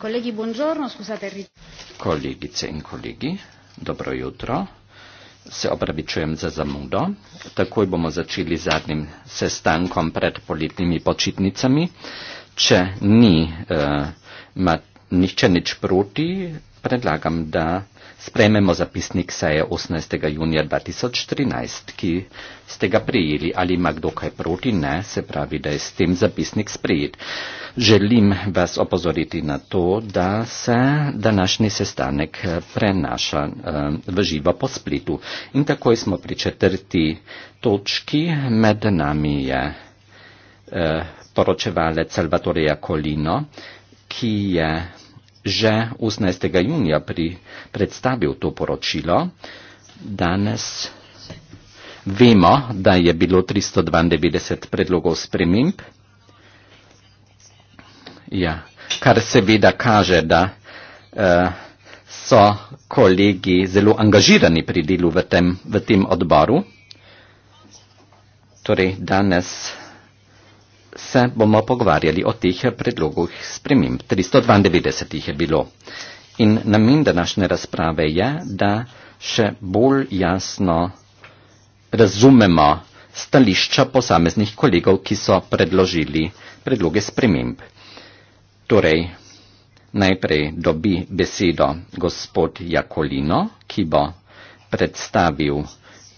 Colleghi, buongiorno, scusate il Kolegice in kolegi, dobro jutro. Se opravičujem za zamudo. Takoj bomo začeli z zadnjim sestankom pred poletnimi počitnicami. Če ni, eh, ma, nihče nič proti, predlagam, da sprememo zapisnik seje 18. junija 2013, ki ste ga prijeli. Ali ima kdo kaj proti? Ne, se pravi, da je s tem zapisnik sprejet. Želim vas opozoriti na to, da se današnji sestanek eh, prenaša eh, v živo po splitu. In takoj smo pri četrti točki. Med nami je eh, poročevalec Salvatoreja Kolino ki je že 18. junija pri, predstavil to poročilo. Danes vemo, da je bilo 392 predlogov sprememb, ja, kar seveda kaže, da uh, so kolegi zelo angažirani pri delu v tem, v tem odboru. Torej, danes se bomo pogovarjali o teh predlogih sprememb. 392 jih je bilo. In namen današnje razprave je, da še bolj jasno razumemo stališča posameznih kolegov, ki so predložili predloge sprememb. Torej, najprej dobi besedo gospod Jakolino, ki bo predstavil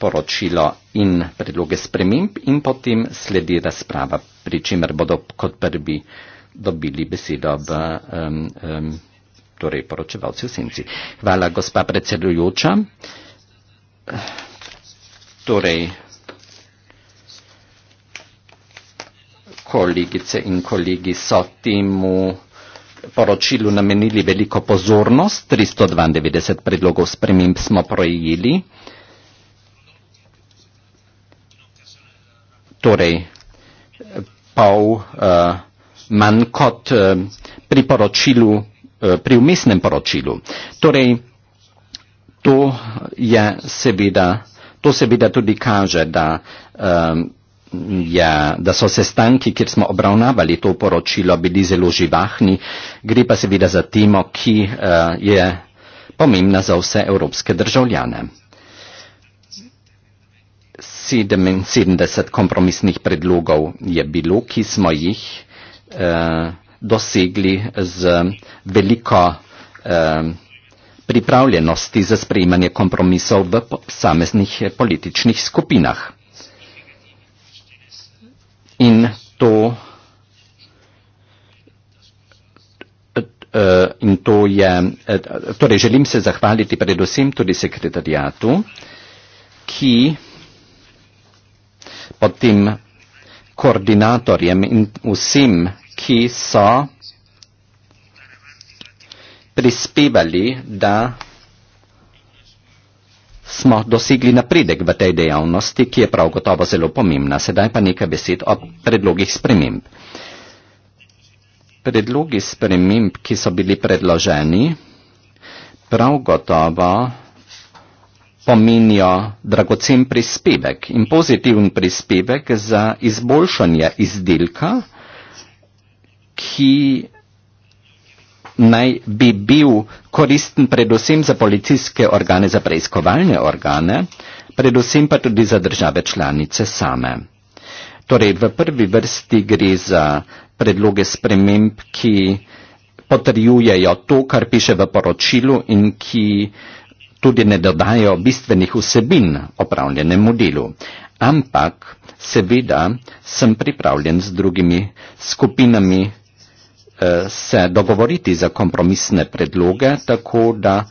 poročilo in predloge sprememb in potem sledi razprava, pri čemer bodo kot prvi dobili besedo v um, um, torej poročevalci v senci. Hvala, gospa predsedujoča. Torej, kolegice in kolegi so temu poročilu namenili veliko pozornost, 392 predlogov sprememb smo projeli. torej pol uh, eh, manj kot uh, eh, pri poročilu, uh, pri umestnem poročilu. Torej, to je seveda, to seveda tudi kaže, da, uh, je, da so sestanki, kjer smo obravnavali to poročilo, bili zelo živahni. Gre pa seveda za temo, ki uh, je pomembna za vse evropske državljane. 77 kompromisnih predlogov je bilo, ki smo jih eh, dosegli z veliko eh, pripravljenosti za sprejemanje kompromisov v posameznih eh, političnih skupinah. In to, eh, in to je, eh, torej želim se zahvaliti predvsem tudi sekretarijatu, ki o tim koordinatorjem in vsem, ki so prispevali, da smo dosegli napredek v tej dejavnosti, ki je prav gotovo zelo pomembna. Sedaj pa nekaj besed o predlogih sprememb. Predlogi sprememb, ki so bili predloženi, prav gotovo pomenijo dragocen prispevek in pozitiven prispevek za izboljšanje izdelka, ki naj bi bil koristen predvsem za policijske organe, za preiskovalne organe, predvsem pa tudi za države članice same. Torej, v prvi vrsti gre za predloge sprememb, ki potrjujejo to, kar piše v poročilu in ki tudi ne dodajo bistvenih vsebin opravljenemu delu, ampak seveda sem pripravljen z drugimi skupinami eh, se dogovoriti za kompromisne predloge, tako da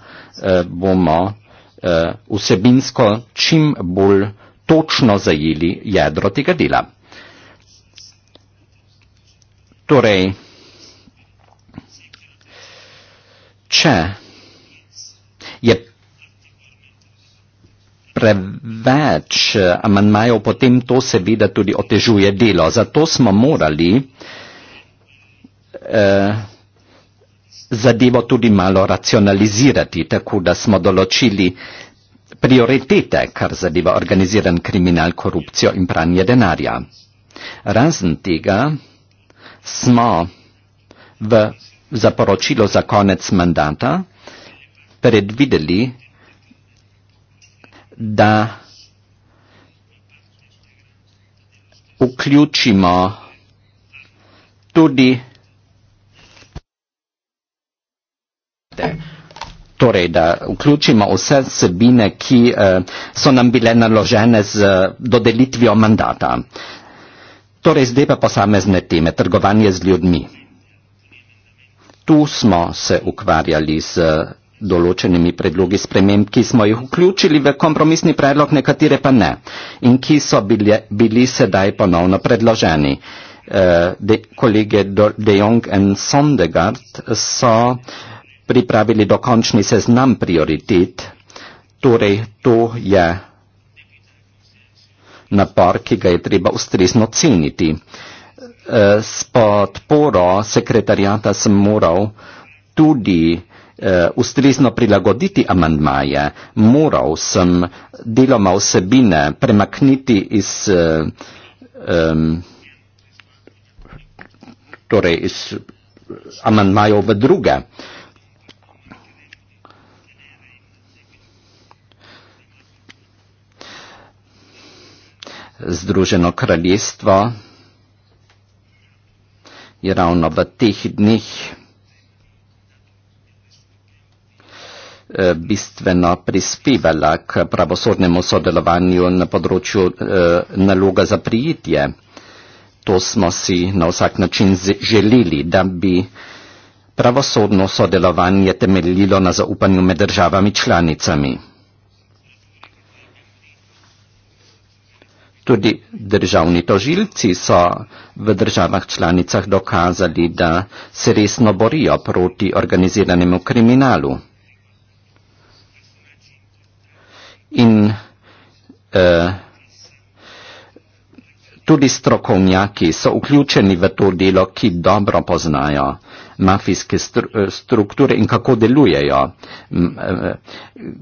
eh, bomo eh, vsebinsko čim bolj točno zajeli jedro tega dela. Torej, če preveč eh, amanmajev, potem to seveda tudi otežuje delo. Zato smo morali eh, zadevo tudi malo racionalizirati, tako da smo določili prioritete, kar zadeva organiziran kriminal, korupcijo in pranje denarja. Razen tega smo v zaporočilo za konec mandata predvideli, da vključimo tudi Torej, da vključimo vse sebine, ki eh, so nam bile naložene z dodelitvijo mandata. Torej, zdaj pa posamezne teme, trgovanje z ljudmi. Tu smo se ukvarjali z določenimi predlogi sprememb, ki smo jih vključili v kompromisni predlog, nekatere pa ne in ki so bili, bili sedaj ponovno predloženi. Eh, de, kolege De Jong in Sondegard so pripravili dokončni seznam prioritet, torej to je napor, ki ga je treba ustrezno ceniti. Eh, s podporo sekretarjata sem moral tudi Eh, ustrezno prilagoditi amandmaje, moral sem deloma vsebine premakniti iz, um, torej iz amandmajev v druge. Združeno kraljestvo je ravno v teh dneh Eh, bistveno prispevala k pravosodnemu sodelovanju na področju eh, naloga za prijetje. To smo si na vsak način želeli, da bi pravosodno sodelovanje temeljilo na zaupanju med državami članicami. Tudi državni tožilci so v državah članicah dokazali, da se resno borijo proti organiziranemu kriminalu. in eh, tudi strokovnjaki so vključeni v to delo, ki dobro poznajo mafijske stru, eh, strukture in kako delujejo. Eh,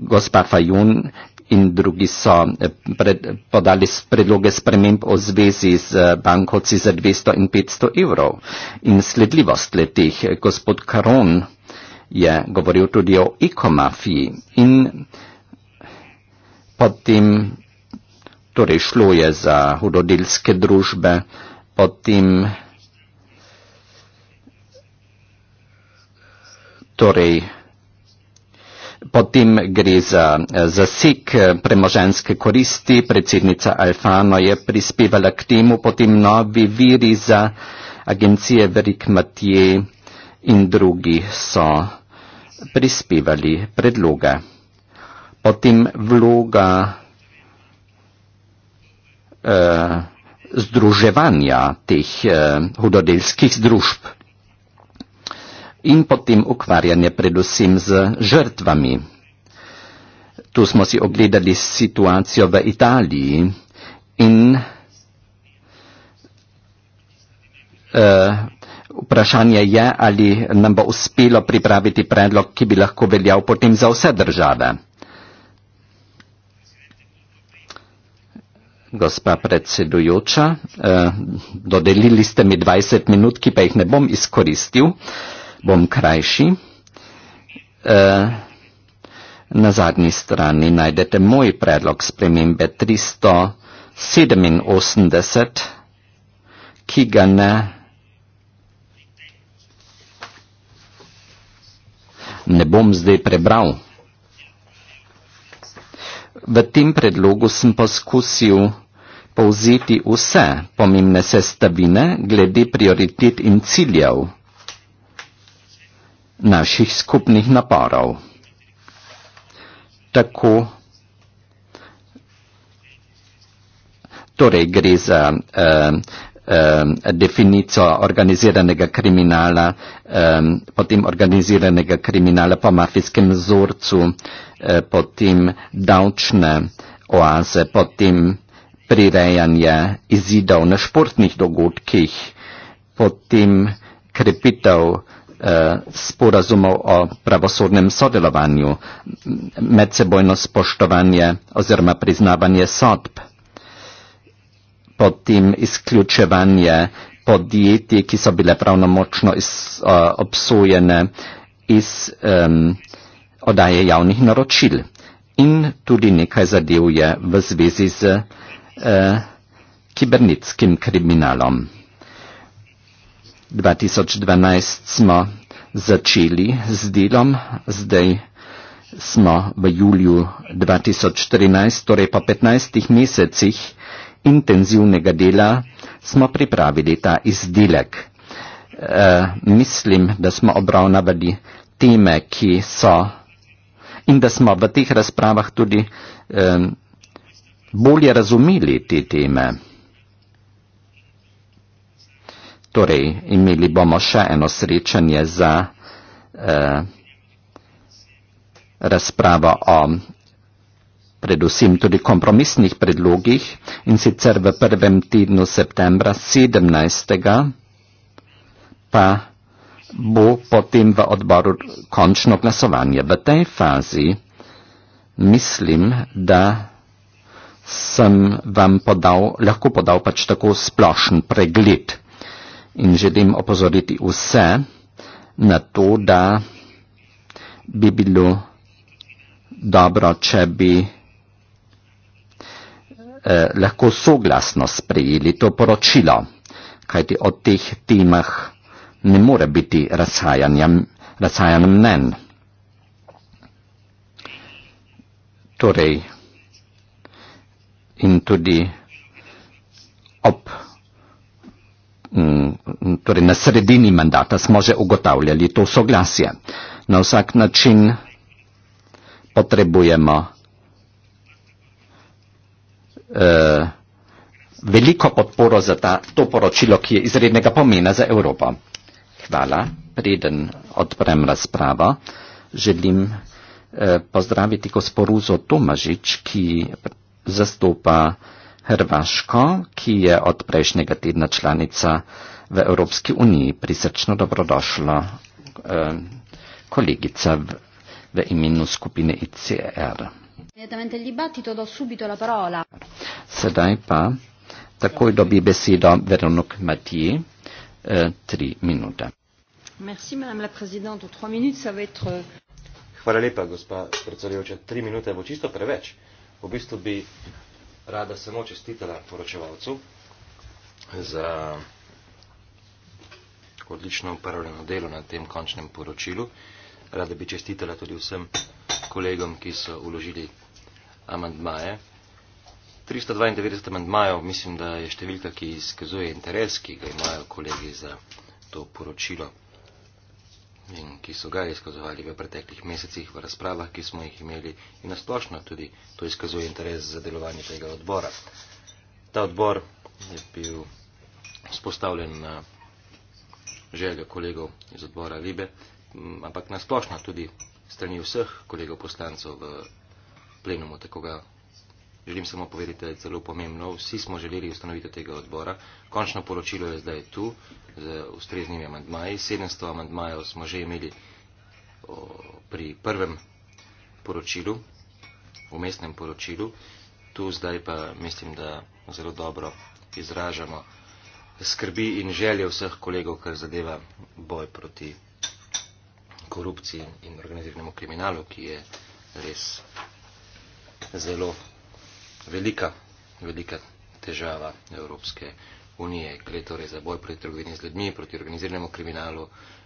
gospa Fajun in drugi so eh, pred, podali predloge sprememb o zvezi z bankovci za 200 in 500 evrov in sledljivost letih. Gospod Karon je govoril tudi o ekomafiji in potem torej šlo je za hudodelske družbe, potem torej Potem gre za eh, zasek eh, premoženske koristi, predsednica Alfano je prispevala k temu, potem novi viri za agencije Verik Matije in drugi so prispevali predloga o tim vloga eh, združevanja teh eh, hudodelskih družb in potem ukvarjanje predvsem z žrtvami. Tu smo si ogledali situacijo v Italiji in eh, vprašanje je, ali nam bo uspelo pripraviti predlog, ki bi lahko veljal potem za vse države. gospa predsedujoča. Eh, dodelili ste mi 20 minut, ki pa jih ne bom izkoristil, bom krajši. Eh, na zadnji strani najdete moj predlog spremembe 387, ki ga ne. Ne bom zdaj prebral. V tem predlogu sem poskusil povzeti vse pomembne sestavine glede prioritet in ciljev naših skupnih naporov. Tako, torej gre za eh, Ehm, definico organiziranega kriminala, ehm, potem organiziranega kriminala po mafijskem vzorcu, eh, potem davčne oaze, potem prirejanje izidov na športnih dogodkih, potem krepitev eh, sporazumov o pravosodnem sodelovanju, medsebojno spoštovanje oziroma priznavanje sodb potem izključevanje podjetij, ki so bile pravnomočno iz, uh, obsojene iz um, odaje javnih naročil. In tudi nekaj zadev je v zvezi z uh, kibernetskim kriminalom. 2012 smo začeli z delom, zdaj smo v juliju 2014, torej po 15 mesecih, intenzivnega dela smo pripravili ta izdelek. E, mislim, da smo obravnavali teme, ki so in da smo v teh razpravah tudi e, bolje razumeli te teme. Torej, imeli bomo še eno srečanje za eh, razpravo o predvsem tudi kompromisnih predlogih in sicer v prvem tednu septembra 17. pa bo potem v odboru končno glasovanje. V tej fazi mislim, da sem vam podal, lahko podal pač tako splošen pregled in želim opozoriti vse na to, da bi bilo dobro, če bi Eh, lahko soglasno sprejeli to poročilo, kajti o teh temah ne more biti razhajanj mnen. Torej, in tudi ob, mm, torej na sredini mandata smo že ugotavljali to soglasje. Na vsak način potrebujemo Eh, veliko podporo za ta, to poročilo, ki je izrednega pomena za Evropo. Hvala. Preden odprem razpravo, želim eh, pozdraviti gosporuzo Tomažič, ki zastopa Hrvaško, ki je od prejšnjega tedna članica v Evropski uniji. Prisrčno dobrodošlo eh, kolegica v, v imenu skupine ICR immediatamente il dibattito do subito la parola. Sedaj pa, takoj dobi besedo Veronique Mathieu, 3 eh, minute. Merci madame la présidente, 3 minutes ça va être euh, Hvala lepa, gospa predsedujoča. Tri minute bo čisto preveč. V bistvu bi rada samo čestitala poročevalcu za odlično upravljeno delo na tem končnem poročilu. Rada bi čestitala tudi vsem kolegom, ki so uložili amandmaje. 392 amandmajev mislim, da je številka, ki izkazuje interes, ki ga imajo kolegi za to poročilo in ki so ga izkazovali v preteklih mesecih v razpravah, ki smo jih imeli in nasplošno tudi to izkazuje interes za delovanje tega odbora. Ta odbor je bil spostavljen na željo kolegov iz odbora Libe, ampak nasplošno tudi strani vseh kolegov poslancov v plenumu, tako ga želim samo povedati, da je zelo pomembno. Vsi smo želeli ustanoviti tega odbora. Končno poročilo je zdaj tu z ustreznimi amandmaji. 700 amandmajev smo že imeli o, pri prvem poročilu, umestnem poročilu. Tu zdaj pa mislim, da zelo dobro izražamo skrbi in želje vseh kolegov, kar zadeva boj proti korupciji in organiziranemu kriminalu, ki je res zelo velika, velika težava Evropske unije, gre torej za boj proti trgovini z ljudmi, proti organiziranemu kriminalu,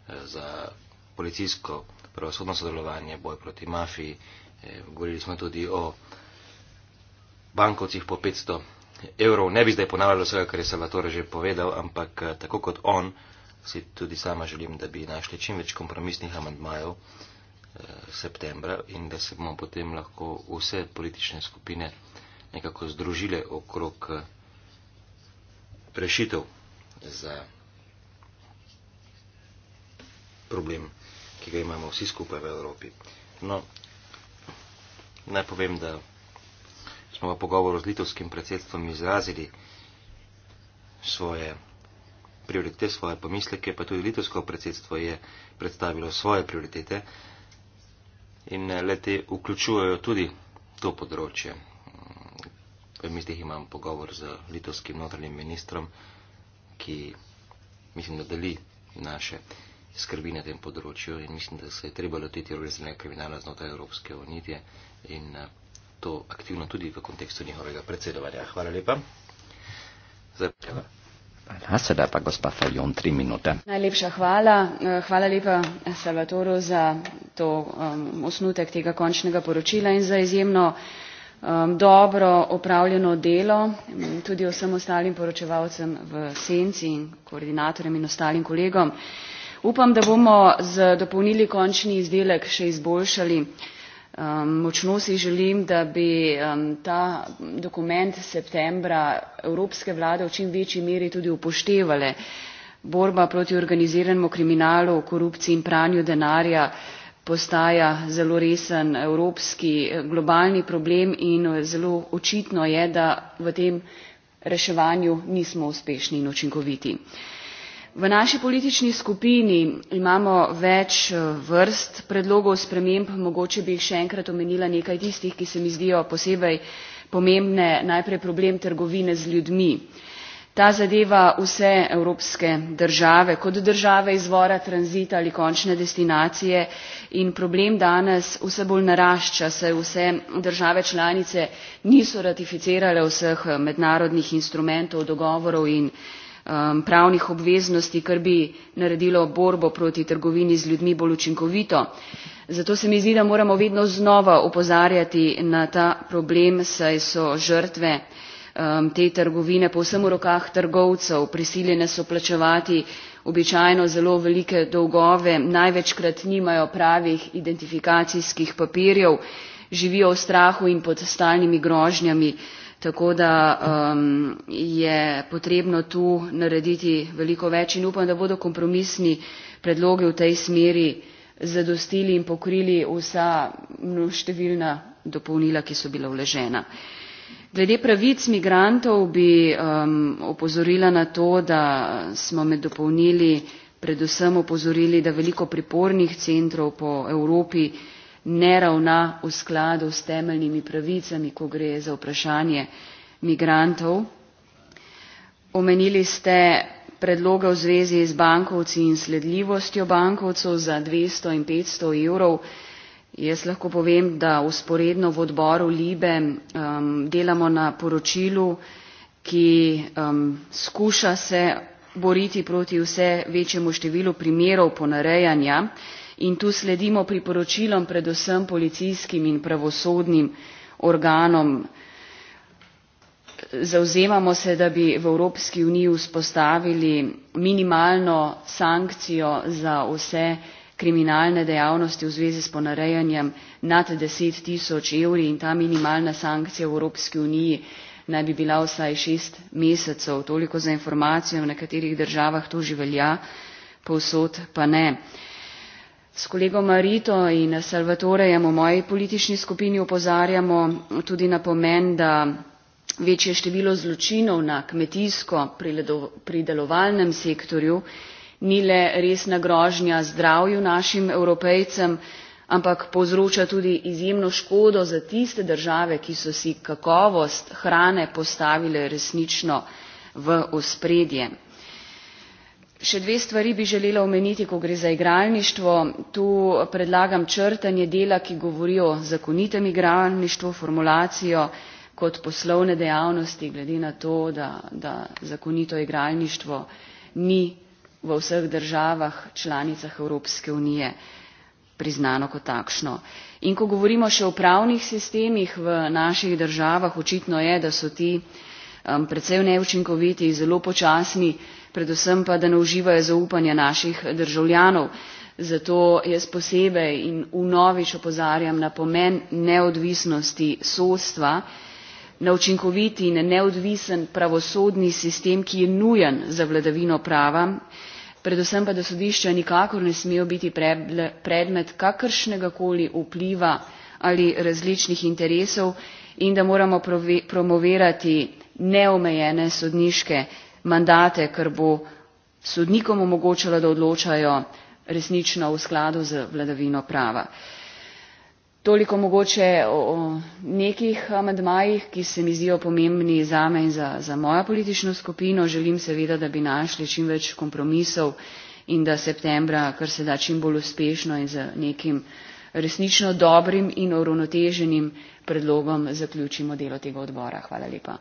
eh, za policijsko pravosodno sodelovanje, boj proti mafiji. Eh, govorili smo tudi o bankovcih po 500 evrov. Ne bi zdaj ponavljalo vsega, kar je Salvatore že povedal, ampak eh, tako kot on, si tudi sama želim, da bi našli čim več kompromisnih amandmajev septembra in da se bomo potem lahko vse politične skupine nekako združile okrog eh, rešitev za problem, ki ga imamo vsi skupaj v Evropi. No, naj povem, da smo v pogovoru z litovskim predsedstvom izrazili svoje prioritete, svoje pomisleke, pa tudi litovsko predsedstvo je predstavilo svoje prioritete in eh, lete vključujejo tudi to področje. V mislih imam pogovor z litovskim notranjim ministrom, ki mislim, da deli naše skrbi na tem področju in mislim, da se je treba lotiti organizirane kriminala znotraj Evropske unije in eh, to aktivno tudi v kontekstu njihovega predsedovanja. Hvala lepa. Zdaj, Aha, sedaj pa gospa Fajon, tri minute. Najlepša hvala. Eh, hvala lepa eh, Salvatoru za to um, osnutek tega končnega poročila in za izjemno um, dobro opravljeno delo. Tudi vsem ostalim poročevalcem v senci in koordinatorjem in ostalim kolegom. Upam, da bomo z dopolnili končni izdelek še izboljšali. Um, močno si želim da bi um, ta dokument septembra evropske vlade v čim večji meri tudi upoštevale borba proti organiziranemu kriminalu korupciji in pranju denarja postaja zelo resen evropski eh, globalni problem in eh, zelo očitno je da v tem reševanju nismo uspešni in učinkoviti v naši politični skupini imamo več eh, vrst predlogov sprememb mogoče bi jih še enkrat omenila nekaj tistih ki se mi zdijo posebej pomembne najprej problem trgovine z ljudmi ta zadeva vse evropske države kot države izvora tranzita ali končne destinacije in problem danes vse bolj narašča saj vse države članice niso ratificirale vseh eh, mednarodnih instrumentov dogovorov in Um, pravnih obveznosti kar bi naredilo borbo proti trgovini z ljudmi bolj učinkovito. zato se mi zdi da moramo vedno znova opozarjati na ta problem saj so žrtve um, te trgovine povsem v rokah trgovcev prisiljene so plačevati običajno zelo velike dolgove največkrat nimajo pravih identifikacijskih papirjev živijo v strahu in pod stalnimi grožnjami. Tako da um, je potrebno tu narediti veliko več in upam, da bodo kompromisni predloge v tej smeri zadostili in pokrili vsa številna dopolnila, ki so bila vležena. Glede pravic migrantov bi um, opozorila na to, da smo med dopolnili predvsem opozorili, da veliko pripornih centrov po Evropi ne ravna v skladu s temeljnimi pravicami, ko gre za vprašanje migrantov. Omenili ste predloge v zvezi z bankovci in sledljivostjo bankovcev za 200 in 500 evrov. Jaz lahko povem, da usporedno v odboru Libe um, delamo na poročilu, ki um, skuša se boriti proti vse večjemu številu primerov ponarejanja in tu sledimo priporočilom predvsem policijskim in pravosodnim organom. Zauzemamo se, da bi v Evropski uniji vzpostavili minimalno sankcijo za vse kriminalne dejavnosti v zvezi s ponarejanjem nad 10 tisoč evri in ta minimalna sankcija v Evropski uniji naj bi bila vsaj šest mesecev. Toliko za informacijo, v nekaterih državah to že velja, povsod pa ne. S kolegom Marito in Salvatorejem v moji politični skupini opozarjamo tudi na pomen, da večje število zločinov na kmetijsko pridelovalnem sektorju ni le resna grožnja zdravju našim evropejcem, ampak povzroča tudi izjemno škodo za tiste države, ki so si kakovost hrane postavile resnično v ospredje še dve stvari bi želela omeniti ko gre za igralništvo tu predlagam črtanje dela ki govori o zakonitem igralništvu formulacijo kot poslovne dejavnosti glede na to da, da zakonito igralništvo ni v vseh državah članicah evropske unije priznano kot takšno. In ko govorimo še o pravnih sistemih v naših državah, očitno je, da so ti um, predvsej neučinkoviti, zelo počasni, predvsem pa da ne uživajo zaupanja naših državljanov. Zato jaz posebej in vnovič opozarjam na pomen neodvisnosti sodstva, na učinkovit in neodvisen pravosodni sistem, ki je nujen za vladavino prava, predvsem pa da sodišča nikakor ne smejo biti predmet kakršnega koli vpliva ali različnih interesov in da moramo promovirati neomejene sodniške mandate kar bo sodnikom omogočalo da odločajo resnično v skladu z vladavino prava. toliko mogoče o, o nekih amandmajih ki se mi zdijo pomembni zame in za, za mojo politično skupino želim seveda da bi našli čim več kompromisov in da septembra kar se da čim bolj uspešno in z nekim resnično dobrim in uravnoteženim predlogom zaključimo delo tega odbora. hvala lepa.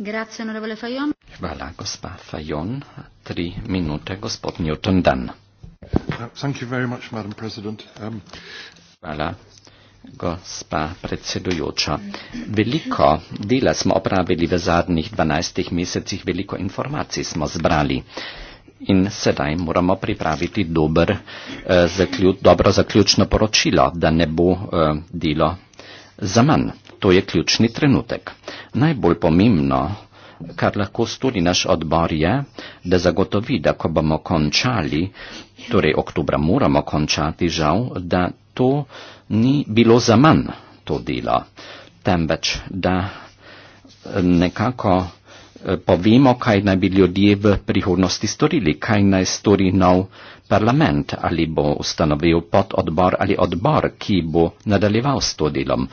Grazie onorevole Fayon. Hvala gospa Fayon. Tri minute gospod Newton Dan. Uh, thank you very much, Madam President. Um... Hvala, gospa predsedujoča. Veliko dela smo opravili v zadnjih 12 mesecih, veliko informacij smo zbrali in sedaj moramo pripraviti dober, eh, zaklju, dobro zaključno poročilo, da ne bo eh, delo zaman. To je ključni trenutek. Najbolj pomembno, kar lahko stori naš odbor, je, da zagotovi, da ko bomo končali, torej oktobra moramo končati, žal, da to ni bilo za manj to delo, temveč da eh, nekako eh, povemo, kaj naj bi ljudje v prihodnosti storili, kaj naj stori nov parlament, ali bo ustanovil pod odbor ali odbor, ki bo nadaljeval s to delom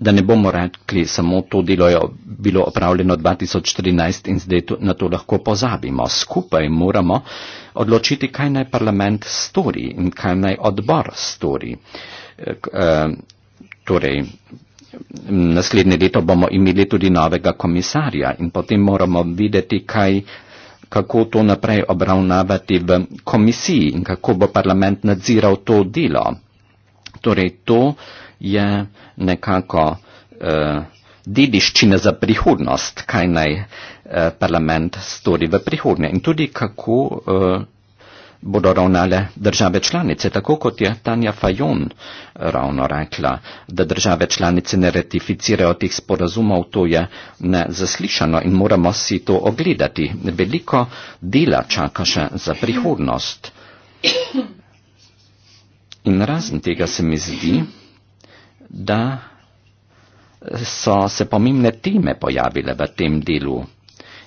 da ne bomo rekli, samo to delo je bilo opravljeno 2014 in zdaj to, na to lahko pozabimo. Skupaj moramo odločiti, kaj naj parlament stori in kaj naj odbor stori. E, torej, naslednje leto bomo imeli tudi novega komisarja in potem moramo videti, kaj kako to naprej obravnavati v komisiji in kako bo parlament nadziral to delo. Torej, to je nekako eh, dediščina za prihodnost, kaj naj eh, parlament stori v prihodnje in tudi kako eh, bodo ravnale države članice. Tako kot je Tanja Fajon ravno rekla, da države članice ne ratificirajo teh sporazumov, to je nezaslišano in moramo si to ogledati. Veliko dela čaka še za prihodnost. In razen tega se mi zdi, da so se pomembne teme pojavile v tem delu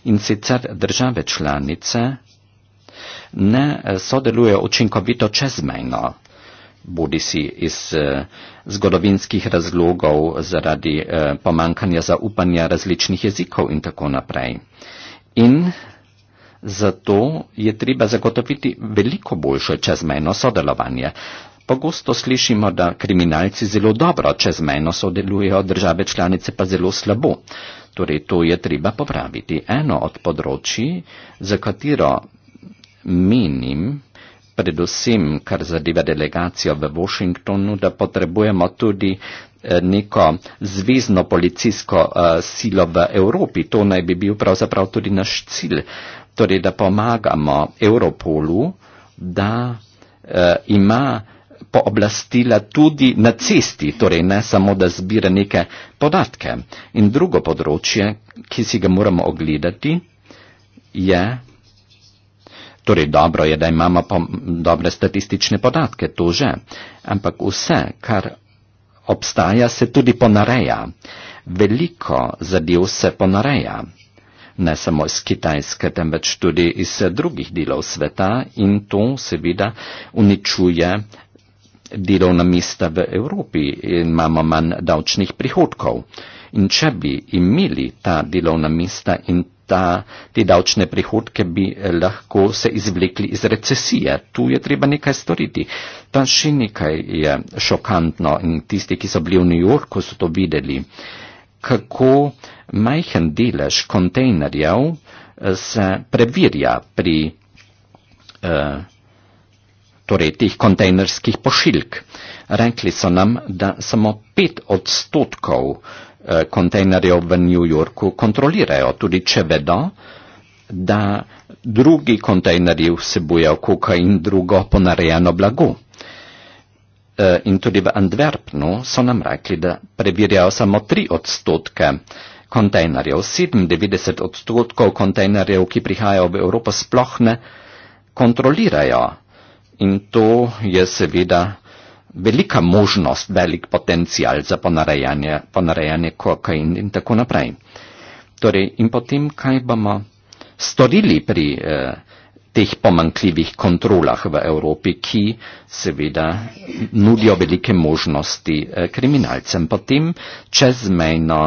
in sicer države članice ne sodelujejo učinkovito čezmejno, bodi si iz eh, zgodovinskih razlogov zaradi eh, pomankanja zaupanja različnih jezikov in tako naprej. In zato je treba zagotoviti veliko boljše čezmejno sodelovanje. Pogosto slišimo, da kriminalci zelo dobro čezmejno sodelujejo, države članice pa zelo slabo. Torej, to je treba popraviti. Eno od področji, za katero menim, predvsem kar zadeva delegacijo v Washingtonu, da potrebujemo tudi eh, neko zvezdno policijsko uh, silo v Evropi. To naj bi bil pravzaprav tudi naš cilj. Torej, da pomagamo Europolu, da uh, ima pooblastila tudi na cesti, torej ne samo, da zbira neke podatke. In drugo področje, ki si ga moramo ogledati, je, torej dobro je, da imamo dobre statistične podatke, to že, ampak vse, kar obstaja, se tudi ponareja. Veliko zadev se ponareja, ne samo iz Kitajske, temveč tudi iz eh, drugih delov sveta in to seveda uničuje delovna mesta v Evropi in imamo manj davčnih prihodkov. In če bi imeli ta delovna mesta in ta, te davčne prihodke, bi lahko se izvlekli iz recesije. Tu je treba nekaj storiti. Tam še nekaj je šokantno in tisti, ki so bili v New Yorku, so to videli, kako majhen delež kontejnerjev eh, se preverja pri. Uh, torej teh kontejnerskih pošiljk. Rekli so nam, da samo pet odstotkov eh, kontejnerjev v New Yorku kontrolirajo, tudi če vedo, da drugi kontejnerji vsebujejo kokain in drugo ponarejeno blago. Eh, in tudi v Antwerpnu so nam rekli, da preverjajo samo tri odstotke kontejnerjev. 97 odstotkov kontejnerjev, ki prihajajo v Evropo, sploh ne kontrolirajo in to je seveda velika možnost, velik potencial za ponarejanje, ponarejanje kokain in tako naprej. Torej, in potem, kaj bomo storili pri eh, teh pomankljivih kontrolah v Evropi, ki seveda nudijo velike možnosti eh, kriminalcem. Potem čezmejno,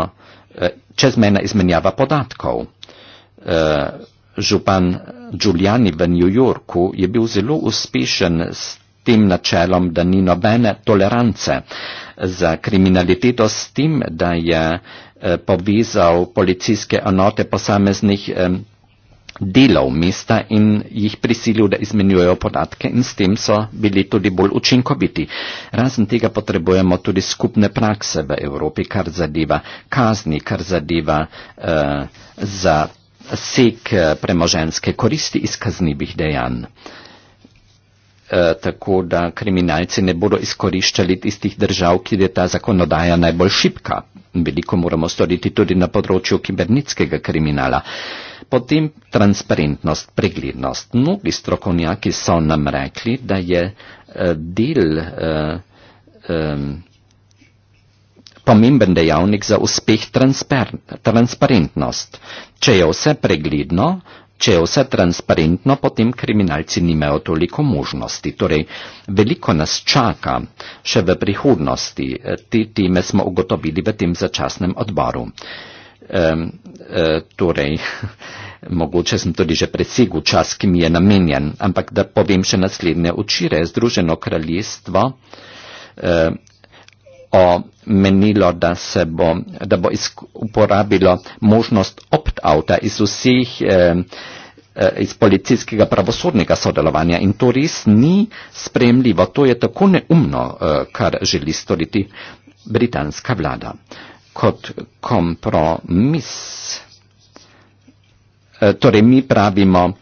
eh, čezmejna izmenjava podatkov. Eh, župan Giuliani v New Yorku je bil zelo uspešen s tem načelom, da ni nobene tolerance za kriminaliteto s tem, da je eh, povezal policijske enote posameznih delov mesta in jih prisilil, da izmenjujejo podatke in s tem so bili tudi bolj učinkoviti. Razen tega potrebujemo tudi skupne prakse v Evropi, kar zadeva kazni, kar zadeva eh, za seg eh, premoženske koristi iz kaznivih dejanj. E, tako da kriminalci ne bodo izkoriščali tistih držav, kjer je ta zakonodaja najbolj šipka. Veliko moramo storiti tudi na področju kibernetskega kriminala. Potem transparentnost, preglednost. Mnogi strokovnjaki so nam rekli, da je eh, del. Eh, eh, Pomemben dejavnik za uspeh transper, transparentnost. Če je vse pregledno, če je vse transparentno, potem kriminalci nimajo toliko možnosti. Torej, veliko nas čaka še v prihodnosti. Te teme smo ugotovili v tem začasnem odboru. E, e, torej, mogoče sem tudi že presegu čas, ki mi je namenjen, ampak da povem še naslednje. Včeraj Združeno kraljestvo. E, o, menilo, da se bo, da bo isk, uporabilo možnost opt-outa iz vseh eh, eh, iz policijskega pravosodnega sodelovanja in to res ni spremljivo, to je tako neumno, eh, kar želi storiti britanska vlada. Kot kompromis, eh, torej mi pravimo,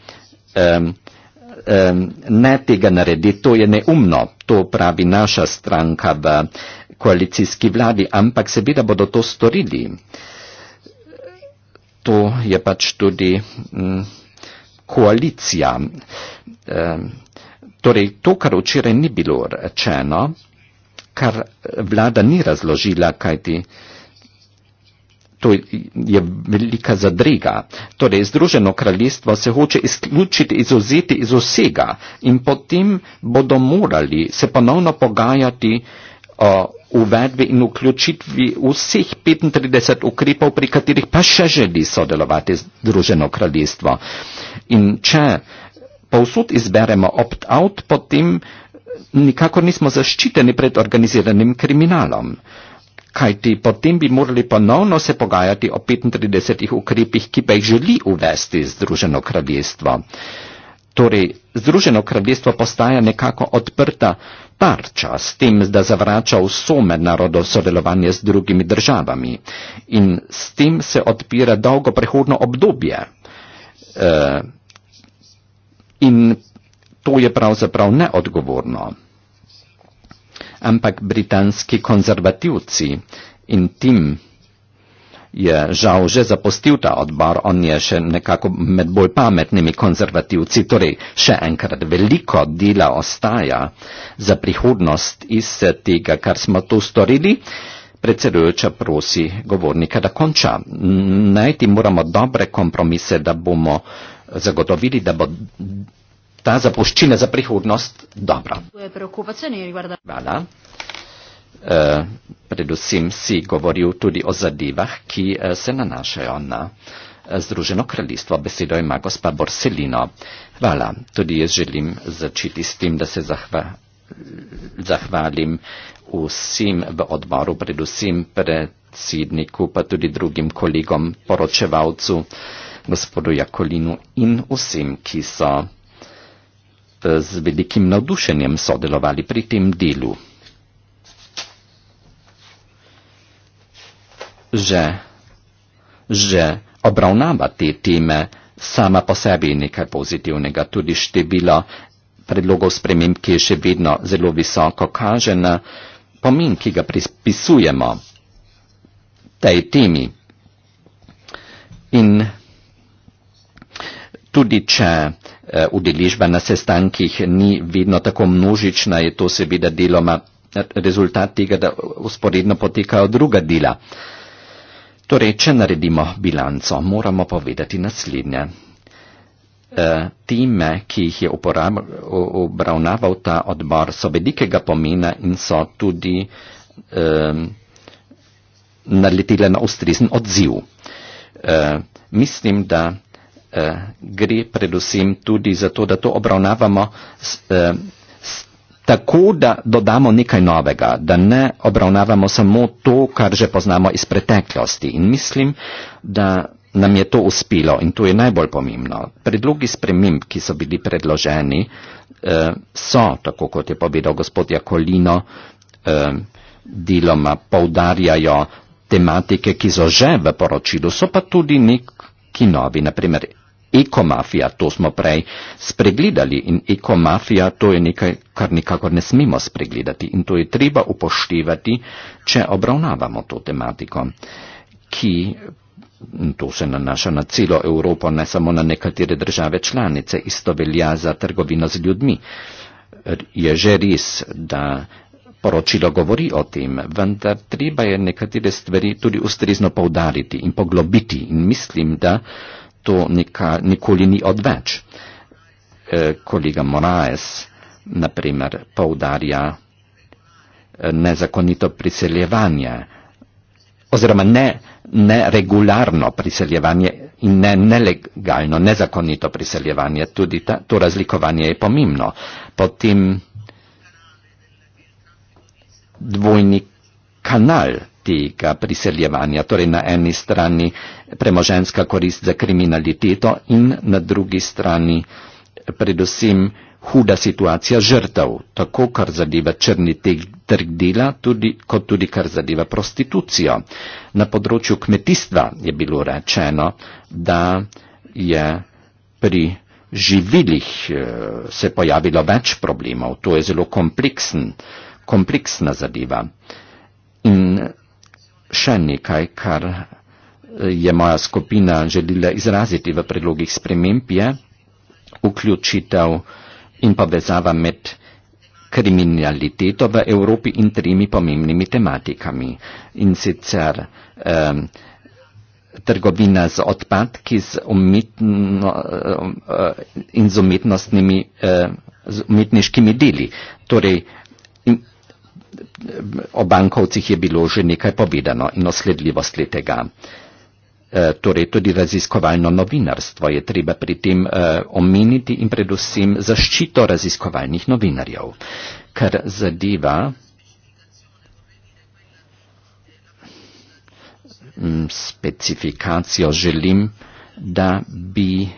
ne tega naredi, to je neumno, to pravi naša stranka v koalicijski vladi, ampak seveda bodo to storili. To je pač tudi m, mm, koalicija. E, torej, to, kar včeraj ni bilo rečeno, kar vlada ni razložila, kajti to je velika zadrega. Torej, Združeno kraljestvo se hoče izključiti, izuzeti iz vsega in potem bodo morali se ponovno pogajati, Uh, uvedbi in vključitvi vseh 35 ukrepov, pri katerih pa še želi sodelovati Združeno kraljestvo. In če povsod izberemo opt-out, potem nikakor nismo zaščiteni pred organiziranim kriminalom. Kajti potem bi morali ponovno se pogajati o 35 ukrepih, ki pa jih želi uvesti Združeno kraljestvo. Torej, Združeno kraljestvo postaja nekako odprta tarča s tem, da zavrača vso mednarodno sodelovanje z drugimi državami in s tem se odpira dolgo prehodno obdobje. E, in to je pravzaprav neodgovorno. Ampak britanski konzervativci in tim je žal že zapustil ta odbor, on je še nekako med bolj pametnimi konzervativci, torej še enkrat veliko dela ostaja za prihodnost iz tega, kar smo tu storili. Predsedujoča prosi govornika, da konča. Najti moramo dobre kompromise, da bomo zagotovili, da bo ta zapuščina za prihodnost dobra. Hvala. Eh, predvsem si govoril tudi o zadevah, ki eh, se nanašajo na eh, Združeno kraljestvo. Besedo ima gospa Borselino. Hvala. Tudi jaz želim začeti s tem, da se zahva, zahvalim vsem v odboru, predvsem predsedniku, pa tudi drugim kolegom, poročevalcu, gospodu Jakolinu in vsem, ki so z velikim navdušenjem sodelovali pri tem delu. že, že obravnava te teme sama po sebi nekaj pozitivnega. Tudi število predlogov sprememb, ki je še vedno zelo visoko, kaže na pomen, ki ga prispisujemo tej temi. In tudi če eh, udeležba na sestankih ni vedno tako množična, je to seveda deloma rezultat tega, da usporedno potekajo druga dela. Torej, če naredimo bilanco, moramo povedati naslednje. E, time, ki jih je uporab, obravnaval ta odbor, so velikega pomena in so tudi e, naletele na ustrezen odziv. E, mislim, da e, gre predvsem tudi za to, da to obravnavamo. S, e, tako, da dodamo nekaj novega, da ne obravnavamo samo to, kar že poznamo iz preteklosti. In mislim, da nam je to uspelo in to je najbolj pomembno. Predlogi sprememb, ki so bili predloženi, eh, so, tako kot je povedal gospod Jakolino, eh, deloma poudarjajo tematike, ki so že v poročilu, so pa tudi neki novi, naprimer ekomafija, to smo prej spregledali in ekomafija, to je nekaj, kar nikakor ne smemo spregledati in to je treba upoštevati, če obravnavamo to tematiko, ki, to se nanaša na celo Evropo, ne samo na nekatere države članice, isto velja za trgovino z ljudmi. Je že res, da poročilo govori o tem, vendar treba je nekatere stvari tudi ustrezno povdariti in poglobiti in mislim, da to nika, nikoli ni odveč. E, kolega Moraes, naprimer, poudarja e, nezakonito priseljevanje oziroma neregularno ne priseljevanje in ne nelegalno, nezakonito priseljevanje. Tudi ta, to razlikovanje je pomembno. Potem dvojni kanal, tega priseljevanja, torej na eni strani premoženska korist za kriminaliteto in na drugi strani predvsem huda situacija žrtev, tako kar zadeva črni trg dela, tudi, kot tudi kar zadeva prostitucijo. Na področju kmetijstva je bilo rečeno, da je pri živilih eh, se pojavilo več problemov, to je zelo kompleksna zadeva. In še nekaj, kar eh, je moja skupina želila izraziti v predlogih sprememb, je vključitev in povezava med kriminaliteto v Evropi in tremi pomembnimi tematikami. In sicer um, trgovina z odpadki z umetno, uh, in z umetnostnimi, uh, z umetniškimi deli. Torej, uh, o bankovcih je bilo že nekaj povedano in o sledljivosti tega. E, torej tudi raziskovalno novinarstvo je treba pri tem e, omeniti in predvsem zaščito raziskovalnih novinarjev, kar zadeva specifikacijo želim, da bi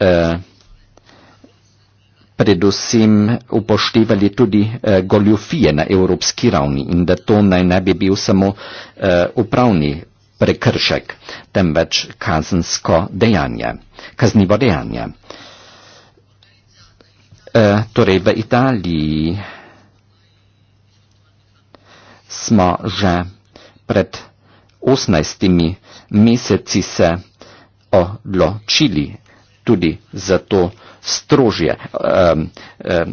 eh, predvsem upoštevali tudi eh, goljofije na evropski ravni in da to naj ne bi bil samo eh, upravni prekršek, temveč kazensko dejanje, kaznivo dejanje. E, torej v Italiji smo že pred 18 meseci se odločili tudi za to, strožje. Ehm, ehm,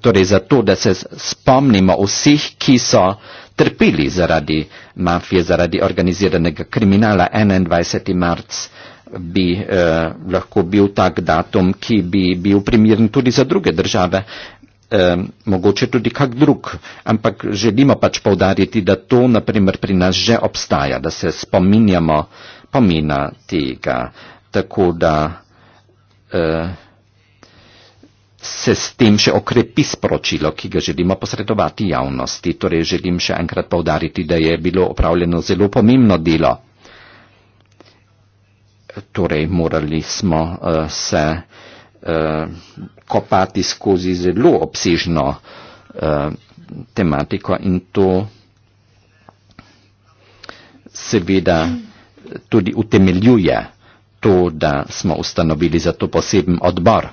torej zato, da se spomnimo vseh, ki so trpeli zaradi mafije, zaradi organiziranega kriminala 21. marc bi eh, lahko bil tak datum, ki bi bil primiren tudi za druge države, eh, mogoče tudi kak drug. Ampak želimo pač povdariti, da to naprimer pri nas že obstaja, da se spominjamo pomina tega. Tako da. Eh, se s tem še okrepi sporočilo, ki ga želimo posredovati javnosti. Torej želim še enkrat povdariti, da je bilo opravljeno zelo pomembno delo. Torej morali smo uh, se uh, kopati skozi zelo obsežno uh, tematiko in to seveda tudi utemeljuje to, da smo ustanovili za to poseben odbor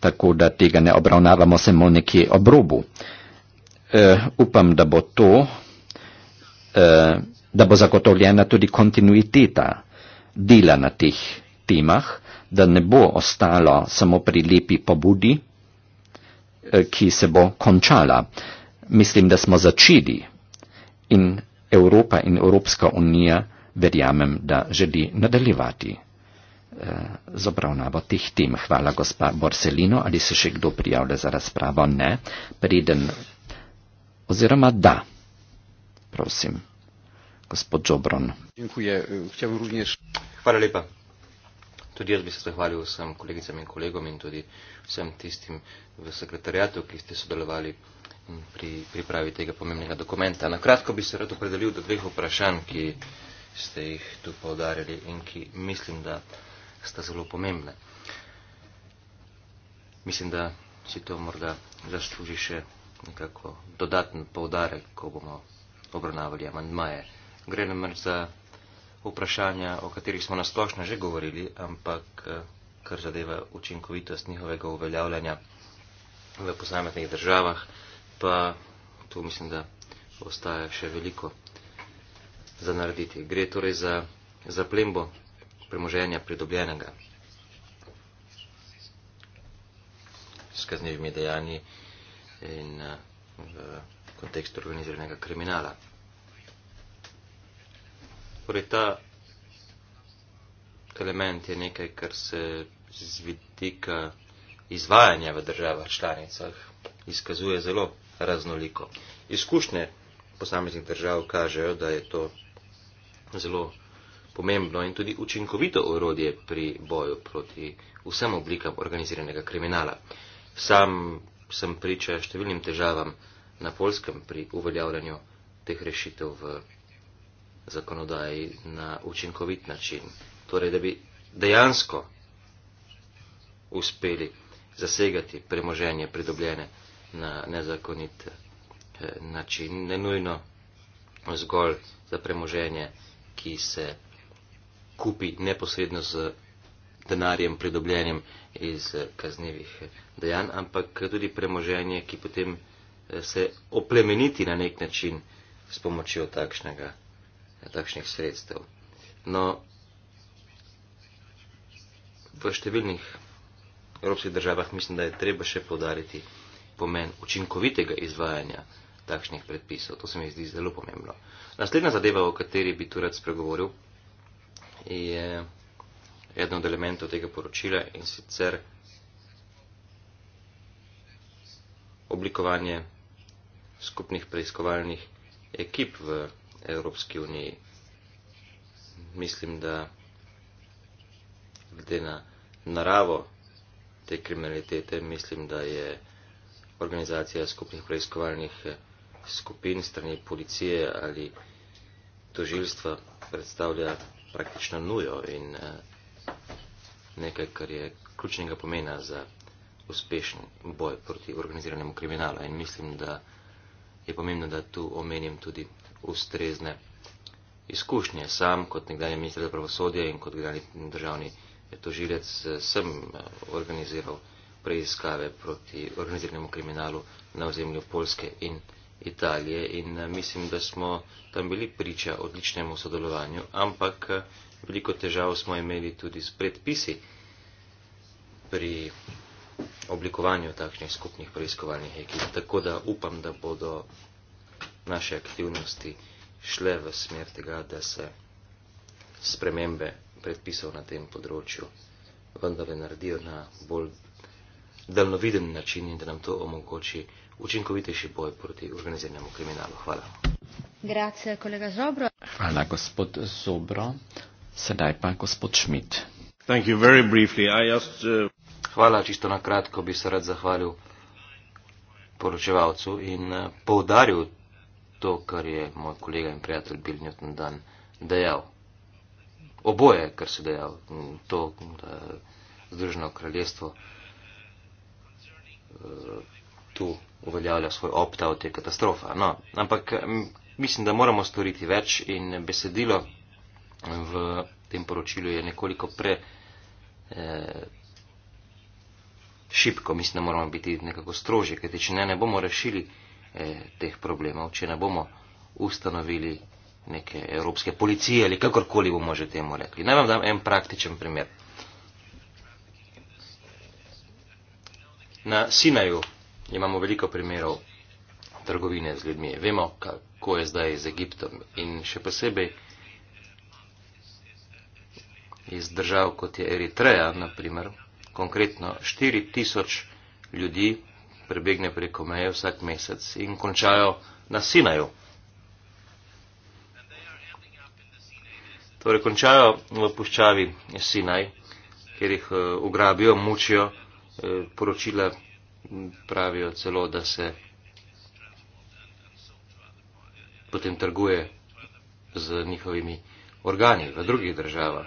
tako da tega ne obravnavamo samo nekje ob robu. E, upam, da bo to, e, da bo zagotovljena tudi kontinuiteta dela na teh temah, da ne bo ostalo samo pri lepi pobudi, e, ki se bo končala. Mislim, da smo začeli in Evropa in Evropska unija, verjamem, da želi nadaljevati. Eh, z obravnavo teh tem. Hvala, gospa Borselino. Ali se še kdo prijavlja za razpravo? Ne. Preden. Oziroma da. Prosim. Gospod Džobron. Dziękuję. Chciałbym również... Hvala lepa. Tudi jaz bi se zahvalil vsem kolegicam in kolegom in tudi vsem tistim v sekretarijatu, ki ste sodelovali pri pripravi tega pomembnega dokumenta. Na kratko bi se rad opredelil do dveh vprašanj, ki ste jih tu poudarjali in ki mislim, da sta zelo pomembne. Mislim, da si to morda zasluži še nekako dodaten povdarek, ko bomo obravnavali amandmaje. Gre namreč za vprašanja, o katerih smo nasplošno že govorili, ampak eh, kar zadeva učinkovitost njihovega uveljavljanja v posameznih državah, pa tu mislim, da ostaja še veliko za narediti. Gre torej za zaplembo premoženja pridobljenega s kaznevimi dejanji in eh, v kontekstu organiziranega kriminala. Torej, ta element je nekaj, kar se z vidika izvajanja v državah članicah izkazuje zelo raznoliko. Izkušnje posameznih držav kažejo, da je to zelo pomembno in tudi učinkovito orodje pri boju proti vsem oblikam organiziranega kriminala. Sam sem priča številnim težavam na polskem pri uveljavljanju teh rešitev v zakonodaji na učinkovit način. Torej, da bi dejansko uspeli zasegati premoženje pridobljene na nezakonit eh, način, ne nujno zgolj za premoženje, ki se kupi neposredno z denarjem, pridobljenjem iz eh, kaznevih eh, dejanj, ampak eh, tudi premoženje, ki potem se oplemeniti na nek način s pomočjo takšnega, takšnih sredstev. No, v številnih evropskih državah mislim, da je treba še podariti pomen učinkovitega izvajanja takšnih predpisov. To se mi zdi zelo pomembno. Naslednja zadeva, o kateri bi tu rad spregovoril, je eden od elementov tega poročila in sicer oblikovanje skupnih preiskovalnih ekip v Evropski uniji. Mislim, da glede na naravo te kriminalitete, mislim, da je organizacija skupnih preiskovalnih skupin strani policije ali tožilstva predstavlja praktično nujo in eh, nekaj, kar je ključnega pomena za uspešen boj proti organiziranemu kriminalu. In mislim, da je pomembno, da tu omenim tudi ustrezne izkušnje. Sam kot nekdanji ministr za pravosodje in kot nekdanji državni tožilec eh, sem eh, organiziral preiskave proti organiziranemu kriminalu na ozemlju Polske in Polske. Italije in eh, mislim, da smo tam bili priča odličnemu sodelovanju, ampak eh, veliko težav smo imeli tudi s predpisi pri oblikovanju takšnih skupnih preiskovalnih ekip. Tako da upam, da bodo naše aktivnosti šle v smer tega, da se spremembe predpisov na tem področju vendarle naredijo na bolj daljnoviden način in da nam to omogoči učinkovitejši boj proti organiziranemu kriminalu. Hvala. Grazie, kolega Zobro. Hvala, gospod Zobro. Sedaj pa gospod Schmidt. Thank you very briefly. I just, uh... Hvala, čisto na kratko bi se rad zahvalil poročevalcu in uh, poudaril to, kar je moj kolega in prijatelj Bill Newton dan dejal. Oboje, kar se dejal, to, da je Združeno kraljestvo uh, tu uveljavlja svoj opta v te katastrofa. No, ampak mislim, da moramo storiti več in besedilo v tem poročilu je nekoliko pre eh, šipko. Mislim, da moramo biti nekako strožji, kajti če ne, ne bomo rešili eh, teh problemov, če ne bomo ustanovili neke evropske policije ali kakorkoli bomo že temu rekli. Naj vam dam en praktičen primer. Na Sinaju Imamo veliko primerov trgovine z ljudmi. Vemo, kako je zdaj z Egiptom in še posebej iz držav, kot je Eritreja, naprimer, konkretno 4000 ljudi prebegne preko meje vsak mesec in končajo na Sinaju. Torej, končajo v puščavi Sinaj, kjer jih eh, ugrabijo, mučijo, eh, poročila pravijo celo, da se potem trguje z njihovimi organi v drugih državah.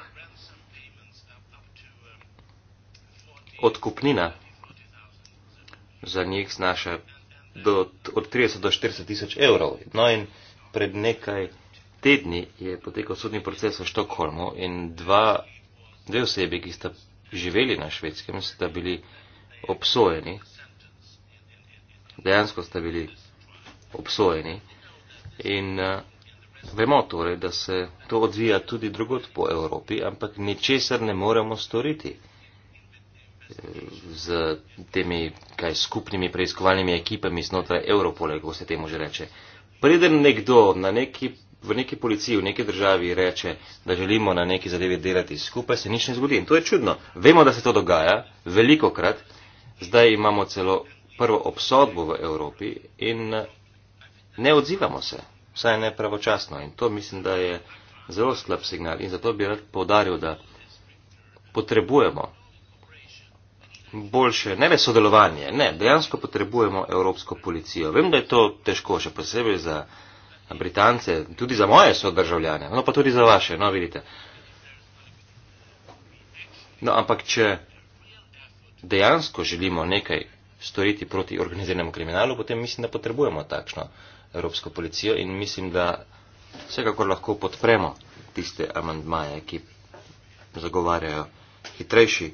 Odkupnina za njih znaša do, od 30 do 40 tisoč evrov. No in pred nekaj tedni je potekal sodni proces v Štokholmu in dva, dve osebe, ki sta živeli na švedskem, sta bili obsojeni dejansko ste bili obsojeni. In uh, vemo torej, da se to odvija tudi drugot po Evropi, ampak ničesar ne moremo storiti eh, z temi kaj skupnimi preiskovalnimi ekipami znotraj Evropole, kako se temu že reče. Preden nekdo na neki, v neki policiji, v neki državi reče, da želimo na neki zadevi delati skupaj, se nič ne zgodi. In to je čudno. Vemo, da se to dogaja, veliko krat. Zdaj imamo celo prvo obsodbo v Evropi in ne odzivamo se, vsaj ne pravočasno. In to mislim, da je zelo slab signal in zato bi rad povdaril, da potrebujemo boljše, ne le sodelovanje, ne, dejansko potrebujemo evropsko policijo. Vem, da je to težko, še posebej za Britance, tudi za moje sodržavljane, no pa tudi za vaše, no vidite. No, ampak če dejansko želimo nekaj storiti proti organiziranemu kriminalu, potem mislim, da potrebujemo takšno evropsko policijo in mislim, da vsekakor lahko podpremo tiste amandmaje, ki zagovarjajo hitrejši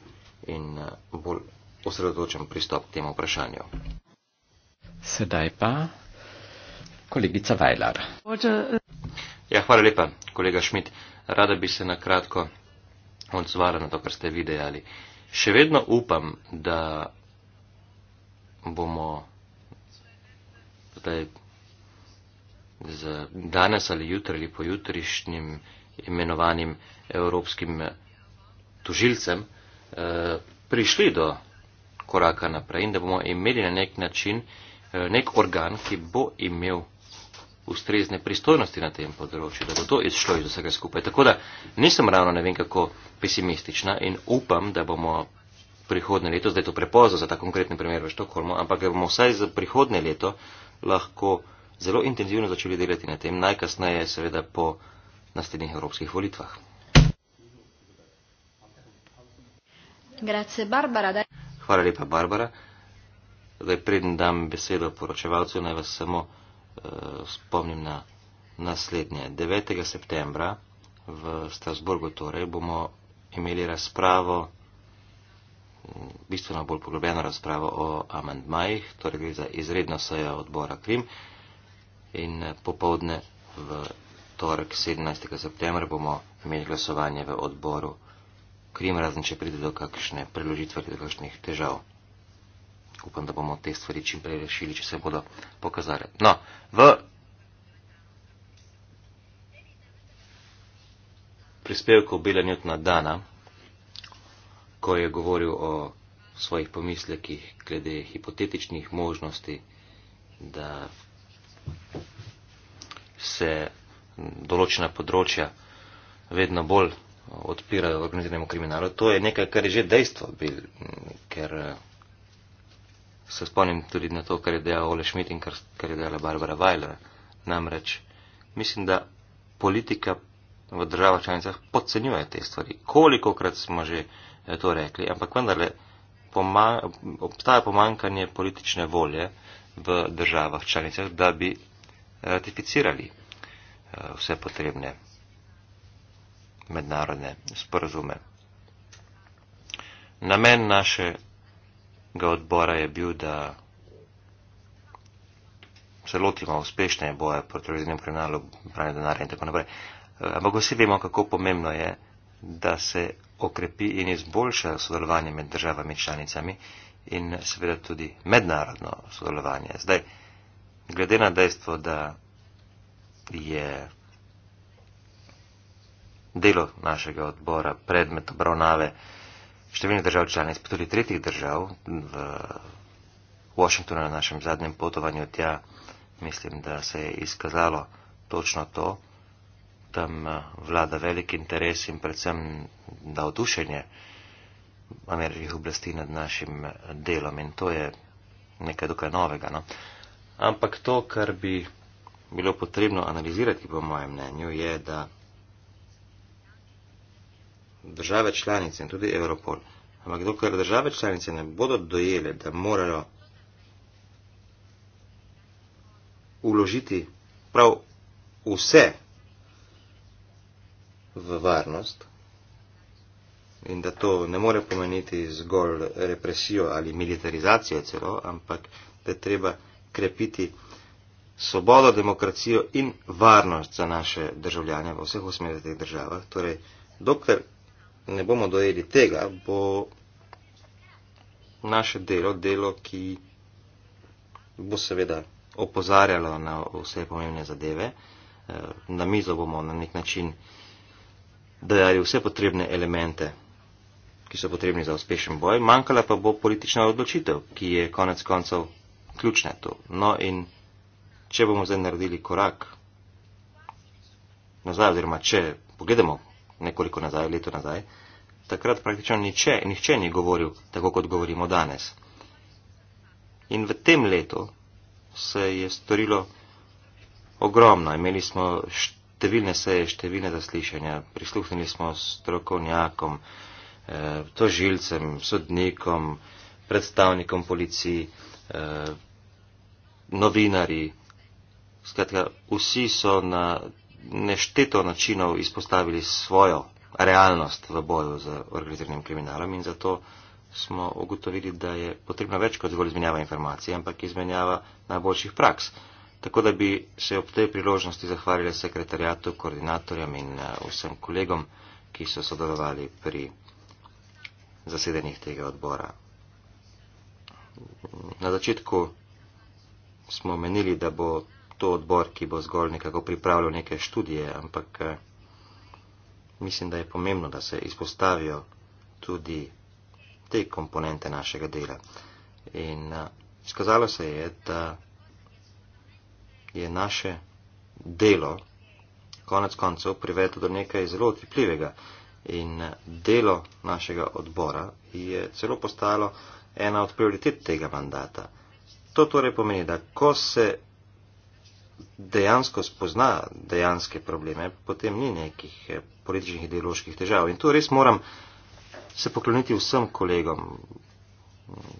in eh, bolj osredotočen pristop k temu vprašanju. Sedaj pa kolegica Vajlar. Ja, hvala lepa, kolega Šmit. Rada bi se na kratko odzvala na to, kar ste vi dejali. Še vedno upam, da bomo zdaj z danes ali jutri ali pojutrišnjim imenovanim evropskim eh, tužilcem eh, prišli do koraka naprej in da bomo imeli na nek način eh, nek organ, ki bo imel ustrezne pristojnosti na tem področju, da bo to izšlo iz vsega skupaj. Tako da nisem ravno ne vem kako pesimistična in upam, da bomo prihodne leto, zdaj je to prepozno za ta konkretni primer v Štokholmu, ampak ga bomo vsaj za prihodne leto lahko zelo intenzivno začeli delati na tem, najkasneje seveda po naslednjih evropskih volitvah. Grazie, Barbara, Hvala lepa, Barbara. Zdaj, preden dam besedo poročevalcu, naj vas samo uh, spomnim na naslednje. 9. septembra v Strasburgu torej bomo imeli razpravo bistveno bolj poglobljeno razpravo o amandmajih, torej gre za izredno sejo odbora Krim in eh, popovdne v torek 17. september bomo imeli glasovanje v odboru Krim, razen če pride do kakšne preložitve ali do kakšnih težav. Upam, da bomo te stvari čim prej rešili, če se bodo pokazale. No, v prispevku Bela Njutna Dana, ko je govoril o svojih pomislekih glede hipotetičnih možnosti, da se določena področja vedno bolj odpirajo v organiziranemu kriminalu. To je nekaj, kar je že dejstvo, bil, ker eh, se spomnim tudi na to, kar je dejal Ole Schmidt in kar, kar je dejala Barbara Weiler. Namreč mislim, da politika v državah članicah podcenjuje te stvari. Koliko krat smo že to rekli, ampak vendarle poma, obstaja pomankanje politične volje v državah članicah, da bi ratificirali eh, vse potrebne mednarodne sporazume. Namen našega odbora je bil, da se lotimo uspešne boje proti razrednemu kriminalu, pranju denarja in tako naprej. Eh, ampak vsi vemo, kako pomembno je, da se okrepi in izboljša sodelovanje med državami članicami in seveda tudi mednarodno sodelovanje. Zdaj, glede na dejstvo, da je delo našega odbora predmet obravnave številnih držav članic, pa tudi tretjih držav v Washingtonu na našem zadnjem potovanju tja, mislim, da se je izkazalo točno to tam eh, vlada velik interes in predvsem navdušenje ameriških oblasti nad našim eh, delom in to je nekaj dokaj novega. No? Ampak to, kar bi bilo potrebno analizirati, po mojem mnenju, je, da države članice in tudi Evropol, ampak dokler države članice ne bodo dojele, da morajo uložiti prav vse v varnost in da to ne more pomeniti zgolj represijo ali militarizacijo celo, ampak da je treba krepiti svobodo, demokracijo in varnost za naše državljane v vseh osmeritih državah. Torej, dokler ne bomo dojeli tega, bo naše delo, delo, ki bo seveda opozarjalo na vse pomembne zadeve, eh, na mizo bomo na nek način dajali vse potrebne elemente, ki so potrebni za uspešen boj, manjkala pa bo politična odločitev, ki je konec koncev ključna tu. No in če bomo zdaj naredili korak nazaj, oziroma če pogledamo nekoliko nazaj, leto nazaj, takrat praktično niče, nihče ni govoril tako, kot govorimo danes. In v tem letu se je storilo ogromno. Imeli smo številne seje, številne zaslišanja, prisluhnili smo strokovnjakom, eh, tožilcem, sodnikom, predstavnikom policiji, eh, novinari. Skratka, vsi so na nešteto načinov izpostavili svojo realnost v boju z organiziranim kriminalom in zato smo ugotovili, da je potrebno več kot zgolj izmenjava informacij, ampak izmenjava najboljših praks. Tako da bi se ob tej priložnosti zahvalili sekretarjatu, koordinatorjem in eh, vsem kolegom, ki so sodelovali pri zasedanjih tega odbora. Na začetku smo menili, da bo to odbor, ki bo zgolj nekako pripravljal neke študije, ampak eh, mislim, da je pomembno, da se izpostavijo tudi te komponente našega dela. In eh, izkazalo se je, da je naše delo konec koncev privedlo do nekaj zelo otipljivega. In delo našega odbora je celo postalo ena od prioritet tega mandata. To torej pomeni, da ko se dejansko spozna dejanske probleme, potem ni nekih eh, političnih ideoloških težav. In tu res moram se pokloniti vsem kolegom,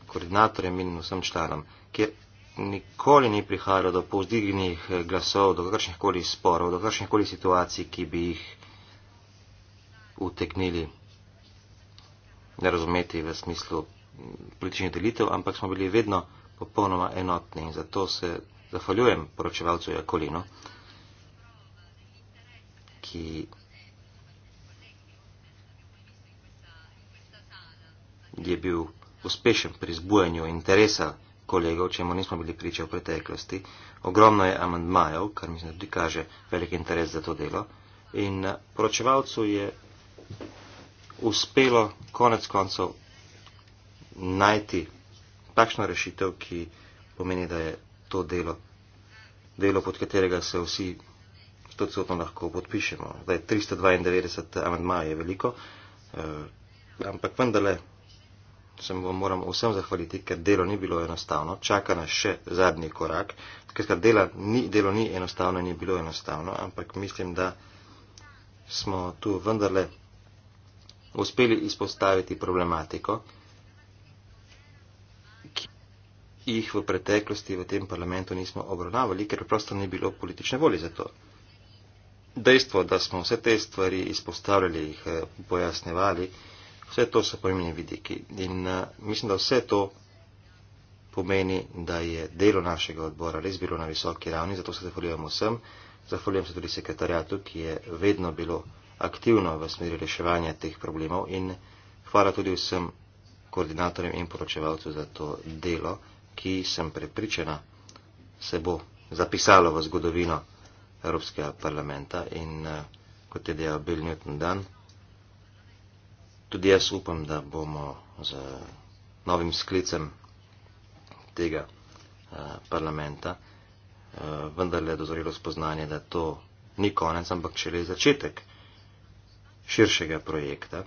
koordinatorjem in vsem članom, ker nikoli ni prihajalo do povzdignjenih eh, glasov, do kakršnih koli sporov, do kakršnih koli situacij, ki bi jih uteknili ne razumeti v smislu mm, političnih delitev, ampak smo bili vedno popolnoma enotni in zato se zahvaljujem poročevalcu Jakolino, ki je bil uspešen pri zbujanju interesa kolegov, čemu nismo bili priča v preteklosti. Ogromno je amandmajev, kar mislim, da tudi kaže velik interes za to delo. In eh, poročevalcu je uspelo konec koncev najti takšno rešitev, ki pomeni, da je to delo, delo pod katerega se vsi stocotno lahko podpišemo. Da je 392 amandmajev je veliko, eh, ampak vendarle se vam moram vsem zahvaliti, ker delo ni bilo enostavno, čaka nas še zadnji korak, ker dela ni, delo ni enostavno in je bilo enostavno, ampak mislim, da smo tu vendarle uspeli izpostaviti problematiko, ki jih v preteklosti v tem parlamentu nismo obravnavali, ker prosto ni bilo politične volje za to. Dejstvo, da smo vse te stvari izpostavljali, jih pojasnevali, eh, Vse to so pomembni vidiki in uh, mislim, da vse to pomeni, da je delo našega odbora res bilo na visoki ravni, zato se zahvaljujem vsem. Zahvaljujem se tudi sekretarjatu, ki je vedno bilo aktivno v smeri reševanja teh problemov in hvala tudi vsem koordinatorjem in poročevalcu za to delo, ki sem prepričana se bo zapisalo v zgodovino Evropskega parlamenta in eh, kot je dejal Bill Newton Dunn, Tudi jaz upam, da bomo z novim sklicem tega eh, parlamenta eh, vendarle dozorilo spoznanje, da to ni konec, ampak šele začetek širšega projekta,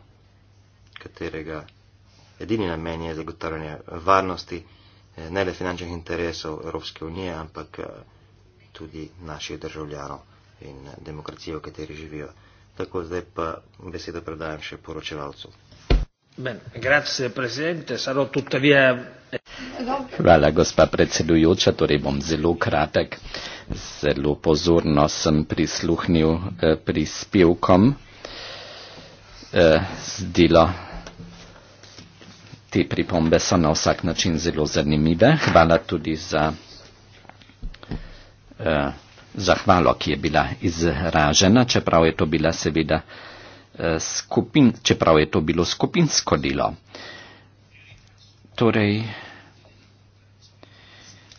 katerega edini namen je zagotavljanje varnosti eh, ne le finančnih interesov Evropske unije, ampak tudi naših državljanov in demokracije, v kateri živijo. Tako zdaj pa besedo predajam še poročevalcu. Hvala, gospa predsedujoča, torej bom zelo kratek. Zelo pozorno sem prisluhnil eh, prispevkom. Eh, zdilo, te pripombe so na vsak način zelo zanimive. Hvala tudi za. Eh, zahvalo, ki je bila izražena, čeprav je to bila seveda eh, skupin, čeprav je to bilo skupinsko delo. Torej,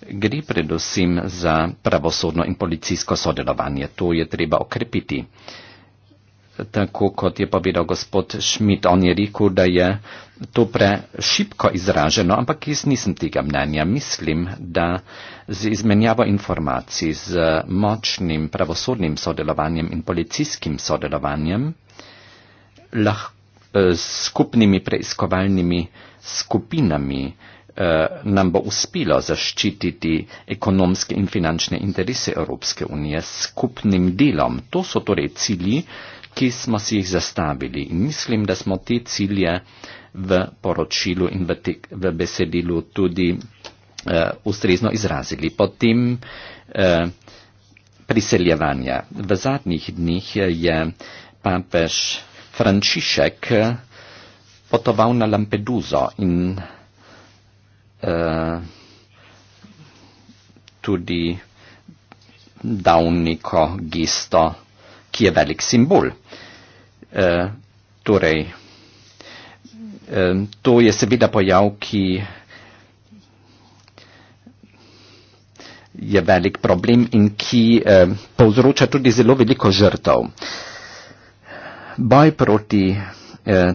gre predvsem za pravosodno in policijsko sodelovanje. To je treba okrepiti. Uh, tako kot je povedal gospod Schmidt, on je rekel, da je to prešipko izraženo, ampak jaz nisem tega mnenja. Mislim, da z izmenjavo informacij, z močnim pravosodnim sodelovanjem in policijskim sodelovanjem, lahko s eh, skupnimi preiskovalnimi skupinami eh, nam bo uspelo zaščititi ekonomske in finančne interese Evropske unije s skupnim delom. To so torej cilji, ki smo si jih zastavili. In mislim, da smo te cilje v poročilu in v, te, v besedilu tudi uh, ustrezno izrazili. Potem uh, priseljevanja. V zadnjih dneh je papež Frančišek eh, potoval na Lampeduzo in uh, tudi dal neko gesto ki je velik simbol. E, torej, e, to je seveda pojav, ki je velik problem in ki e, povzroča tudi zelo veliko žrtev. Boj proti e,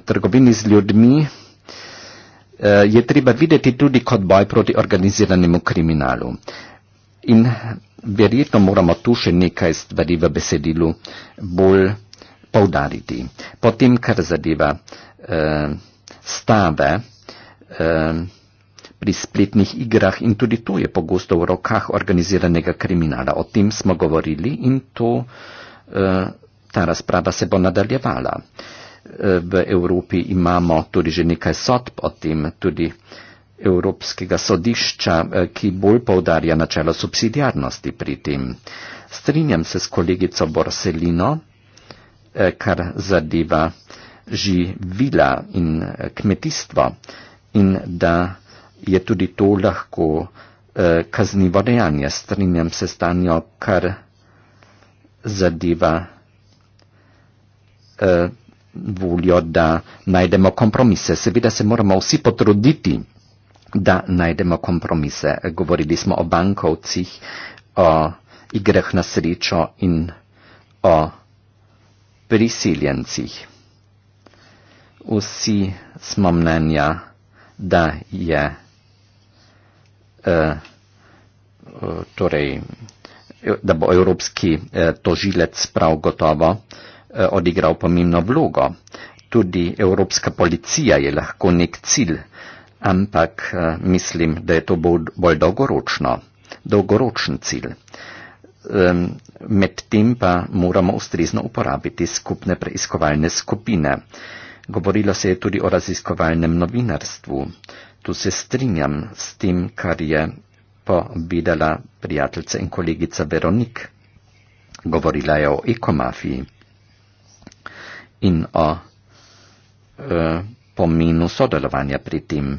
trgovini z ljudmi e, je treba videti tudi kot boj proti organiziranemu kriminalu. In verjetno moramo tu še nekaj stvari v besedilu bolj povdariti. Potem, kar zadeva eh, stave eh, pri spletnih igrah in tudi to je pogosto v rokah organiziranega kriminala. O tem smo govorili in to, eh, ta razprava se bo nadaljevala. Eh, v Evropi imamo tudi že nekaj sodb o tem, tudi eh, Evropskega sodišča, eh, ki bolj povdarja načelo subsidijarnosti pri tem. Strinjam se s kolegico Borselino, eh, kar zadeva živila in eh, kmetijstvo in da je tudi to lahko kaznivo dejanje. Strinjam se s Tanjo, kar zadeva voljo, da najdemo kompromise. Seveda se moramo vsi potruditi da najdemo kompromise. Govorili smo o bankovcih, o igrah na srečo in o prisiljencih. Vsi smo mnenja, da je uh, torej, da bo evropski uh, tožilec prav gotovo uh, odigral pomembno vlogo. Tudi evropska policija je lahko nek cilj, ampak eh, mislim, da je to bolj, bolj dolgoročno, dolgoročen cilj. Medtem pa moramo ustrezno uporabiti skupne preiskovalne skupine. Govorilo se je tudi o raziskovalnem novinarstvu. Tu se strinjam s tem, kar je povedala prijateljica in kolegica Veronik. Govorila je o ekomafiji in o e, pomenu sodelovanja pri tem.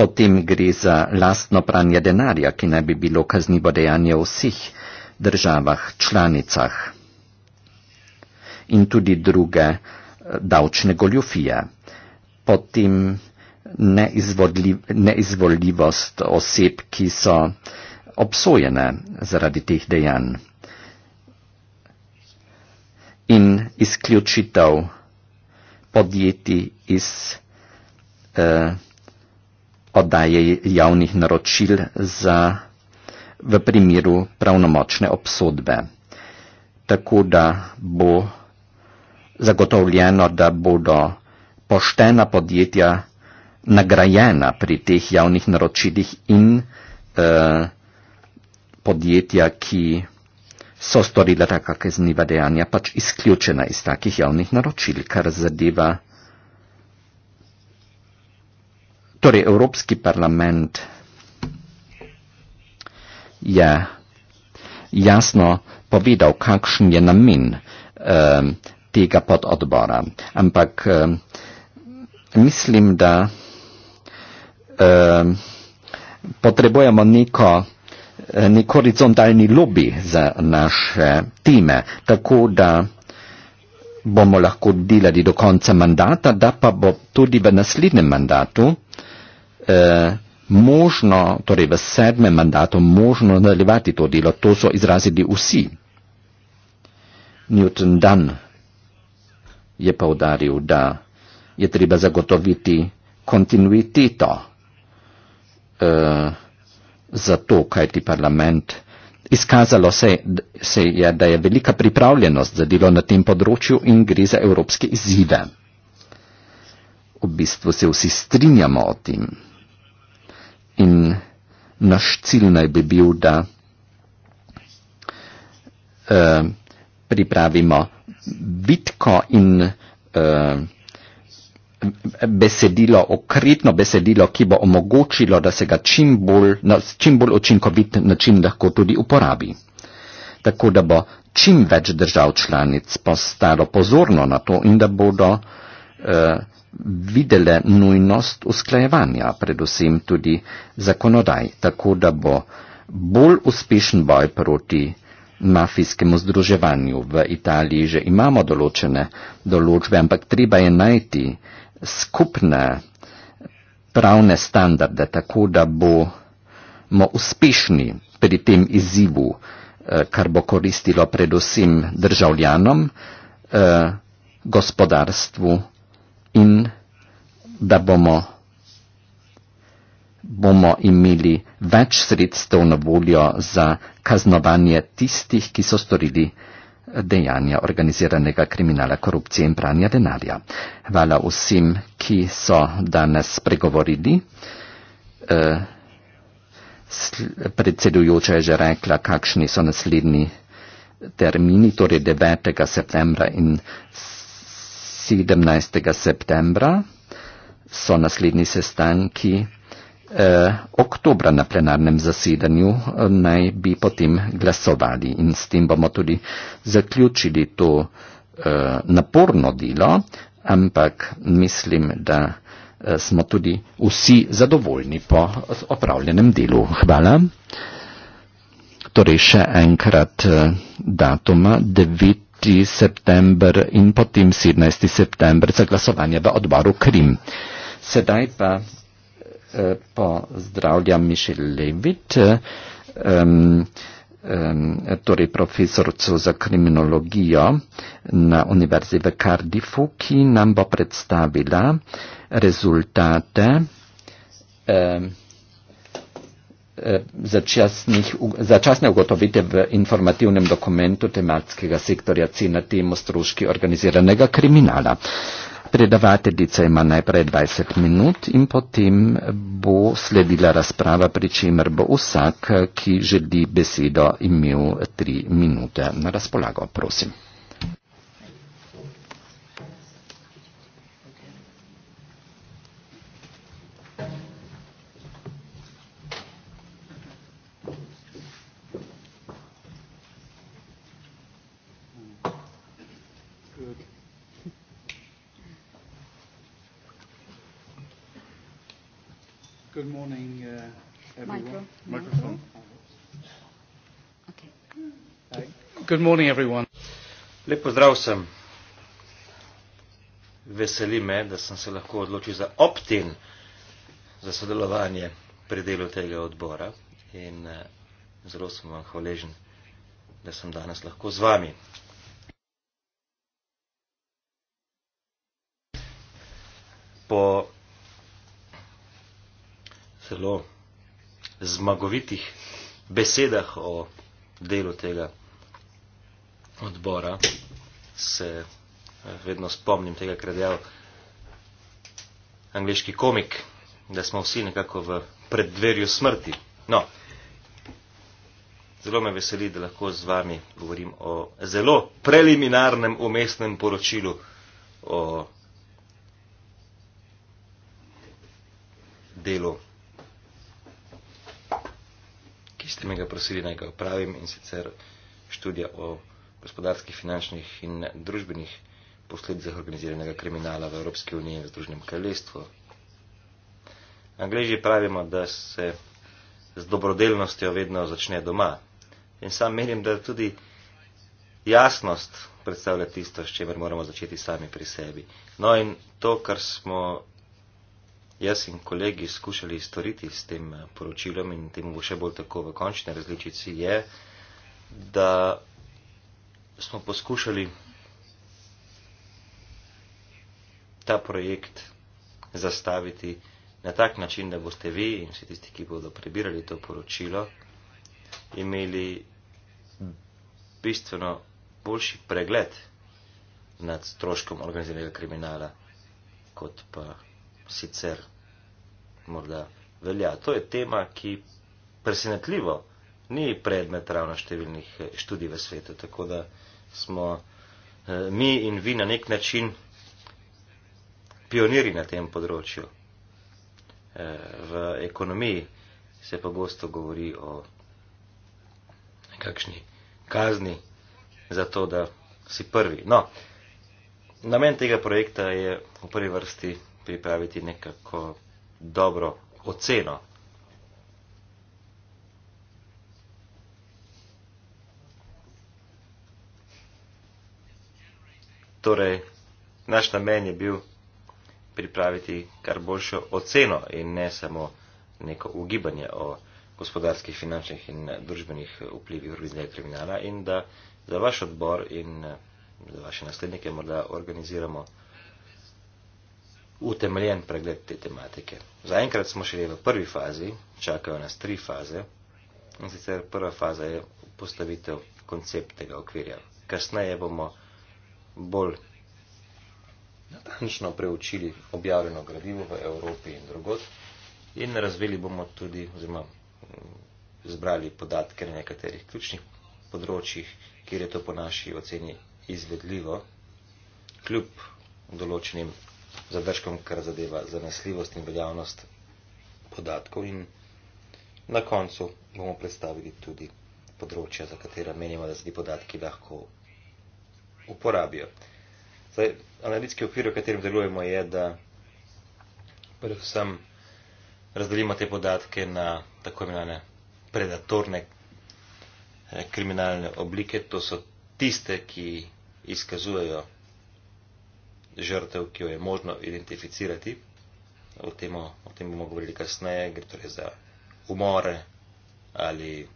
Ob tem gre za lastno pranje denarja, ki naj bi bilo kaznivo dejanje v vseh državah članicah in tudi druge eh, davčne goljufije. Potem neizvoljivost oseb, ki so obsojene zaradi teh dejanj. In izključitev podjetij iz. Eh, oddaje javnih naročil za, v primeru pravnomočne obsodbe. Tako da bo zagotovljeno, da bodo poštena podjetja nagrajena pri teh javnih naročilih in eh, podjetja, ki so storila taka kazniva dejanja, pač izključena iz takih javnih naročil, kar zadeva Torej, Evropski parlament je jasno povedal, kakšen je namen eh, tega pododbora. Ampak eh, mislim, da eh, potrebujemo neko, eh, nek horizontalni lobby za naše time, tako da bomo lahko delali do konca mandata, da pa bo tudi v naslednjem mandatu eh, možno, torej v sedmem mandatu možno nadaljevati to delo. To so izrazili vsi. Newton Dunn je povdaril, da je treba zagotoviti kontinuiteto eh, za to, kaj ti parlament. Izkazalo se, se je, da je velika pripravljenost za delo na tem področju in gre za evropske izzive. V bistvu se vsi strinjamo o tem. In naš cilj naj bi bil, da uh, pripravimo bitko in uh, besedilo, okretno besedilo, ki bo omogočilo, da se ga čim bolj, na čim bolj učinkovit način lahko tudi uporabi. Tako da bo čim več držav članic postalo pozorno na to in da bodo uh, eh, videle nujnost usklajevanja, predvsem tudi zakonodaj, tako da bo bolj uspešen boj proti mafijskemu združevanju. V Italiji že imamo določene določbe, ampak treba je najti skupne pravne standarde, tako da bomo uspešni pri tem izzivu, eh, kar bo koristilo predvsem državljanom, eh, gospodarstvu in da bomo, bomo imeli več sredstev na voljo za kaznovanje tistih, ki so storili eh, dejanja organiziranega kriminala, korupcije in pranja denarja. Hvala vsem, ki so danes pregovorili. Eh, predsedujoča je že rekla, kakšni so naslednji termini, torej 9. septembra in 7. 17. septembra so naslednji sestanki. E, oktobra na plenarnem zasedanju eh, naj bi potem glasovali in s tem bomo tudi zaključili to e, naporno delo, ampak mislim, da smo tudi vsi zadovoljni po opravljenem delu. Hvala. Torej še enkrat datuma 9. 4 september in potem 17 september za glasovanje v odboru Krim. Sedaj pa eh, pozdravljam Mišel Levit, eh, eh, torej profesorcu za kriminologijo na Univerzi v Cardiffu, ki nam bo predstavila rezultate eh, Eh, začasne ugotovitve v informativnem dokumentu tematskega sektorja C na temo stroški organiziranega kriminala. Predavateljica ima najprej 20 minut in potem bo sledila razprava, pri čemer bo vsak, ki želi besedo, imel 3 minute na razpolago. Prosim. Good morning, uh, everyone. Micro. Microphone. Okay. Good morning, everyone. Lepo zdrav sem. Veseli me, da sem se lahko odločil za optin za sodelovanje pri delu tega odbora in uh, zelo sem vam hvaležen, da sem danes lahko z vami. Po celo zmagovitih besedah o delu tega odbora. Se eh, vedno spomnim tega, kar je dejal angliški komik, da smo vsi nekako v preddverju smrti. No, zelo me veseli, da lahko z vami govorim o zelo preliminarnem umestnem poročilu o delu ste me ga prosili, naj ga opravim in sicer študija o gospodarskih, finančnih in družbenih posledicah organiziranega kriminala v Evropski uniji in v Združenem kraljestvu. Angleži pravimo, da se z dobrodelnostjo vedno začne doma. In sam menim, da tudi jasnost predstavlja tisto, s čemer moramo začeti sami pri sebi. No in to, kar smo jaz in kolegi skušali storiti s tem eh, poročilom in temu bo še bolj tako v končni različici, je, da smo poskušali ta projekt zastaviti na tak način, da boste vi in vsi tisti, ki bodo prebirali to poročilo, imeli bistveno boljši pregled nad stroškom organiziranega kriminala kot pa sicer morda velja. To je tema, ki presenetljivo ni predmet ravno številnih eh, študij v svetu, tako da smo eh, mi in vi na nek način pioniri na tem področju. Eh, v ekonomiji se pogosto govori o kakšni kazni za to, da si prvi. No, namen tega projekta je v prvi vrsti pripraviti nekako dobro oceno. Torej, naš namen je bil pripraviti kar boljšo oceno in ne samo neko ugibanje o gospodarskih, finančnih in družbenih vplivih organiziranja kriminala in da za vaš odbor in za vaše naslednike morda organiziramo utemljen pregled te tematike. Zaenkrat smo šele v prvi fazi, čakajo nas tri faze. In sicer prva faza je postavitev koncept tega okvirja. Kasneje bomo bolj natančno preučili objavljeno gradivo v Evropi in drugod in razvili bomo tudi, oziroma mm, zbrali podatke na nekaterih ključnih področjih, kjer je to po naši oceni izvedljivo, kljub določenim zadržkom, kar zadeva zanesljivost in veljavnost podatkov in na koncu bomo predstavili tudi področja, za katera menimo, da se ti podatki lahko uporabijo. Zdaj, analitski okvir, v katerem delujemo, je, da predvsem razdelimo te podatke na tako imenovane predatorne eh, kriminalne oblike. To so tiste, ki izkazujejo žrtev, ki jo je možno identificirati. O, temo, o tem bomo govorili kasneje, gre torej za umore ali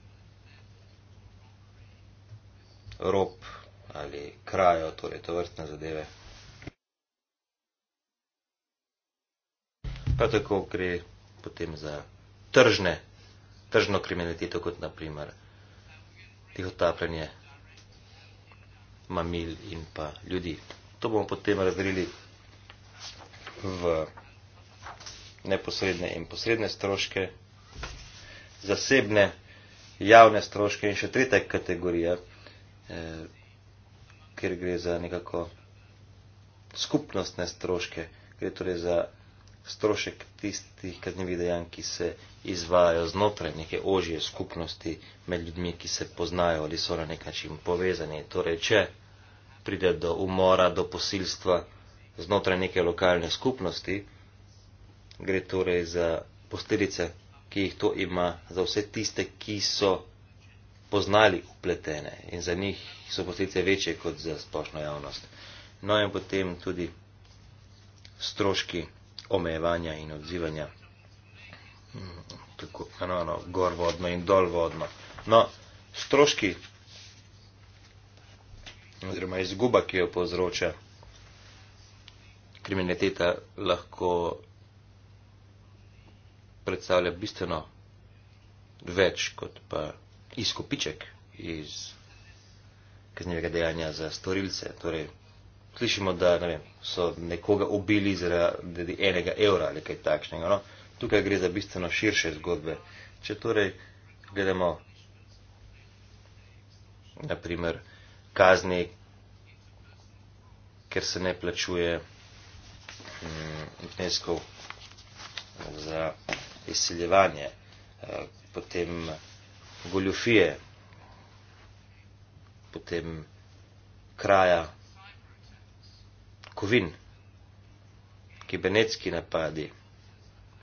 rob ali krajo, torej to vrstne zadeve. Prav tako gre potem za tržne, tržno kriminaliteto, kot naprimer tihotapljanje mamil in pa ljudi. To bomo potem razdelili v neposredne in posredne stroške, zasebne, javne stroške in še tretja kategorija, eh, ker gre za nekako skupnostne stroške, gre torej za strošek tistih kaznjivih dejanj, ki se izvajajo znotraj neke ožje skupnosti med ljudmi, ki se poznajo ali so na nek način povezani. Torej, če pride do umora, do posilstva znotraj neke lokalne skupnosti. Gre torej za posledice, ki jih to ima za vse tiste, ki so poznali upletene in za njih so posledice večje kot za splošno javnost. No in potem tudi stroški omejevanja in odzivanja, tako imenovano gorvodno in dolvodno. No, stroški oziroma izguba, ki jo povzroča kriminaliteta, lahko predstavlja bistveno več kot pa izkupiček iz kaznjega dejanja za storilce. Torej, slišimo, da ne vem, so nekoga ubili zaradi enega evra ali kaj takšnega. No? Tukaj gre za bistveno širše zgodbe. Če torej gledamo, naprimer, kazni, ker se ne plačuje kneskov mm, za izseljevanje, eh, potem goljofije, potem kraja, kovin, kibernetski napadi.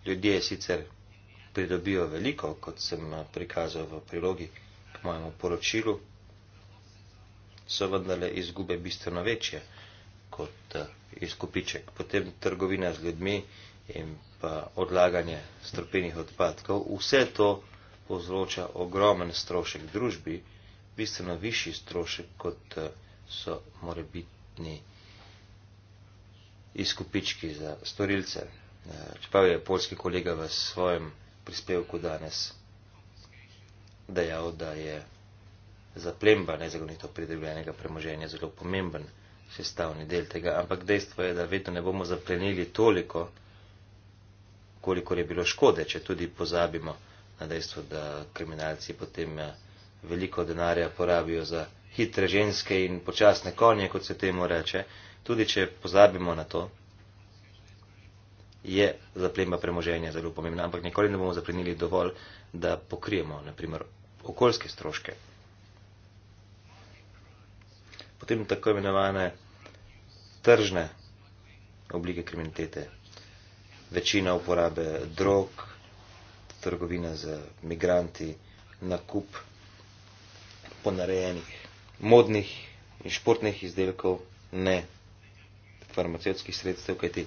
Ljudje sicer pridobijo veliko, kot sem eh, prikazal v prilogi k mojemu poročilu so vendarle izgube bistveno večje kot eh, izkupiček. Potem trgovina z ljudmi in pa odlaganje strpenih odpadkov, vse to povzroča ogromen strošek družbi, bistveno višji strošek kot eh, so morebitni izkupički za storilce. Eh, čeprav je polski kolega v svojem prispevku danes dejal, da je zaplemba nezagonito pridobljenega premoženja zelo pomemben sestavni del tega, ampak dejstvo je, da vedno ne bomo zaplenili toliko, koliko je bilo škode, če tudi pozabimo na dejstvo, da kriminalci potem eh, veliko denarja porabijo za hitre ženske in počasne konje, kot se temu reče, tudi če pozabimo na to, je zaplemba premoženja zelo pomembna, ampak nikoli ne bomo zaplenili dovolj, da pokrijemo, naprimer, okoljske stroške, potem tako imenovane tržne oblike kriminalitete, večina uporabe drog, trgovina z migranti, nakup ponarejenih modnih in športnih izdelkov, ne farmacevtskih sredstev, kajti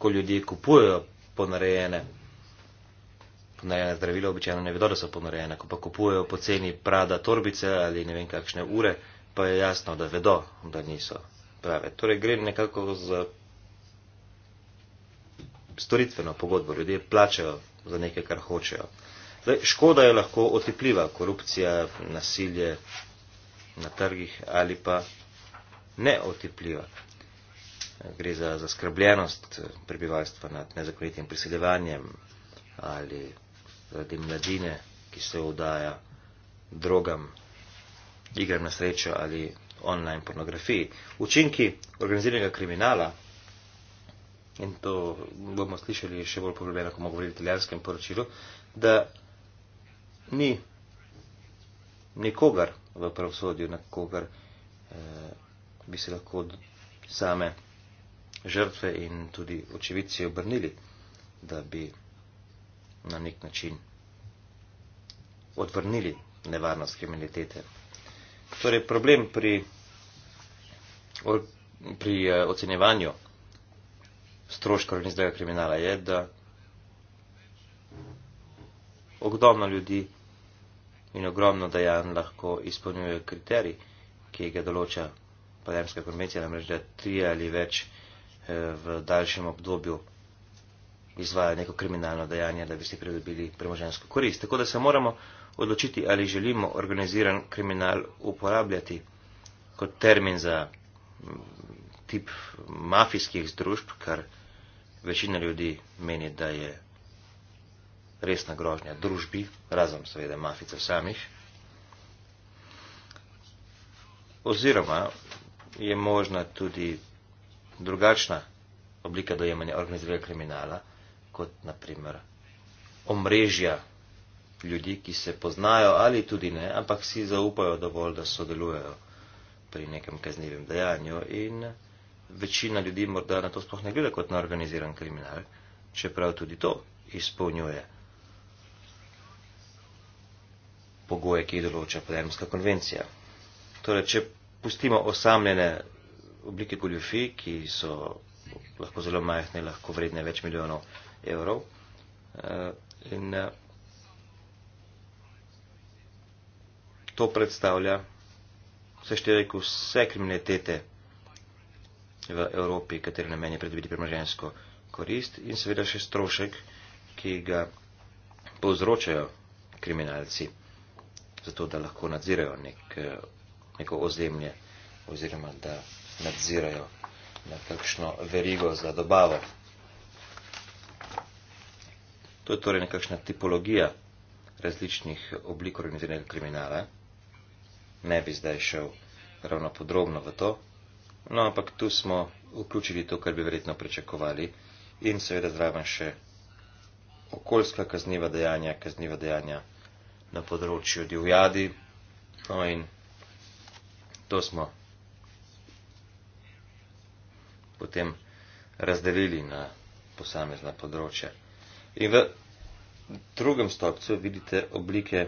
ko ljudje kupujejo ponarejene, ponarejene zdravila, običajno ne vedo, da so ponarejene, ko pa kupujejo poceni prada torbice ali ne vem kakšne ure, pa je jasno, da vedo, da niso prave. Torej, gre nekako za storitveno pogodbo. Ljudje plačajo za nekaj, kar hočejo. Zdaj, škoda je lahko otepljiva, korupcija, nasilje na trgih ali pa neotepljiva. Gre za zaskrbljenost prebivalstva nad nezakonitim priseljevanjem ali zaradi mladine, ki se vdaja drogam igram na srečo ali online pornografiji. Učinki organiziranega kriminala, in to bomo slišali še bolj poglobljeno, ko bomo govorili o italijanskem poročilu, da ni nikogar v pravosodju, na kogar eh, bi se lahko same žrtve in tudi očevici obrnili, da bi na nek način odvrnili nevarnost kriminalitete torej problem pri, pri eh, ocenjevanju stroškov organiziranega kriminala je, da ogromno ljudi in ogromno dejanj lahko izpolnjujejo kriterij, ki ga določa Palermska konvencija, namreč da tri ali več eh, v daljšem obdobju izvaja neko kriminalno dejanje, da bi si pridobili premožensko korist. Tako da se moramo odločiti, ali želimo organiziran kriminal uporabljati kot termin za mm, tip mafijskih združb, kar večina ljudi meni, da je resna grožnja družbi, razem seveda mafice samih. Oziroma je možna tudi drugačna oblika dojemanja organiziranega kriminala, kot naprimer omrežja ljudi, ki se poznajo ali tudi ne, ampak si zaupajo dovolj, da sodelujejo pri nekem kaznivem dejanju. In večina ljudi morda na to sploh ne gleda kot na organiziran kriminal, čeprav tudi to izpolnjuje pogoje, ki jih določa Podajemska konvencija. Torej, če pustimo osamljene oblike goljufi, ki so lahko zelo majhne, lahko vredne več milijonov evrov, eh, in eh, to predstavlja vse števek vse kriminalitete v Evropi, katere namen je predvidi premoženjsko korist in seveda še strošek, ki ga povzročajo kriminalci, zato da lahko nadzirajo nek, neko ozemlje oziroma da nadzirajo na kakšno verigo za dobavo. To je torej nekakšna tipologija različnih oblik organiziranega kriminala ne bi zdaj šel ravno podrobno v to. No, ampak tu smo vključili to, kar bi verjetno pričakovali in seveda zraven še okoljska kazniva dejanja, kazniva dejanja na področju divjadi. No in to smo potem razdelili na posamezna področja. In v drugem stopcu vidite oblike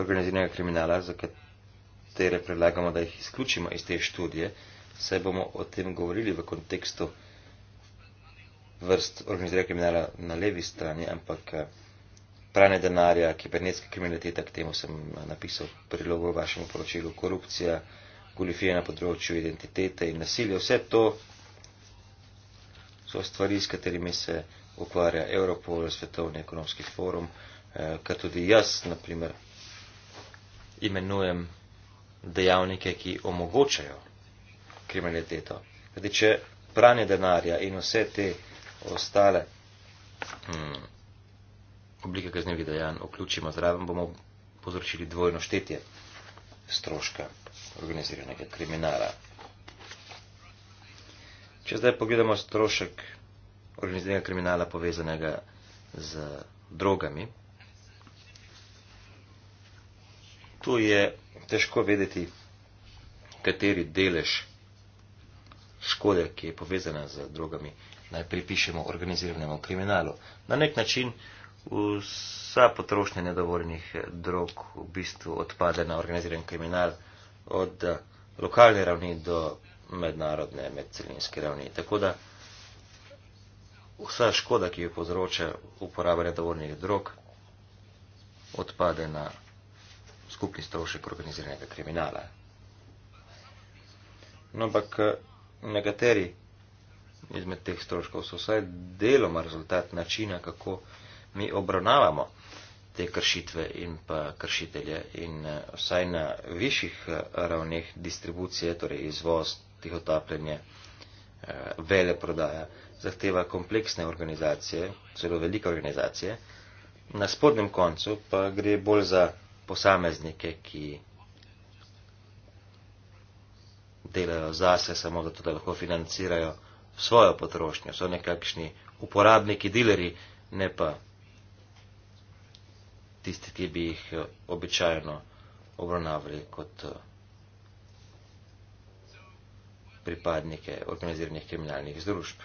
organiziranega kriminala, za katere predlagamo, da jih izključimo iz te študije, se bomo o tem govorili v kontekstu vrst organiziranega kriminala na levi strani, ampak eh, pranje denarja, kibernetska kriminaliteta, k temu sem eh, napisal prilogo v vašem poročilu, korupcija, golifije na področju identitete in nasilje, vse to so stvari, s katerimi se ukvarja Europol, svetovni ekonomski forum, eh, kar tudi jaz, na primer, imenujem dejavnike, ki omogočajo kriminaliteto. Kajti, če pranje denarja in vse te ostale hm, oblike kaznevih dejanj vključimo zraven, bomo povzročili dvojno štetje stroška organiziranega kriminala. Če zdaj pogledamo strošek organiziranega kriminala povezanega z drogami, tu je težko vedeti, kateri delež škode, ki je povezana z drogami, naj pripišemo organiziranemu kriminalu. Na nek način vsa potrošnja nedovoljenih drog v bistvu odpade na organiziran kriminal od lokalne ravni do mednarodne, medcelinske ravni. Tako da vsa škoda, ki jo povzroča uporaba nedovoljenih drog, odpade na organiziran kriminal skupni strošek organiziranega kriminala. No, ampak eh, nekateri izmed teh stroškov so vsaj deloma rezultat načina, kako mi obravnavamo te kršitve in pa kršitelje in eh, vsaj na višjih eh, ravneh distribucije, torej izvoz, tihotapljenje, vele prodaja, zahteva kompleksne organizacije, zelo velike organizacije, na spodnjem koncu pa gre bolj za posameznike, ki delajo zase samo zato, da lahko financirajo svojo potrošnjo. So nekakšni uporabniki, dileri, ne pa tisti, ki bi jih eh, običajno obravnavali kot eh, pripadnike organiziranih kriminalnih združb.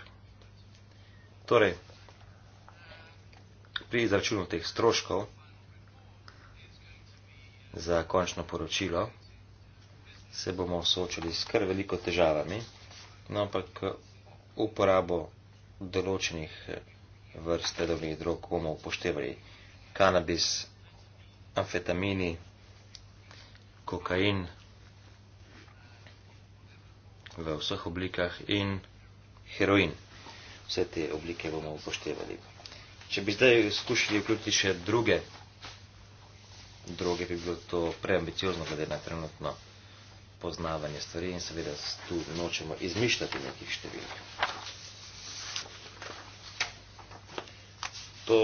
Torej, pri izračunu teh stroškov za končno poročilo, se bomo soočili s kar veliko težavami, no ampak uporabo določenih vrst redovnih drog bomo upoštevali. Kanabis, amfetamini, kokain v vseh oblikah in heroin. Vse te oblike bomo upoštevali. Če bi zdaj skušali vključiti še druge druge bi bilo to preambiciozno glede na trenutno poznavanje stvari in seveda tu nočemo izmišljati nekih številk. To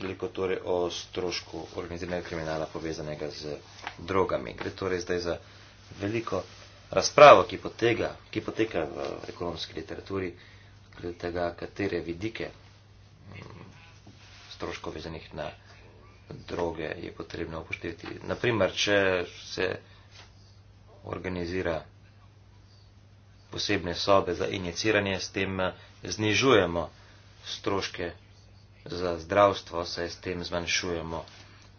veliko torej o strošku organiziranega kriminala povezanega z drogami. Gre torej zdaj za veliko razpravo, ki, potega, ki poteka v ekonomski literaturi, glede tega, katere vidike stroškov vezanih na droge je potrebno upoštevati. Naprimer, če se organizira posebne sobe za injeciranje, s tem eh, znižujemo stroške za zdravstvo, saj s tem zmanjšujemo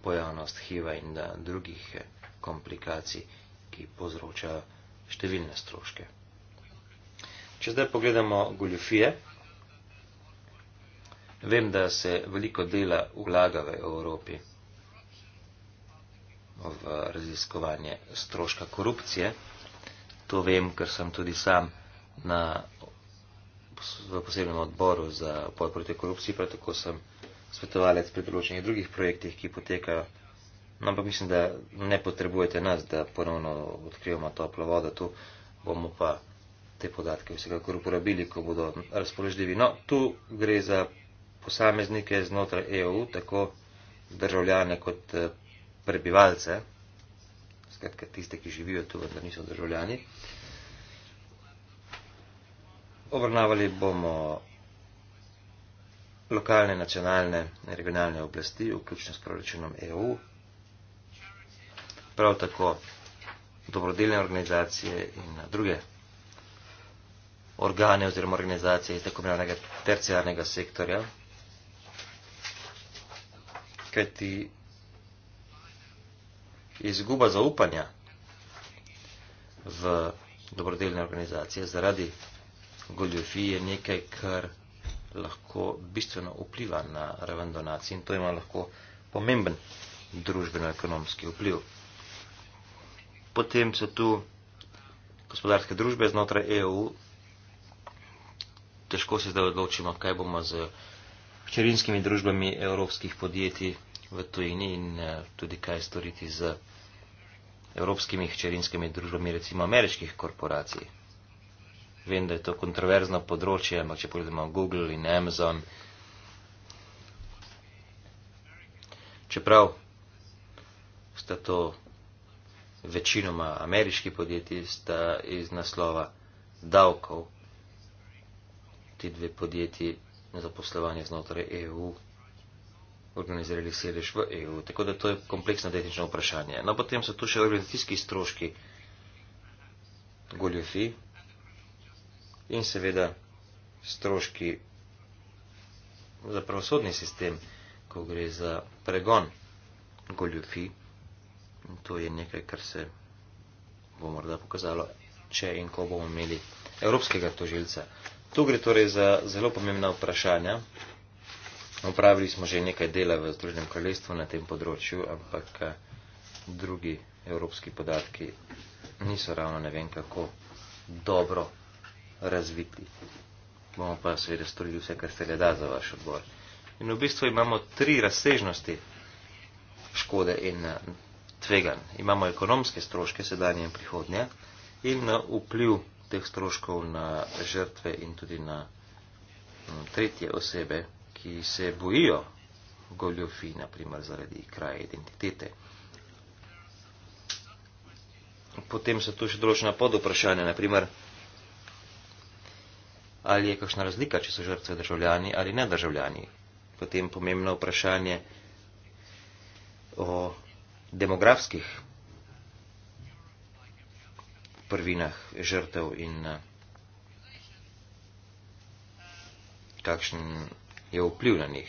pojavnost HIV-a in eh, drugih eh, komplikacij, ki povzročajo številne stroške. Če zdaj pogledamo goljofije, Vem, da se veliko dela vlaga v Evropi v raziskovanje stroška korupcije. To vem, ker sem tudi sam na, v posebnem odboru za boj proti korupciji, prav tako sem svetovalec pri določenih drugih projektih, ki potekajo. No, ampak mislim, da ne potrebujete nas, da ponovno odkrijemo toplo vodo. Tu bomo pa te podatke vsekakor uporabili, ko bodo razpoložljivi. No, tu gre za posameznike znotraj EU, tako državljane kot eh, prebivalce, skratka tiste, ki živijo tu, vendar niso državljani. Obrnavali bomo lokalne, nacionalne in regionalne oblasti, vključno s proračunom EU, prav tako dobrodelne organizacije in eh, druge organe oziroma organizacije iz tako imenovanega terciarnega sektorja, ker ti izguba zaupanja v dobrodelne organizacije zaradi goljofije je nekaj, kar lahko bistveno vpliva na raven donacij in to ima lahko pomemben družbeno-ekonomski vpliv. Potem so tu gospodarske družbe znotraj EU. Težko se zdaj odločimo, kaj bomo z hčerinskimi družbami evropskih podjetij v tujini in eh, tudi kaj storiti z evropskimi hčerinskimi družbami, recimo ameriških korporacij. Vem, da je to kontroverzno področje, ampak če pogledamo Google in Amazon, čeprav sta to večinoma ameriški podjetji, sta iz naslova davkov ti dve podjetji na zaposlovanje znotraj EU, organizirali sedež v EU. Tako da to je kompleksno tehnično vprašanje. No, potem so tu še organizacijski stroški, goljofi in seveda stroški za pravosodni sistem, ko gre za pregon goljofi. In to je nekaj, kar se bo morda pokazalo, če in ko bomo imeli evropskega tožilca. Tu gre torej za zelo pomembna vprašanja. Opravili smo že nekaj dela v Združenem kraljestvu na tem področju, ampak eh, drugi evropski podatki niso ravno ne vem kako dobro razviti. Bomo pa seveda storili vse, kar se le da za vaš odbor. In v bistvu imamo tri razsežnosti škode in eh, tvegan. Imamo ekonomske stroške sedanje in prihodnje in eh, vpliv teh stroškov na žrtve in tudi na mm, tretje osebe, ki se bojijo goljofi, naprimer zaradi kraja identitete. Potem so tu še določena podoprašanja, naprimer, ali je kakšna razlika, če so žrtve državljani ali ne državljani. Potem pomembno vprašanje o demografskih prvinah žrtev in eh, kakšen je vpliv na njih.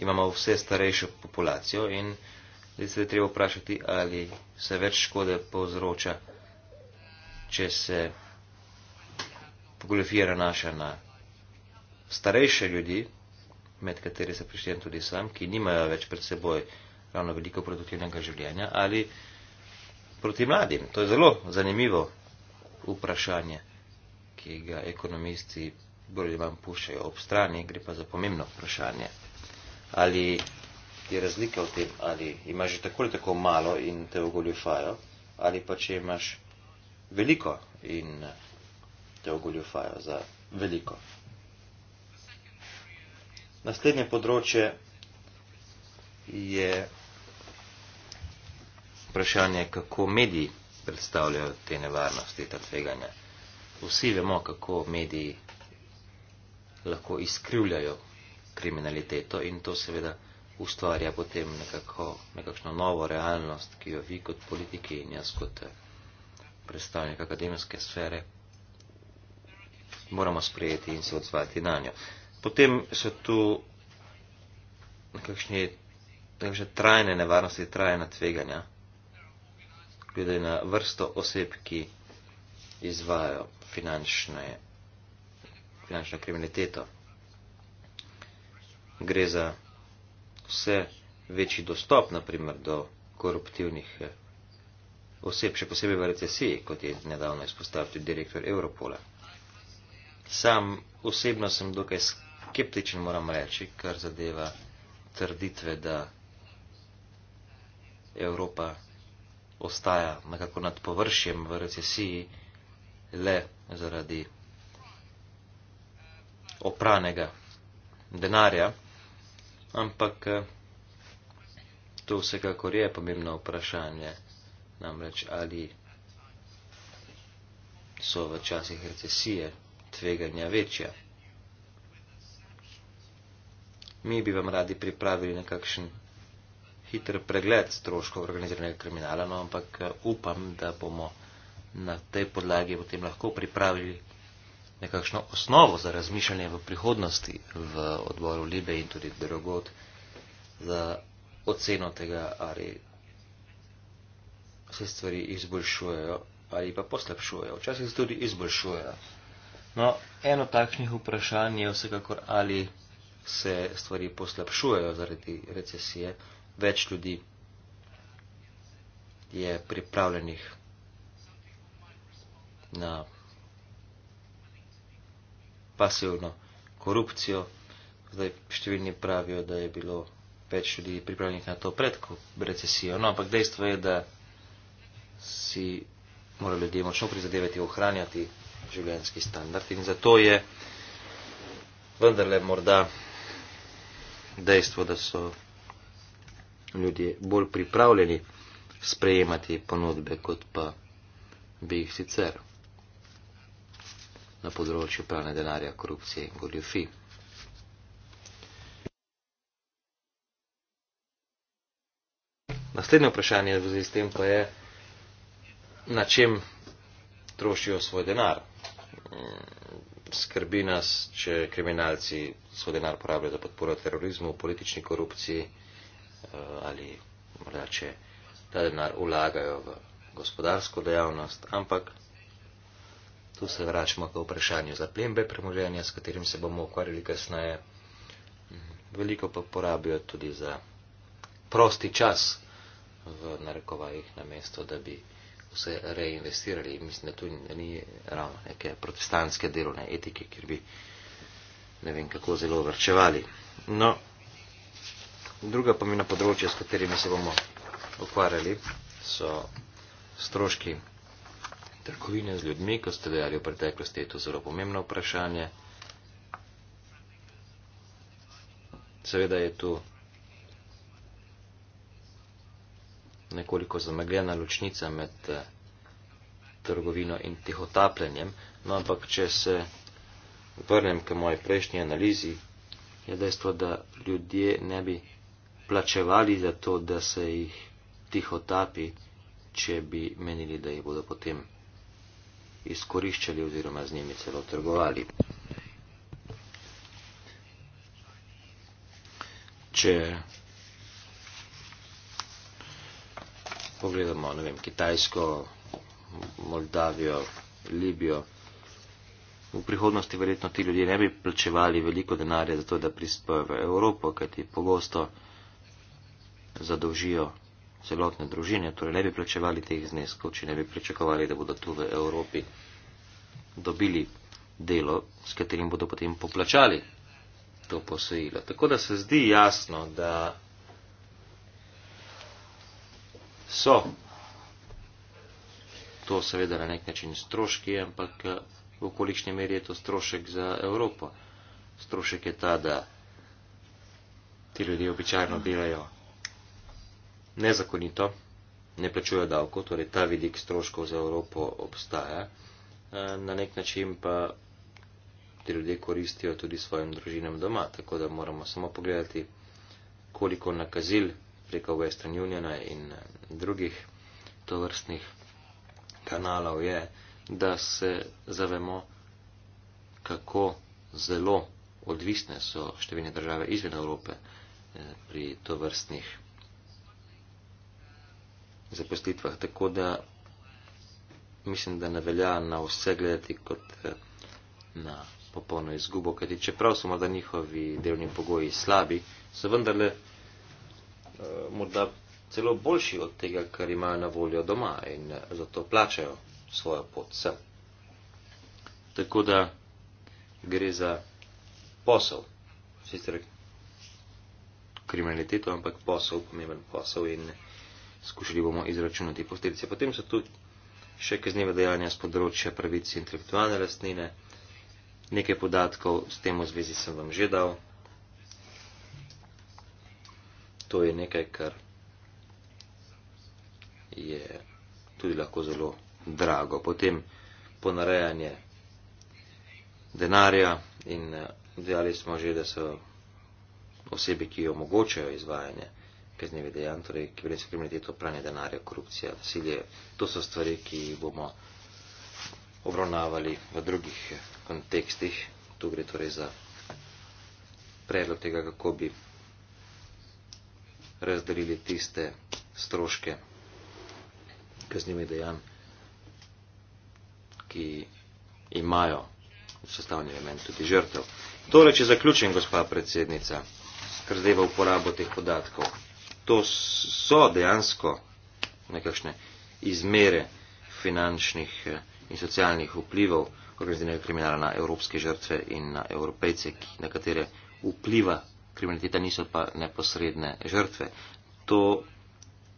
Imamo vse starejšo populacijo in zdaj se je treba vprašati, ali se več škode povzroča, če se fotografija nanaša na starejše ljudi, med kateri se prištejem tudi sam, ki nimajo več pred seboj ravno veliko produktivnega življenja, ali proti mladim. To je zelo zanimivo vprašanje, ki ga ekonomisti bolj vam puščajo ob strani, gre pa za pomembno vprašanje. Ali je razlika v tem, ali imaš že tako ali tako malo in te ogoljufajo, ali pa če imaš veliko in te ogoljufajo za veliko. Naslednje področje je vprašanje, kako mediji predstavljajo te nevarnosti, ta tveganja. Vsi vemo, kako mediji lahko izkrivljajo kriminaliteto in to seveda ustvarja potem nekako, nekakšno novo realnost, ki jo vi kot politiki in jaz kot eh, predstavnik akademske sfere moramo sprejeti in se odzvati na njo. Potem so tu nekakšne, nekakšne trajne nevarnosti, trajna tveganja glede na vrsto oseb, ki izvajo finančne, finančno kriminaliteto. Gre za vse večji dostop, naprimer, do koruptivnih eh, oseb, še posebej v recesiji, kot je nedavno izpostavil tudi direktor Evropola. Sam osebno sem dokaj skeptičen, moram reči, kar zadeva trditve, da Evropa ostaja nekako nad površjem v recesiji le zaradi opranega denarja, ampak eh, to vsekakor je pomembno vprašanje, namreč ali so v časih recesije tveganja večja. Mi bi vam radi pripravili nekakšen hiter pregled stroškov organiziranega kriminala, no, ampak eh, upam, da bomo na tej podlagi potem lahko pripravili nekakšno osnovo za razmišljanje v prihodnosti v odboru Libe in tudi drugod za oceno tega, ali se stvari izboljšujejo ali pa poslabšujejo. Včasih se tudi izboljšujejo. No, eno takšnih vprašanj je vsekakor, ali se stvari poslabšujejo zaradi recesije več ljudi je pripravljenih na pasivno korupcijo. Zdaj številni pravijo, da je bilo več ljudi pripravljenih na to pred recesijo. No, ampak dejstvo je, da si mora ljudje močno prizadevati ohranjati življenjski standard in zato je vendarle morda dejstvo, da so ljudje bolj pripravljeni sprejemati ponudbe, kot pa bi jih sicer na področju pravne denarja, korupcije in goljofi. Naslednje vprašanje v zvezi s tem pa je, na čem trošijo svoj denar. Skrbi nas, če kriminalci svoj denar porabljajo za podporo terorizmu, politični korupciji. Eh, ali morda če ta denar ulagajo v gospodarsko dejavnost, ampak tu se vračamo k vprašanju zaplembe premoženja, s katerim se bomo ukvarjali kasneje. Veliko pa porabijo tudi za prosti čas v narekovajih na mesto, da bi vse reinvestirali. Mislim, da tu ni ravno neke protestantske delovne etike, kjer bi ne vem kako zelo vrčevali. No, Druga pomembna področja, s katerimi se bomo ukvarjali, so stroški trgovine z ljudmi, kot ste dejali v preteklosti, je to zelo pomembno vprašanje. Seveda je tu nekoliko zamegljena ločnica med eh, trgovino in tihotapljenjem, no ampak če se vrnem k moji prejšnji analizi, je dejstvo, da ljudje ne bi plačevali za to, da se jih tiho tapi, če bi menili, da jih bodo potem izkoriščali oziroma z njimi celo trgovali. Če pogledamo, ne vem, Kitajsko, Moldavijo, Libijo, v prihodnosti verjetno ti ljudje ne bi plačevali veliko denarja za to, da prispevajo v Evropo, kajti pogosto zadolžijo celotne družine, torej ne bi plačevali teh zneskov, če ne bi pričakovali, da bodo tu v Evropi dobili delo, s katerim bodo potem poplačali to posojilo. Tako da se zdi jasno, da so to seveda na nek način stroški, ampak v kolikšni meri je to strošek za Evropo. Strošek je ta, da ti ljudje običajno delajo nezakonito, ne plačujejo davko, torej ta vidik stroškov za Evropo obstaja. Eh, na nek način pa ti ljudje koristijo tudi svojim družinam doma, tako da moramo samo pogledati, koliko nakazil preko Western Uniona in eh, drugih tovrstnih kanalov je, da se zavemo, kako zelo odvisne so številne države izven Evrope eh, pri tovrstnih kanalih zaposlitvah. Tako da mislim, da ne velja na vse gledati kot eh, na popolno izgubo, kajti čeprav so morda njihovi delovni pogoji slabi, so vendarle eh, morda celo boljši od tega, kar imajo na voljo doma in eh, zato plačajo svojo pot sem. Tako da gre za posel, sicer kriminaliteto, ampak posel, pomemben posel in ne skušali bomo izračunati posledice. Potem so tu še kazneva dejanja z področja pravice intelektualne lastnine. Nekaj podatkov s tem v zvezi sem vam že dal. To je nekaj, kar je tudi lahko zelo drago. Potem ponarejanje denarja in eh, dejali smo že, da so osebe, ki omogočajo izvajanje kaznjivih dejanj, torej kibernetske kriminaliteto, pranje denarja, korupcija, nasilje. To so stvari, ki bomo obravnavali v drugih kontekstih. Tu gre torej za predlog tega, kako bi razdelili tiste stroške kaznjivih dejanj, ki imajo sestavni element tudi žrtev. Torej, če zaključim, gospa predsednica, kar zdaj v uporabo teh podatkov to so dejansko nekakšne izmere finančnih eh, in socialnih vplivov organiziranega kriminala na evropske žrtve in na evropejce, na katere vpliva kriminaliteta, niso pa neposredne žrtve. To,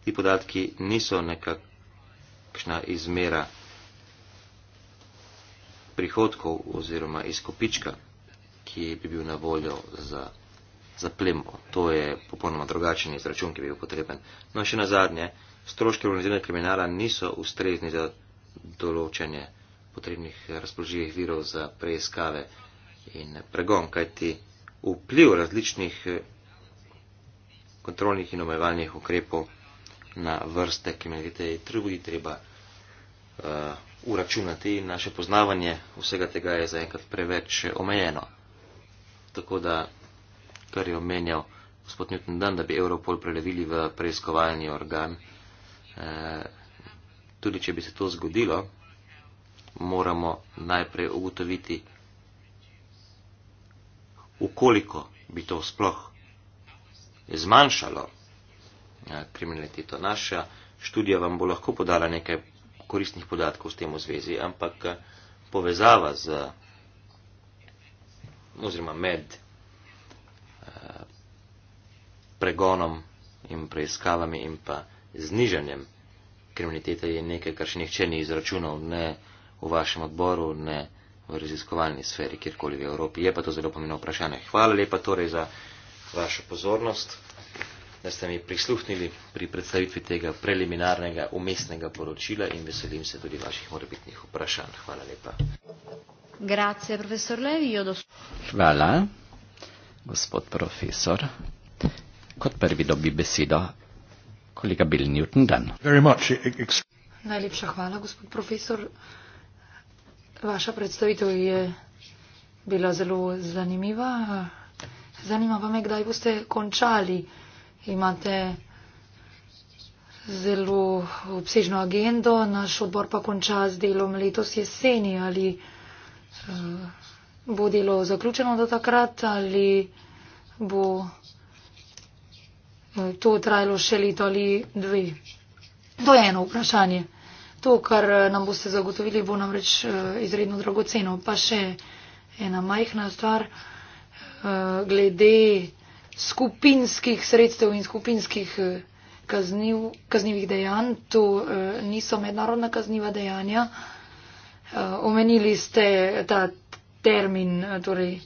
ti podatki niso nekakšna izmera prihodkov oziroma izkopička, ki bi bil na voljo za za plemo. To je popolnoma drugačen izračun, ki bi bil potreben. No, še na zadnje, stroške organiziranega kriminala niso ustrezni za določanje potrebnih razpoložljivih virov za preiskave in pregon, kajti vpliv različnih eh, kontrolnih in omejevalnih ukrepov na vrste kriminalitete je tudi treba uh, uračunati in naše poznavanje vsega tega je zaenkrat preveč omejeno. Tako da kar je omenjal gospod Newton Dan, da bi Europol prelevili v preiskovalni organ. E, tudi če bi se to zgodilo, moramo najprej ugotoviti, ukoliko bi to sploh zmanjšalo e, kriminaliteto. Naša študija vam bo lahko podala nekaj koristnih podatkov s tem v zvezi, ampak eh, povezava z oziroma med pregonom in preiskavami in pa znižanjem kriminalitete je nekaj, kar še nihče ni izračunal, ne v vašem odboru, ne v raziskovalni sferi, kjerkoli v Evropi. Je pa to zelo pomembno vprašanje. Hvala lepa torej za vašo pozornost, da ste mi prisluhnili pri predstavitvi tega preliminarnega umestnega poročila in veselim se tudi vaših morebitnih vprašanj. Hvala lepa. Grazie, professor Levi. Io do... Hvala, gospod profesor. Kot prvi dobi besedo kolega Bill Newton Dan. E, e, Najlepša hvala, gospod profesor. Vaša predstavitev je bila zelo zanimiva. Zanima pa me, kdaj boste končali. Imate zelo obsežno agendo, naš odbor pa konča z delom letos jeseni. Ali eh, bo delo zaključeno do takrat ali bo to trajalo še leto ali dve. To je eno vprašanje. To, kar eh, nam boste zagotovili, bo namreč eh, izredno dragoceno. Pa še ena majhna stvar eh, glede skupinskih sredstev in skupinskih kazniv, kaznivih dejanj. To niso mednarodna kazniva dejanja. Omenili ste ta termin torej,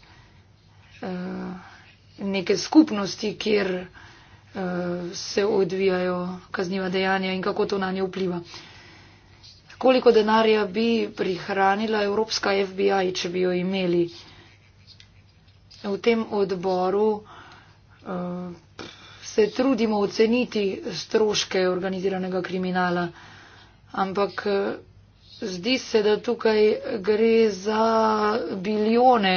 neke skupnosti, kjer. Eh, se odvijajo kazniva dejanja in kako to na nje vpliva. Koliko denarja bi prihranila Evropska FBI, če bi jo imeli v tem odboru? Eh, se trudimo oceniti stroške organiziranega kriminala, ampak eh, zdi se, da tukaj gre za bilijone,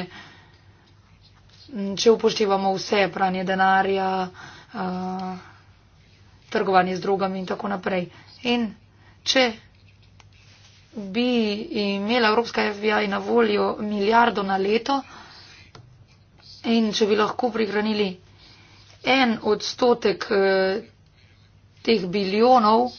če upoštevamo vse pranje denarja, uh, trgovanje z drugami in tako naprej. In če bi imela Evropska FBI na voljo milijardo na leto in če bi lahko prihranili en odstotek uh, teh bilijonov,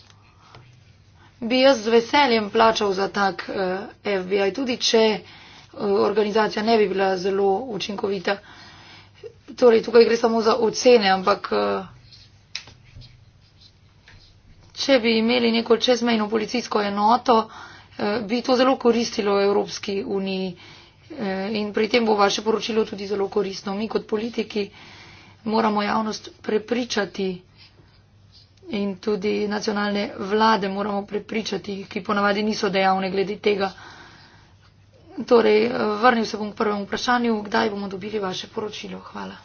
bi jaz z veseljem plačal za tak uh, e, FBI, tudi če uh, organizacija ne bi bila zelo učinkovita. Uh, Torej, tukaj gre samo za ocene, ampak eh, če bi imeli neko čezmejno policijsko enoto, eh, bi to zelo koristilo Evropski uniji eh, in pri tem bo vaše poročilo tudi zelo koristno. Mi kot politiki moramo javnost prepričati in tudi nacionalne vlade moramo prepričati, ki ponavadi niso dejavne glede tega. Torej, eh, vrnil se bom k prvemu vprašanju, kdaj bomo dobili vaše poročilo. Hvala.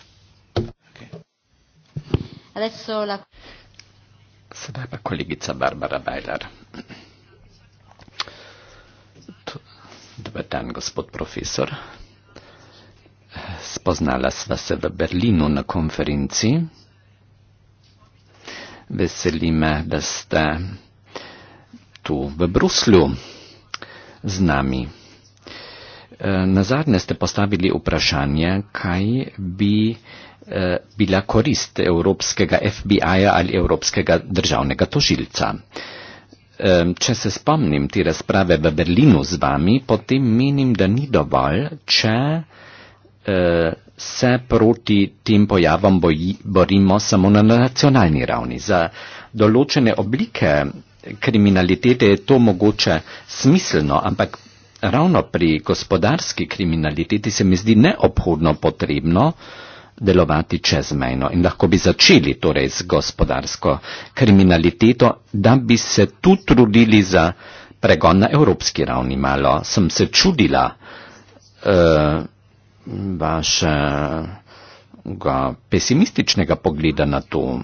Okay. Sedaj pa kolegica Barbara Bajdar. Dober dan, gospod profesor. Spoznala sva se v Berlinu na konferenci. Veseli me, da ste tu v Bruslju z nami. Eh, na zadnje ste postavili vprašanje, kaj bi eh, bila korist Evropskega FBI-ja ali Evropskega državnega tožilca. Če se spomnim te razprave v Berlinu z vami, potem menim, da ni dovolj, če eh, se proti tem pojavom borimo samo na nacionalni ravni. Za določene oblike kriminalitete je to mogoče smiselno, ampak ravno pri gospodarski kriminaliteti se mi zdi neobhodno potrebno delovati čezmejno in lahko bi začeli torej z gospodarsko kriminaliteto, da bi se tu trudili za pregon na evropski ravni malo. Sem se čudila uh, vašega pesimističnega pogleda na to,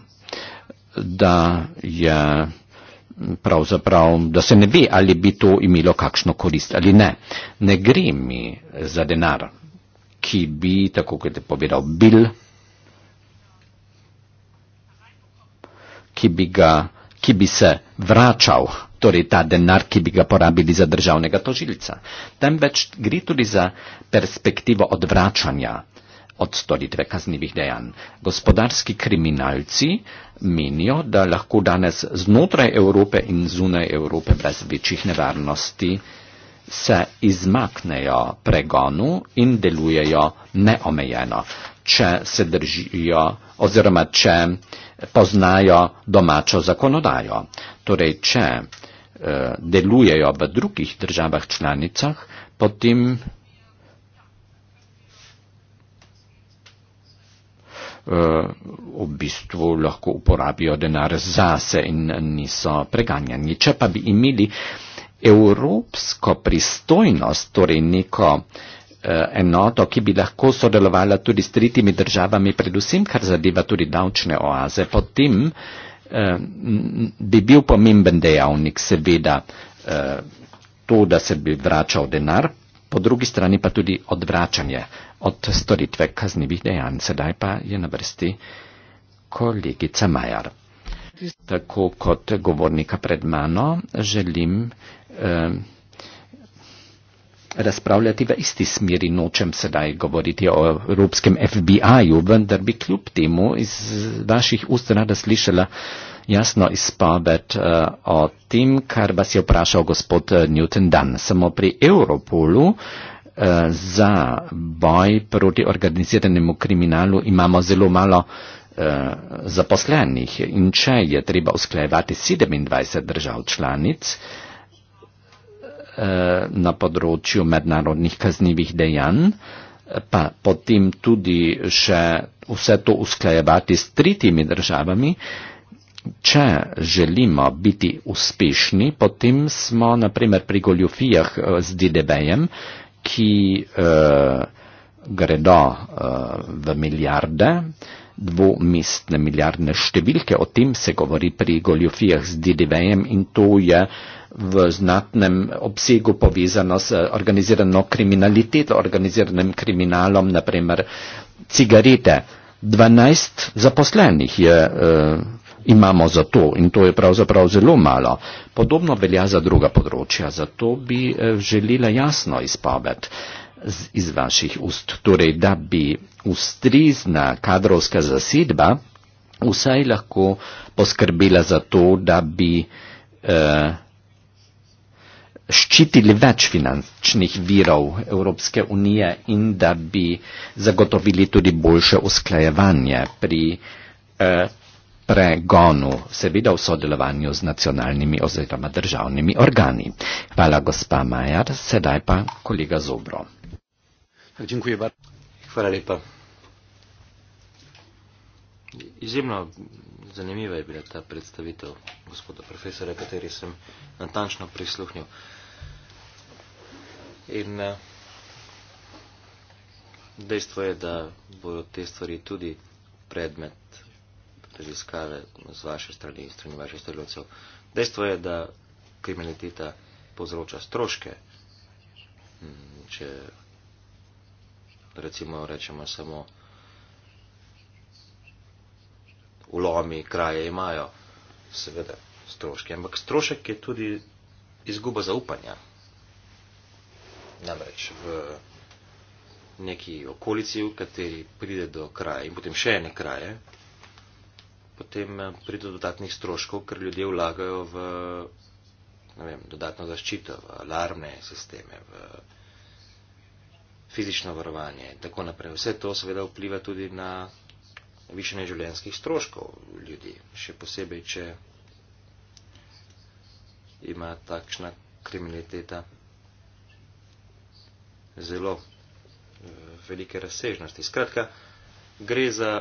da je pravzaprav, da se ne ve, ali bi to imelo kakšno korist ali ne. Ne gre mi za denar, ki bi, tako kot je povedal Bill, ki bi, ga, ki bi se vračal, torej ta denar, ki bi ga porabili za državnega tožilca. Temveč gre tudi za perspektivo odvračanja od storitve kaznjivih dejanj. Gospodarski kriminalci menijo, da lahko danes znotraj Evrope in zunaj Evrope brez večjih nevarnosti se izmaknejo pregonu in delujejo neomejeno, če se držijo oziroma če poznajo domačo zakonodajo. Torej, če eh, delujejo v drugih državah članicah, potem Eh, v bistvu lahko uporabijo denar zase in niso preganjani. Če pa bi imeli evropsko pristojnost, torej neko eh, enoto, ki bi lahko sodelovala tudi s tretjimi državami, predvsem kar zadeva tudi davčne oaze, potem eh, bi bil pomemben dejavnik seveda to, da se bi vračal denar, po drugi strani pa tudi odvračanje od storitve kaznivih dejanj. Sedaj pa je na vrsti kolegica Majar. Tako kot govornika pred mano želim eh, razpravljati v isti smeri. Nočem sedaj govoriti o evropskem FBI-ju, vendar bi kljub temu iz vaših ust rada slišala jasno izpoved uh, o tem, kar vas je vprašal gospod eh, Newton Dan. Samo pri Europolu uh, Eh, za boj proti organiziranemu kriminalu imamo zelo malo eh, zaposlenih in če je treba usklajevati 27 držav članic eh, na področju mednarodnih kaznivih dejanj, pa potem tudi še vse to usklajevati s tretjimi državami, če želimo biti uspešni, potem smo naprimer pri goljofijah z DDB-jem, ki uh, gredo uh, v milijarde, dvomestne milijardne številke. O tem se govori pri goljofijah z DDV-jem in to je v znatnem obsegu povezano s organizirano kriminaliteto, organiziranim kriminalom, naprimer cigarete. 12 zaposlenih je. Uh, imamo za to in to je pravzaprav zelo malo. Podobno velja za druga področja, zato bi eh, želela jasno izpoved iz vaših ust, torej da bi ustrezna kadrovska zasedba vsaj lahko poskrbela za to, da bi eh, ščitili več finančnih virov Evropske unije in da bi zagotovili tudi boljše usklajevanje pri eh, pregonu, seveda v sodelovanju z nacionalnimi oziroma državnimi organi. Hvala gospa Majar, sedaj pa kolega Zobro. Hvala lepa. Izjemno zanimiva je bila ta predstavitev gospoda profesora, kateri sem natančno prisluhnil. In eh, dejstvo je, da bodo te stvari tudi predmet raziskave z vaše strani in strani vaših stolovcev. Dejstvo je, da kriminaliteta povzroča stroške. Mm, če recimo rečemo samo ulomi, kraje imajo, seveda stroške, ampak strošek je tudi izguba zaupanja. Namreč v neki okolici, v kateri pride do kraja in potem še ene kraje, potem eh, pride do dodatnih stroškov, ker ljudje vlagajo v vem, dodatno zaščito, v alarmne sisteme, v fizično varovanje in tako naprej. Vse to seveda vpliva tudi na višene življenjskih stroškov ljudi, še posebej, če ima takšna kriminaliteta zelo eh, velike razsežnosti. Skratka, gre za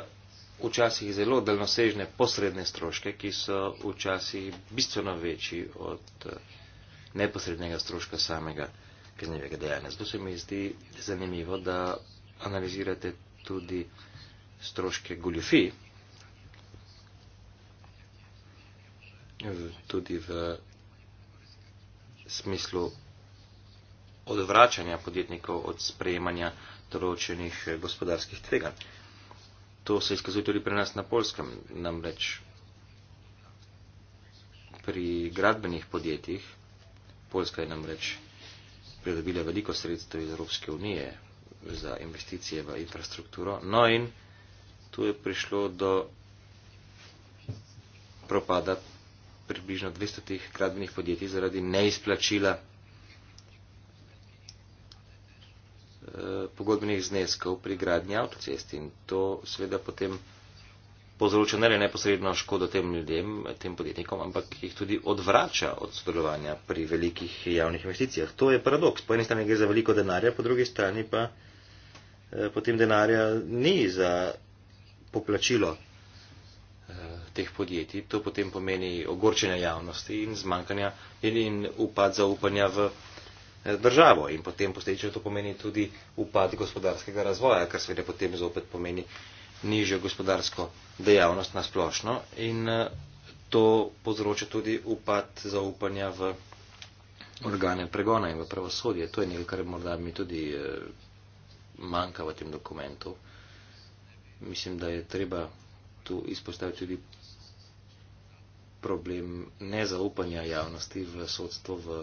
včasih zelo delnosežne posredne stroške, ki so včasih bistveno večji od eh, neposrednega stroška samega kaznivega dejanja. Zato se mi zdi zanimivo, da analizirate tudi stroške goljofij, tudi v smislu odvračanja podjetnikov od sprejemanja določenih gospodarskih tveganj to se izkazuje tudi pri nas na polskem. Namreč pri gradbenih podjetjih, Poljska je namreč pridobila veliko sredstev iz Evropske unije za investicije v infrastrukturo, no in tu je prišlo do propada približno 200 gradbenih podjetij zaradi neizplačila Eh, pogodbenih zneskov pri gradnji avtocesti in to seveda potem povzroča ne le neposredno škodo tem ljudem, tem podjetnikom, ampak jih tudi odvrača od sodelovanja pri velikih javnih investicijah. To je paradoks. Po eni strani gre za veliko denarja, po drugi strani pa eh, potem denarja ni za poplačilo eh, teh podjetij. To potem pomeni ogorčenje javnosti in zmanjkanja in, in upad zaupanja v. Eh, državo in potem posledično to pomeni tudi upad gospodarskega razvoja, kar seveda potem zopet pomeni nižjo gospodarsko dejavnost na splošno in eh, to povzroča tudi upad zaupanja v organe pregona in v pravosodje. To je nekaj, kar morda mi tudi eh, manjka v tem dokumentu. Mislim, da je treba tu izpostaviti tudi problem nezaupanja javnosti v sodstvo, v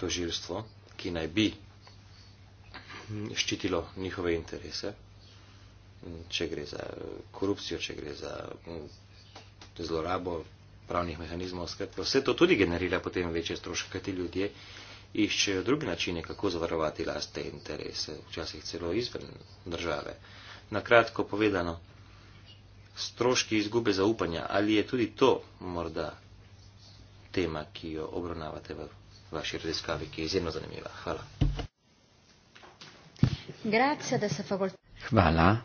tožilstvo, ki naj bi hm, ščitilo njihove interese, če gre za eh, korupcijo, če gre za hm, zlorabo pravnih mehanizmov, skratka, vse to tudi generira potem večje stroške, kaj ti ljudje iščejo druge načine, kako zavarovati lastne interese, včasih celo izven države. Na kratko povedano, stroški izgube zaupanja, ali je tudi to morda tema, ki jo obravnavate v vaši raziskavi, ki je izjemno zanimiva. Hvala. Grazie, da se fakult... Hvala.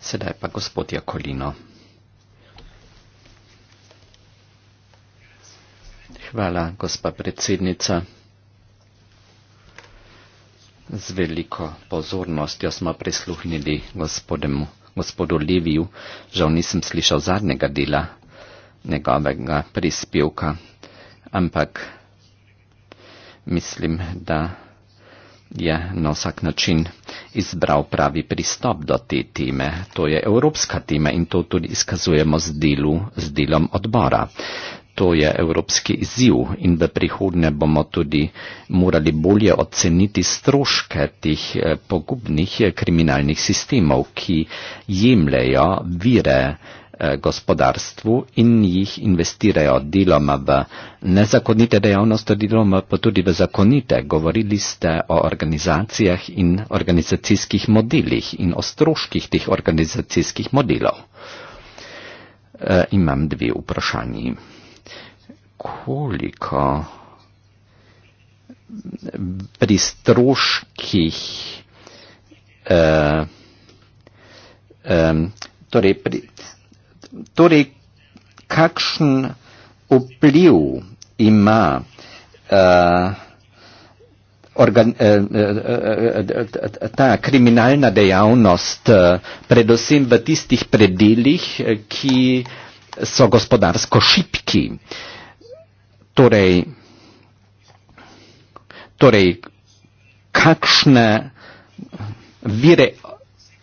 Sedaj pa gospod Jakolino. Hvala, gospa predsednica. Z veliko pozornostjo smo prisluhnili gospodemu, gospodu Liviju. Žal nisem slišal zadnjega dela njegovega prispevka, ampak mislim, da je na vsak način izbral pravi pristop do te teme. To je evropska tema in to tudi izkazujemo z, delu, z delom odbora. To je evropski izziv in v prihodnje bomo tudi morali bolje oceniti stroške teh eh, pogubnih eh, kriminalnih sistemov, ki jemljajo vire Eh, gospodarstvu in jih investirajo deloma v nezakonite dejavnosti, deloma pa tudi v zakonite. Govorili ste o organizacijah in organizacijskih modelih in o stroških teh organizacijskih modelov. E, imam dve vprašanji. Koliko pri stroških e, e, Torej, pri, torej, kakšen vpliv ima uh, organ, uh, ta kriminalna dejavnost, predvsem v tistih predeljih, ki so gospodarsko šipki. Torej, torej kakšne vire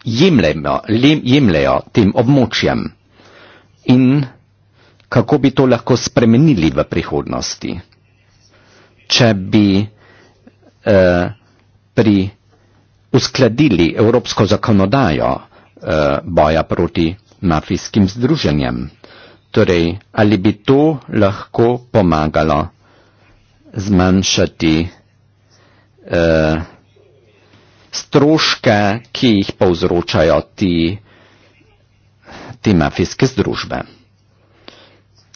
jemlejo tem območjem in kako bi to lahko spremenili v prihodnosti. Če bi eh, pri uskladili evropsko zakonodajo eh, boja proti mafijskim združenjem, torej ali bi to lahko pomagalo zmanjšati eh, stroške, ki jih povzročajo ti eh, te mafijske združbe.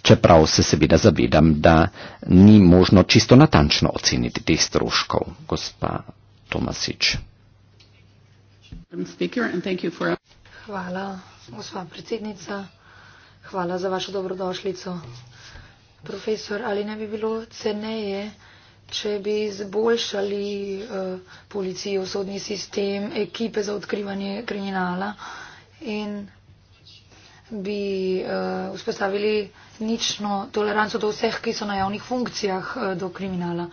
Čeprav se seveda zavedam, da ni možno čisto natančno oceniti teh stroškov, gospa Tomasič. Hvala, gospa predsednica. Hvala za vašo dobrodošlico. Profesor, ali ne bi bilo ceneje, če bi izboljšali uh, policijo, sodni sistem, ekipe za odkrivanje kriminala in bi uh, vzpostavili nično toleranco do vseh, ki so na javnih funkcijah uh, do kriminala.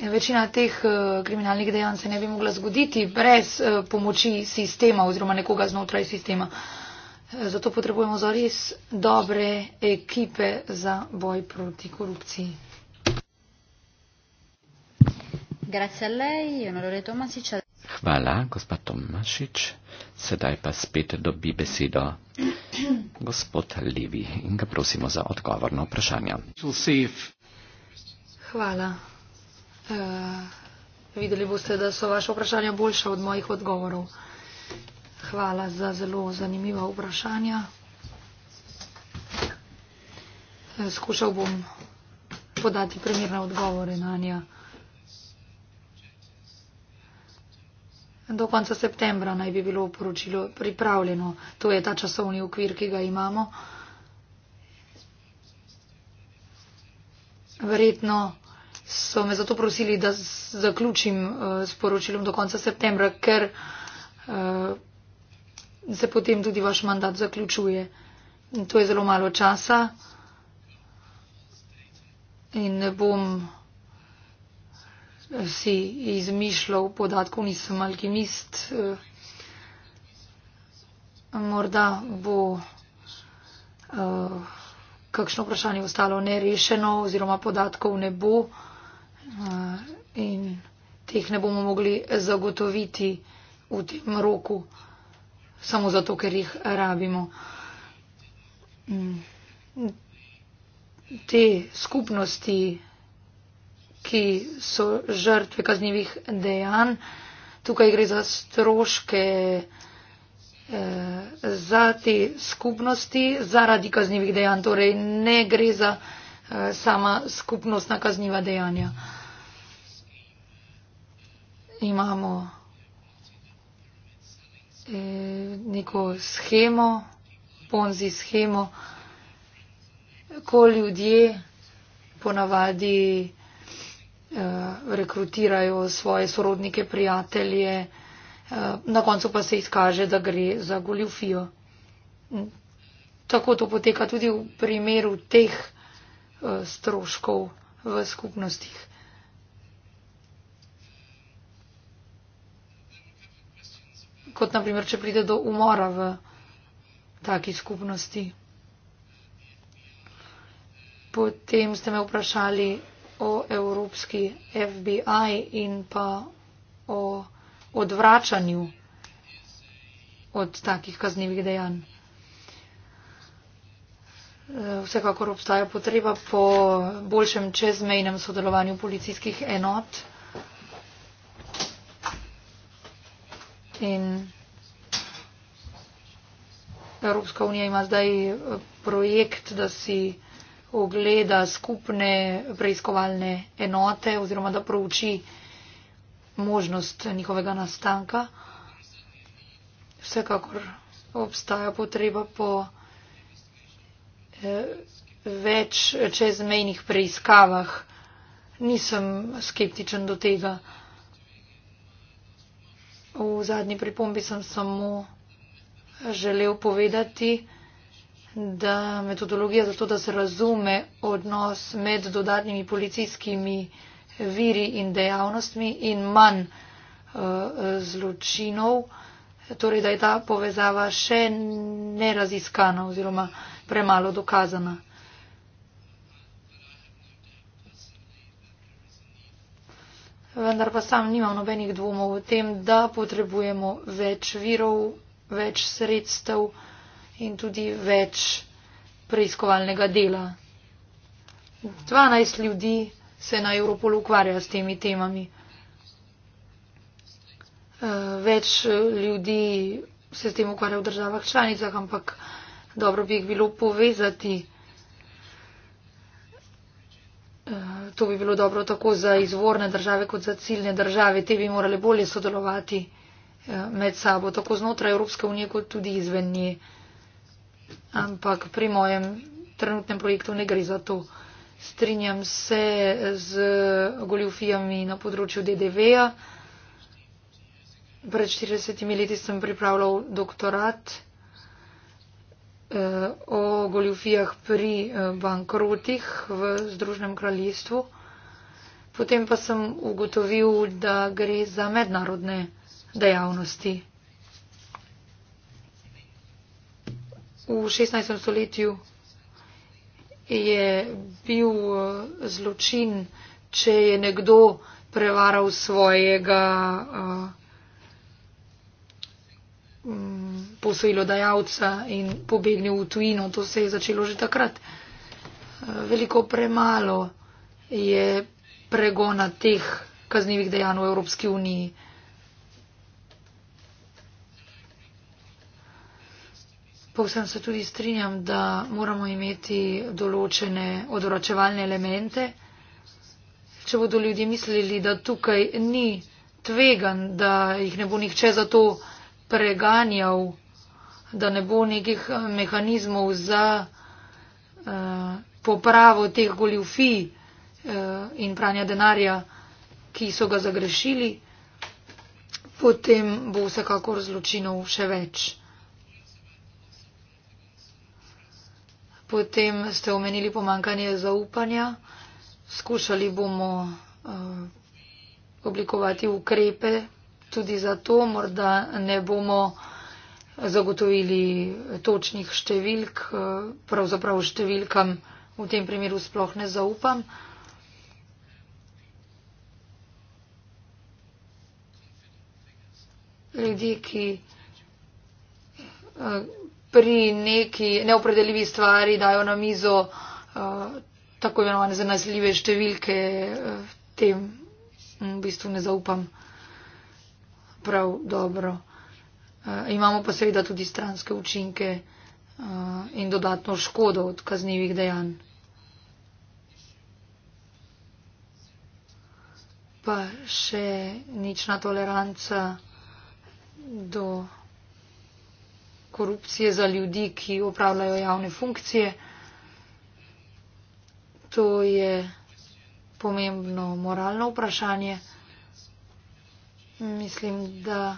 Večina teh uh, kriminalnih dejanj se ne bi mogla zgoditi brez uh, pomoči sistema oziroma nekoga znotraj sistema. Zato potrebujemo za res dobre ekipe za boj proti korupciji. Grazie a lei, onorevole Tomasi. Hvala, gospod Tomašič. Sedaj pa spet dobi besedo gospod Levi in ga prosimo za odgovor na vprašanje. Hvala. Uh, videli boste, da so vaše vprašanja boljša od mojih odgovorov. Hvala za zelo zanimiva vprašanja. Uh, skušal bom podati primerne odgovore na njih. Do konca septembra naj bi bilo poročilo pripravljeno. To je ta časovni okvir, ki ga imamo. Verjetno so me zato prosili, da zaključim uh, s poročilom do konca septembra, ker uh, se potem tudi vaš mandat zaključuje. In to je zelo malo časa in ne bom si izmišljal podatkov, nisem alkimist. Eh, morda bo eh, kakšno vprašanje ostalo nerešeno oziroma podatkov ne bo eh, in teh ne bomo mogli zagotoviti v tem roku, samo zato, ker jih rabimo. Mm, te skupnosti ki so žrtve kaznjivih dejanj. Tukaj gre za stroške eh, za te skupnosti zaradi kaznjivih dejanj, torej ne gre za eh, sama skupnostna kaznjiva dejanja. Imamo eh, neko schemo, ponzi schemo, ko ljudje ponavadi. Eh, rekrutirajo svoje sorodnike, prijatelje, eh, na koncu pa se izkaže, da gre za goljufijo. Mm. Tako to poteka tudi v primeru teh eh, stroškov v skupnostih. Kot naprimer, če pride do umora v taki skupnosti. Potem ste me vprašali, o Evropski FBI in pa o odvračanju od takih kaznjivih dejanj. Vsekakor obstaja potreba po boljšem čezmejnem sodelovanju policijskih enot in Evropska unija ima zdaj projekt, da si ogleda skupne preiskovalne enote oziroma da prouči možnost njihovega nastanka. Vsekakor obstaja potreba po eh, več čezmejnih preiskavah. Nisem skeptičen do tega. V zadnji pripombi sem samo želel povedati, da metodologija za to, da se razume odnos med dodatnimi policijskimi viri in dejavnostmi in manj eh, zločinov, torej da je ta povezava še neraziskana oziroma premalo dokazana. Vendar pa sam nimam nobenih dvomov o tem, da potrebujemo več virov, več sredstev, in tudi več preiskovalnega dela. 12 ljudi se na Evropolu ukvarja s temi temami. Eh, več eh, ljudi se s tem ukvarja v državah članicah, ampak dobro bi jih bilo povezati. Eh, to bi bilo dobro tako za izvorne države kot za ciljne države. Te bi morale bolje sodelovati med sabo, tako znotraj Evropske unije kot tudi izven nje ampak pri mojem trenutnem projektu ne gre za to. Strinjam se z goljufijami na področju DDV-ja. Pred 40 leti sem pripravljal doktorat eh, o goljufijah pri eh, bankrotih v Združnem kraljestvu. Potem pa sem ugotovil, da gre za mednarodne dejavnosti. v 16. stoletju je bil eh, zločin, če je nekdo prevaral svojega eh, posojilodajalca in pobegnil v tujino. To se je začelo že takrat. Eh, veliko premalo je pregona teh kaznjivih dejanj v Evropski uniji. povsem se tudi strinjam, da moramo imeti določene odvračevalne elemente. Če bodo ljudje mislili, da tukaj ni tvegan, da jih ne bo nihče za to preganjal, da ne bo nekih eh, mehanizmov za uh, popravo teh goljufij uh, in pranja denarja, ki so ga zagrešili, potem bo vsekakor zločinov še več. Potem ste omenili pomankanje zaupanja. Skušali bomo eh, oblikovati ukrepe tudi zato, morda ne bomo zagotovili točnih številk, eh, pravzaprav številkam v tem primeru sploh ne zaupam. Ljudje, ki eh, pri neki neopredeljivi stvari dajo na mizo eh, tako imenovane zanazljive številke, eh, tem mm, v bistvu ne zaupam prav dobro. Eh, imamo pa seveda tudi stranske učinke in dodatno škodo od kaznjivih dejanj. Pa še nična toleranca do korupcije za ljudi, ki upravljajo javne funkcije. To je pomembno moralno vprašanje. Mislim, da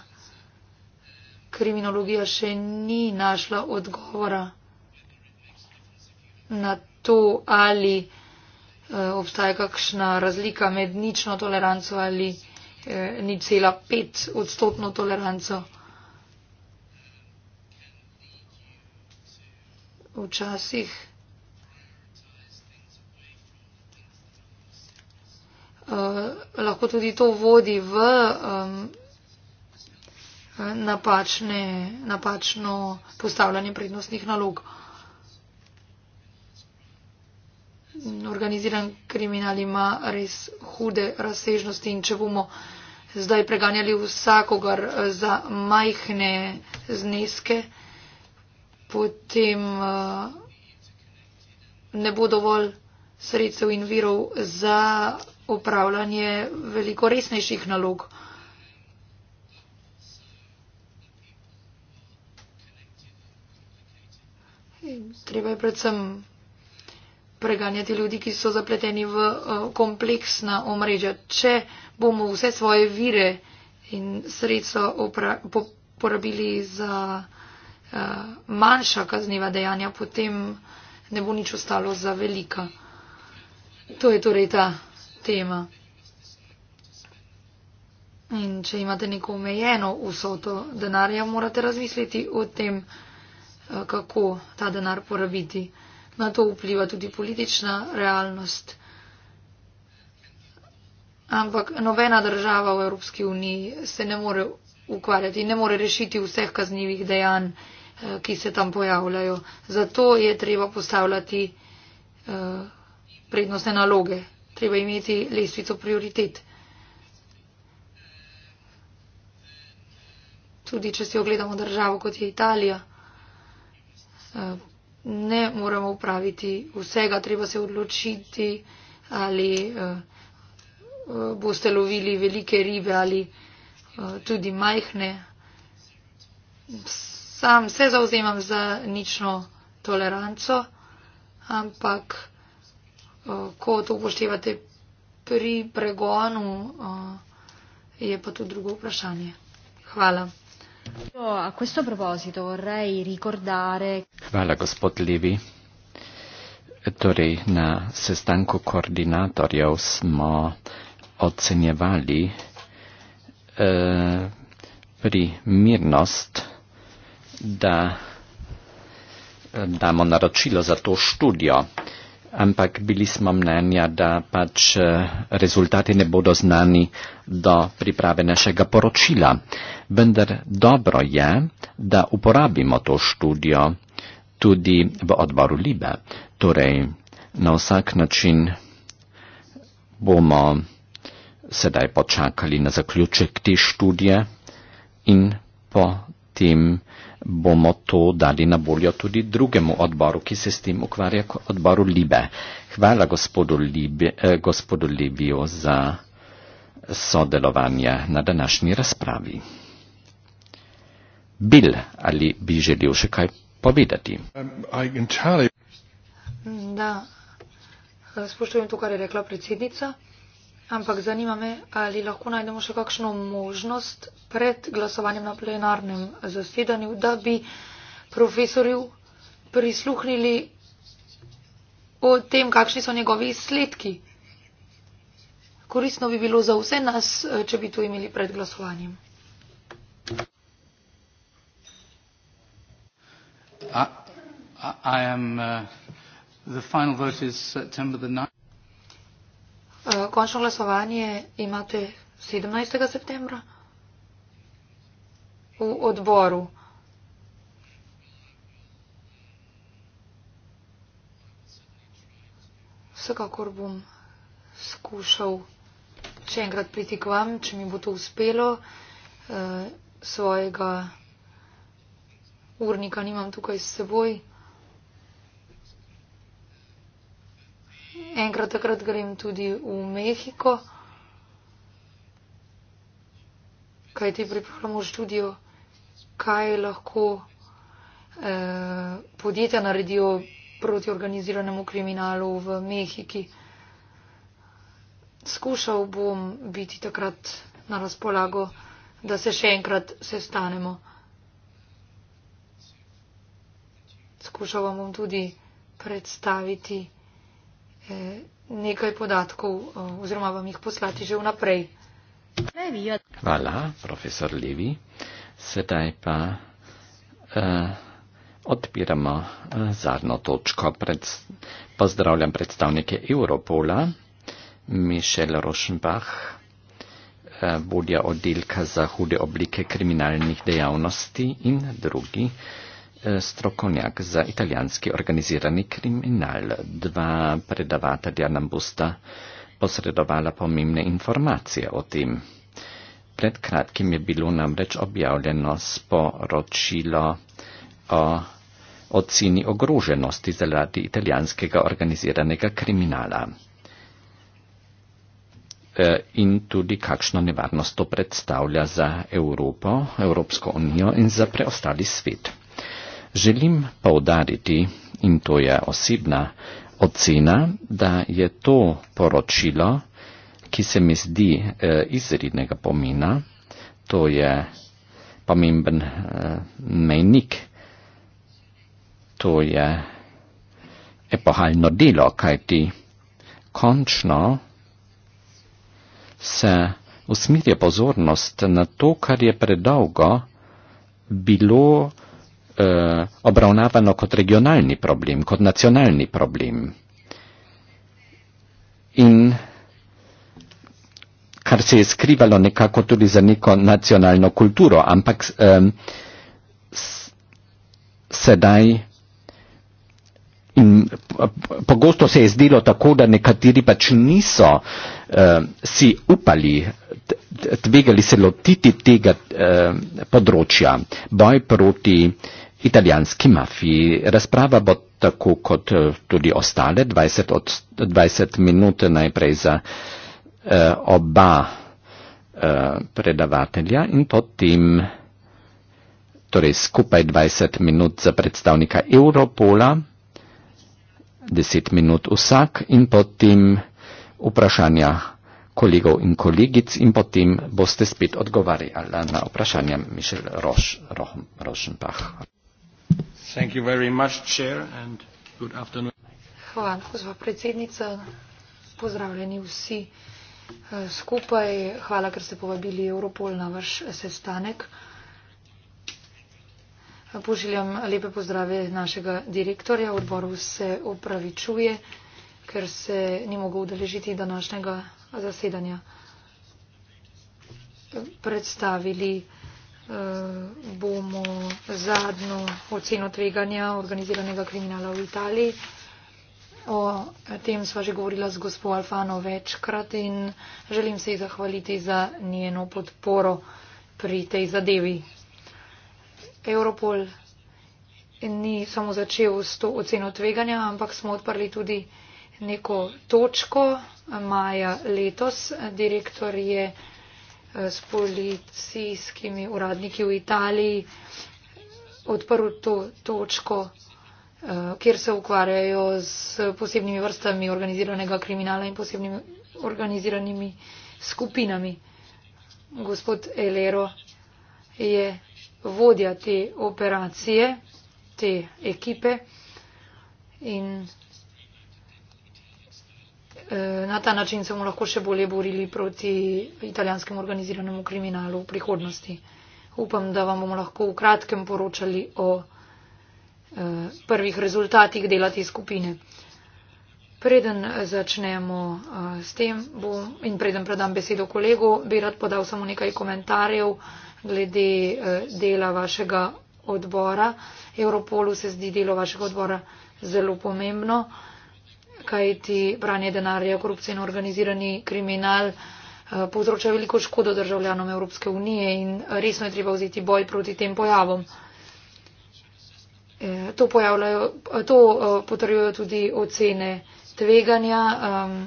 kriminologija še ni našla odgovora na to, ali eh, obstaja kakšna razlika med nično toleranco ali eh, ni cela pet odstotno toleranco. včasih uh, lahko tudi to vodi v um, napačne, napačno postavljanje prednostnih nalog. Organiziran kriminal ima res hude razsežnosti in če bomo zdaj preganjali vsakogar za majhne zneske, potem eh, ne bo dovolj sredstev in virov za upravljanje veliko resnejših nalog. Treba je predvsem preganjati ljudi, ki so zapleteni v eh, kompleksna omrežja. Če bomo vse svoje vire in sredstva porabili za. Eh, manjša kazniva dejanja, potem ne bo nič ostalo za velika. To je torej ta tema. In če imate neko omejeno vsoto denarja, morate razmisliti o tem, eh, kako ta denar porabiti. Na to vpliva tudi politična realnost. Ampak nobena država v Evropski uniji se ne more ukvarjati in ne more rešiti vseh kaznjivih dejanj ki se tam pojavljajo. Zato je treba postavljati eh, prednostne naloge, treba imeti lestvico prioritet. Tudi, če si ogledamo državo, kot je Italija, eh, ne moramo upraviti vsega, treba se odločiti, ali eh, boste lovili velike ribe ali tudi majhne. Sam se zauzemam za nično toleranco, ampak ko to upoštevate pri pregonu, je pa to drugo vprašanje. Hvala. No, a questo proposito vorrei ricordare. Hvala, gospod Livi. Torej, na sestanku koordinatorjev smo ocenjevali eh, pri mirnost da, damo naročilo za to študijo, ampak bili smo mnenja, da pač eh, rezultati ne bodo znani do priprave našega poročila. Vendar dobro je, da uporabimo to študijo tudi v odboru Libe. Torej, na vsak način bomo sedaj počakali na zaključek te študije in potem bomo to dali na voljo tudi drugemu odboru, ki se s tem ukvarja, odboru Libe. Hvala gospodu, Libe, eh, gospodu Libijo za sodelovanje na današnji razpravi. Bil ali bi želel še kaj povedati? Um, da, spoštujem to, kar je rekla predsednica ampak zanima me, ali lahko najdemo še kakšno možnost pred glasovanjem na plenarnem zasedanju, da bi profesorju prisluhnili o tem, kakšni so njegovi izsledki. Koristno bi bilo za vse nas, če bi to imeli pred glasovanjem. I, I am, uh, the final vote is September the 9th končno glasovanje imate 17. septembra v odboru. Vsekakor bom skušal še enkrat priti k vam, če mi bo to uspelo. Eh, svojega urnika nimam tukaj s seboj. enkrat takrat grem tudi v Mehiko, kaj ti pripravljamo študijo, kaj lahko eh, podjetja naredijo proti organiziranemu kriminalu v Mehiki. Skušal bom biti takrat na razpolago, da se še enkrat sestanemo. Skušal vam bom tudi predstaviti, Eh, nekaj podatkov eh, oziroma vam jih poslati že vnaprej. Hvala, profesor Levi. Sedaj pa eh, odpiramo eh, zadnjo točko. Pred, pozdravljam predstavnike Europola, Mišel Rošenbach, eh, vodja oddelka za hude oblike kriminalnih dejavnosti in drugi strokovnjak za italijanski organizirani kriminal. Dva predavatelja nam bosta posredovala pomembne informacije o tem. Pred kratkim je bilo namreč objavljeno sporočilo o oceni ogroženosti zaradi italijanskega organiziranega kriminala e, in tudi kakšno nevarnost to predstavlja za Evropo, Evropsko unijo in za preostali svet. Želim povdariti, in to je osebna ocena, da je to poročilo, ki se mi zdi eh, izrednega pomena, to je pomemben eh, mejnik, to je epohalno delo, kajti končno se usmirja pozornost na to, kar je predolgo bilo Eh, obravnavano kot regionalni problem, kot nacionalni problem. In kar se je skrivalo nekako tudi za neko nacionalno kulturo, ampak eh, sedaj in pogosto se je zdelo tako, da nekateri pač niso eh, si upali, tvegali se lotiti tega eh, področja. Boj proti italijanski mafiji. Razprava bo tako kot eh, tudi ostale, 20, od, 20 minut najprej za eh, oba eh, predavatelja in potem torej skupaj 20 minut za predstavnika Europola, 10 minut vsak in potem vprašanja kolegov in kolegic in potem boste spet odgovarjali na vprašanja Mišel Rošenbach. Roš, Hvala, gospod predsednica. Pozdravljeni vsi eh, skupaj. Hvala, ker ste povabili Europol na vaš eh, sestanek. Eh, pošiljam lepe pozdrave našega direktorja. Odboru se opravičuje, ker se ni mogel udeležiti današnjega zasedanja. Predstavili Eh, bomo zadnjo oceno tveganja organiziranega kriminala v Italiji. O tem sva že govorila z gospo Alfano večkrat in želim se ji zahvaliti za njeno podporo pri tej zadevi. Europol ni samo začel s to oceno tveganja, ampak smo odprli tudi neko točko maja letos. Direktor je Eh, s policijskimi uradniki v Italiji odprl to točko, eh, kjer se ukvarjajo s posebnimi vrstami organiziranega kriminala in posebnimi organiziranimi skupinami. Gospod Elero je vodja te operacije, te ekipe in Eh, na ta način se bomo lahko še bolje borili proti italijanskemu organiziranemu kriminalu v prihodnosti. Upam, da vam bomo lahko v kratkem poročali o eh, prvih rezultatih dela te skupine. Preden eh, začnemo s tem bom, in preden predam besedo kolegu, bi rad podal samo nekaj komentarjev glede dela vašega odbora. Europolu se zdi delo vašega odbora zelo pomembno kajti branje denarja, korupcija in organizirani kriminal eh, povzroča veliko škodo državljanom Evropske unije in resno je treba vzeti boj proti tem pojavom. Eh, to, eh, to potrjujejo tudi ocene tveganja um,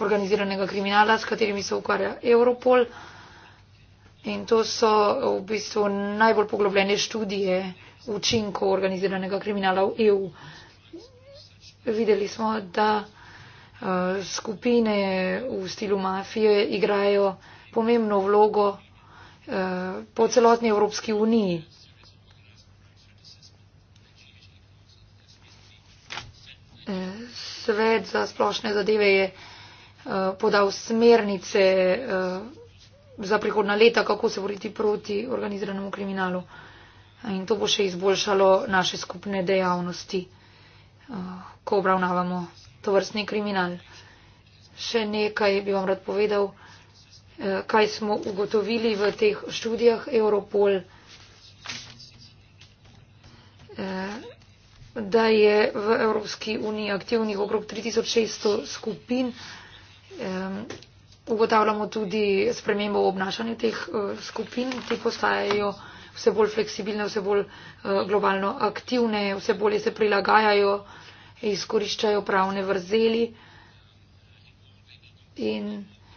organiziranega kriminala, s katerimi se ukvarja Europol. In to so v bistvu najbolj poglobljene študije učinkov organiziranega kriminala v EU videli smo, da uh, skupine v stilu mafije igrajo pomembno vlogo uh, po celotni Evropski uniji. Eh, Svet za splošne zadeve je podal smernice za prihodna leta, kako se boriti proti organiziranemu kriminalu. In to bo še izboljšalo naše skupne dejavnosti. Ah, ko obravnavamo to vrstni kriminal. Še nekaj bi vam rad povedal, eh, kaj smo ugotovili v teh študijah Europol, eh, da je v Evropski uniji aktivnih okrog 3600 skupin. Ugotavljamo tudi spremembo v obnašanju teh eh, skupin, ki postajajo vse bolj fleksibilne, vse bolj eh, globalno aktivne, vse bolje se prilagajajo, izkoriščajo pravne vrzeli in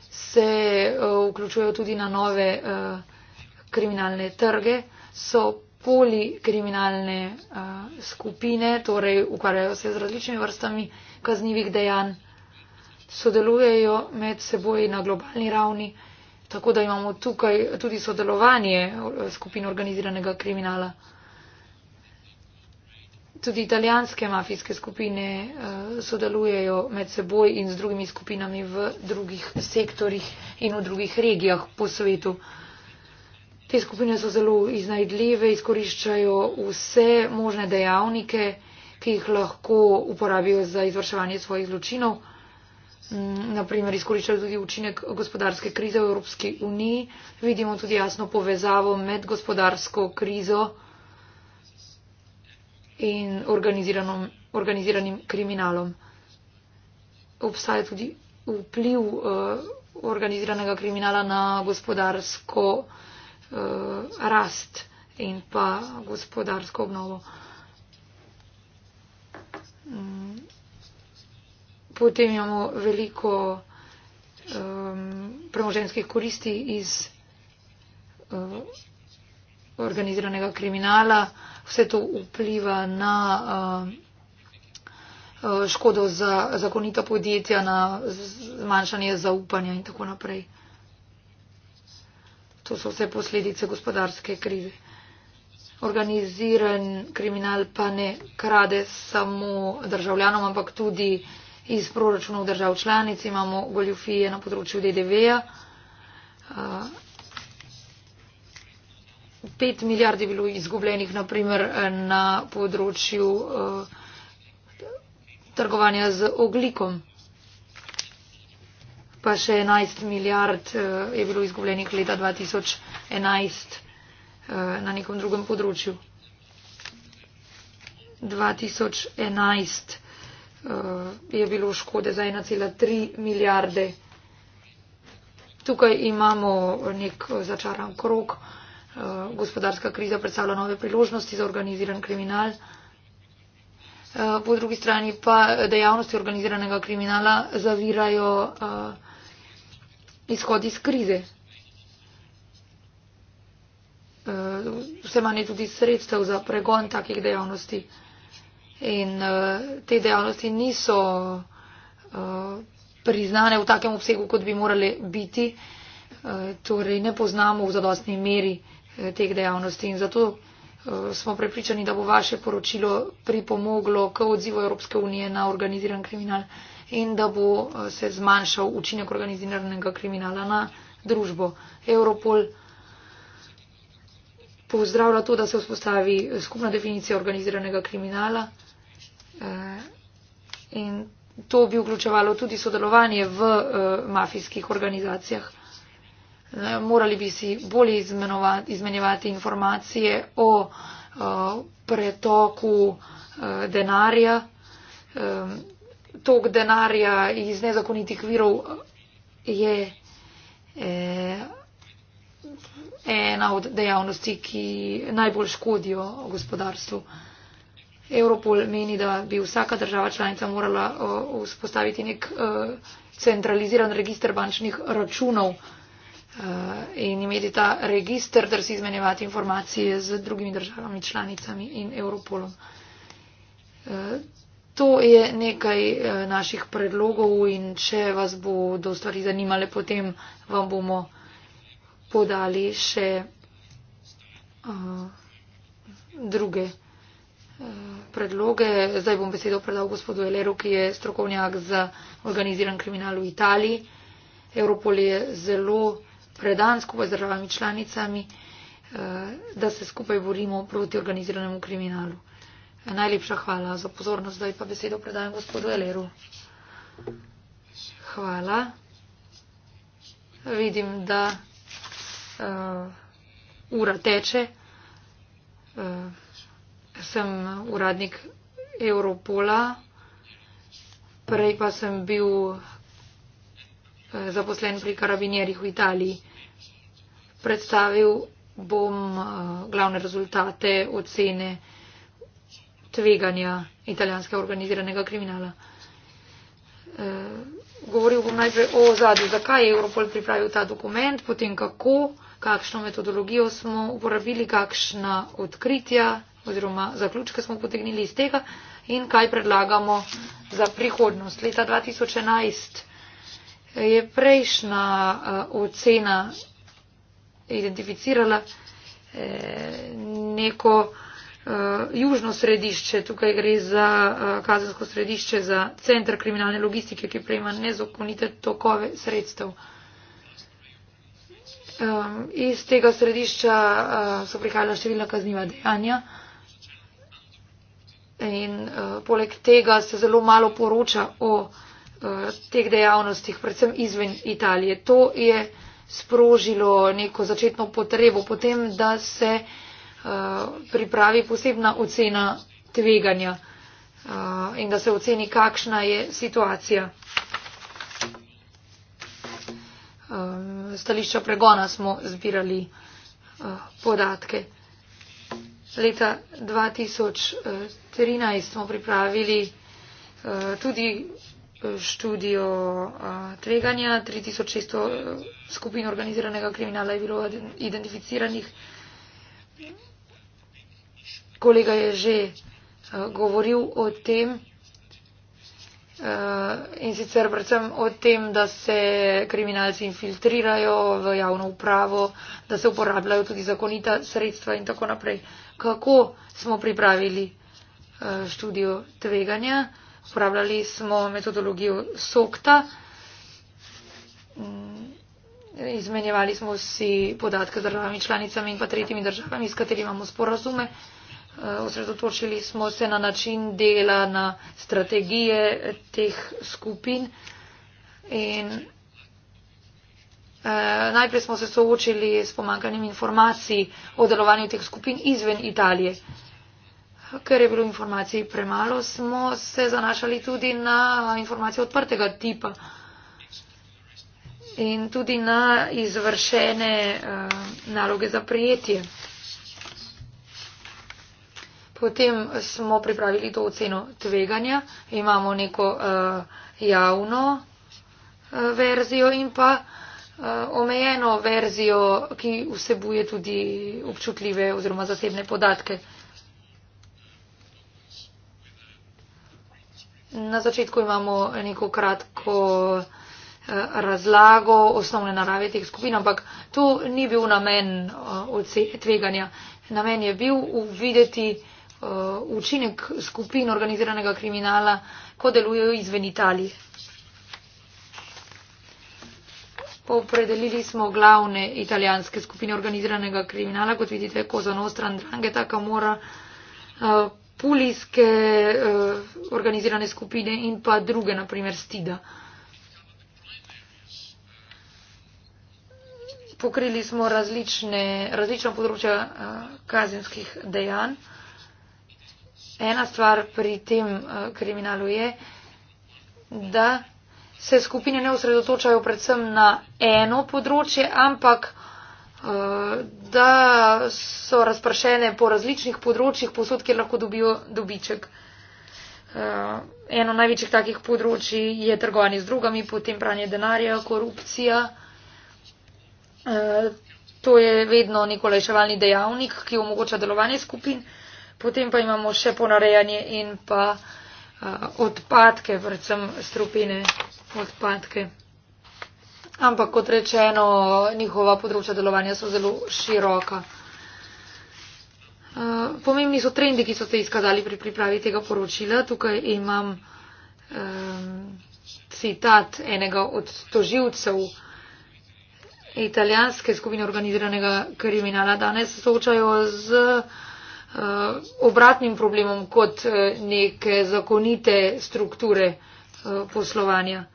se eh, vključujejo tudi na nove eh, kriminalne trge, so polikriminalne skupine, torej ukvarjajo se z različnimi vrstami kaznjivih dejanj, sodelujejo med seboj na globalni ravni. Tako da imamo tukaj tudi sodelovanje eh, skupin organiziranega kriminala. Tudi italijanske mafijske skupine eh, sodelujejo med seboj in z drugimi skupinami v drugih sektorjih in v drugih regijah po svetu. Te skupine so zelo iznajdljive, izkoriščajo vse možne dejavnike, ki jih lahko uporabijo za izvrševanje svojih zločinov. Mm, naprimer izkoriščali tudi učinek gospodarske krize v Evropski uniji. Vidimo tudi jasno povezavo med gospodarsko krizo in organiziranim kriminalom. Obstaja tudi vpliv uh, organiziranega kriminala na gospodarsko uh, rast in pa gospodarsko obnovo. Mm potem imamo veliko um, premoženskih koristi iz um, organiziranega kriminala. Vse to vpliva na um, škodo za zakonita podjetja, na zmanjšanje zaupanja in tako naprej. To so vse posledice gospodarske krize. Organiziran kriminal pa ne krade samo državljanom, ampak tudi uh, iz proračunov držav članic, imamo goljofije na področju DDV-ja. Eh, pet milijard je bilo izgubljenih naprimer eh, na področju eh, trgovanja z oglikom. Pa še 11 milijard je bilo izgubljenih leta 2011 na nekom drugem področju. 2011. Eh, je bilo škode za 1,3 milijarde. Tukaj imamo nek začaran krok. Eh, gospodarska kriza predstavlja nove priložnosti za organiziran kriminal. Eh, po drugi strani pa dejavnosti organiziranega kriminala zavirajo izhod iz krize. Vse manj je tudi sredstev za pregon takih dejavnosti in uh, te dejavnosti niso uh, priznane v takem obsegu, kot bi morale biti. Uh, torej, ne poznamo v zadostni meri uh, teh dejavnosti in zato uh, smo prepričani, da bo vaše poročilo pripomoglo k odzivu Evropske unije na organiziran kriminal in da bo uh, se zmanjšal učinek organiziranega kriminala na družbo. Europol pozdravlja to, da se vzpostavi skupna definicija organiziranega kriminala. Eh, in to bi vključevalo tudi sodelovanje v eh, mafijskih organizacijah. Eh, morali bi si bolje izmenjevati informacije o pretoku denarja, tok denarja iz nezakonitih virov je ena od dejavnosti, ki najbolj škodijo gospodarstvu. Europol meni, da bi vsaka država članica morala uh, vzpostaviti nek uh, centraliziran registr bančnih računov uh, in imeti ta registr, da si izmenjevati informacije z drugimi državami članicami in Europolom. E, to je nekaj e, naših predlogov in če vas bo do stvari zanimale, potem vam bomo podali še uh, druge predloge. Zdaj bom besedo predal gospodu Eleru, ki je strokovnjak za organiziran kriminal v Italiji. Europol je zelo predan skupaj z državami članicami, eh, da se skupaj borimo proti organiziranemu kriminalu. Najlepša hvala za pozornost. Zdaj pa besedo predajam gospodu Eleru. Hvala. Vidim, da uh, ura teče. Uh, ker sem uradnik Europola. Prej pa sem bil eh, zaposlen pri karabinjerih v Italiji. Predstavil bom eh, glavne rezultate ocene tveganja italijanskega organiziranega kriminala. Eh, govoril bom najprej o ozadju, zakaj je Europol pripravil ta dokument, potem kako, kakšno metodologijo smo uporabili, kakšna odkritja oziroma zaključke smo potegnili iz tega in kaj predlagamo za prihodnost. Leta 2011 je prejšnja eh, ocena identificirala eh, neko eh, južno središče, tukaj gre za kazensko središče, za centr kriminalne logistike, ki prejma nezakonite tokove sredstev. Iz tega središča so prihajala številna kazniva dejanja in uh, poleg tega se zelo malo poroča o uh, teh dejavnostih, predvsem izven Italije. To je sprožilo neko začetno potrebo potem, da se uh, pripravi posebna ocena tveganja uh, in da se oceni, kakšna je situacija. Um, stališča pregona smo zbirali uh, podatke. Leta 2000. Uh, 2013 smo pripravili uh, tudi eh, študijo uh, tveganja. 3600 skupin organiziranega kriminala je bilo identificiranih. Kolega je že uh, govoril o tem. Uh, in sicer predvsem o tem, da se kriminalci infiltrirajo v javno upravo, da se uporabljajo tudi zakonita sredstva in tako naprej. Kako smo pripravili študijo tveganja. Uporabljali smo metodologijo SOKTA. Izmenjevali smo si podatke z državami članicami in pa tretjimi državami, s katerimi imamo sporazume. Osredotočili smo se na način dela, na strategije teh skupin. In eh, najprej smo se soočili s pomankanjem informacij o delovanju teh skupin izven Italije. Ker je bilo informacij premalo, smo se zanašali tudi na informacije odprtega tipa in tudi na izvršene uh, naloge za prijetje. Potem smo pripravili to oceno tveganja, imamo neko uh, javno uh, verzijo in pa uh, omejeno verzijo, ki vsebuje tudi občutljive oziroma zasebne podatke. Uh, Na začetku imamo neko kratko eh, razlago osnovne narave teh skupin, ampak to ni bil namen eh, tveganja. Namen je bil uvideti eh, učinek skupin organiziranega kriminala, ko delujejo izven Italije. Opredelili smo glavne italijanske skupine organiziranega kriminala, kot vidite, Kozanostra, Andrangeta, Kamora, pulijske uh, organizirane skupine in pa druge, naprimer Stida. Pokrili smo različne, različna področja uh, kazenskih dejanj. Ena stvar pri tem uh, kriminalu je, da se skupine ne osredotočajo predvsem na eno področje, ampak da so razpršene po različnih področjih, posod, kjer lahko dobijo dobiček. Eh, eno največjih takih področji je trgovanje z drugami, potem pranje denarja, korupcija. Eh, to je vedno neko leševalni dejavnik, ki omogoča delovanje skupin. Potem pa imamo še ponarejanje in pa eh, odpadke, vrcem strupine odpadke. Ampak kot rečeno, njihova področja delovanja so zelo široka. Eh, pomembni so trendi, ki so se izkazali pri pripravi tega poročila. Tukaj imam um, citat enega od toživcev italijanske skupine organiziranega kriminala. Danes se soočajo z uh, obratnim problemom kot eh, neke zakonite strukture uh, poslovanja.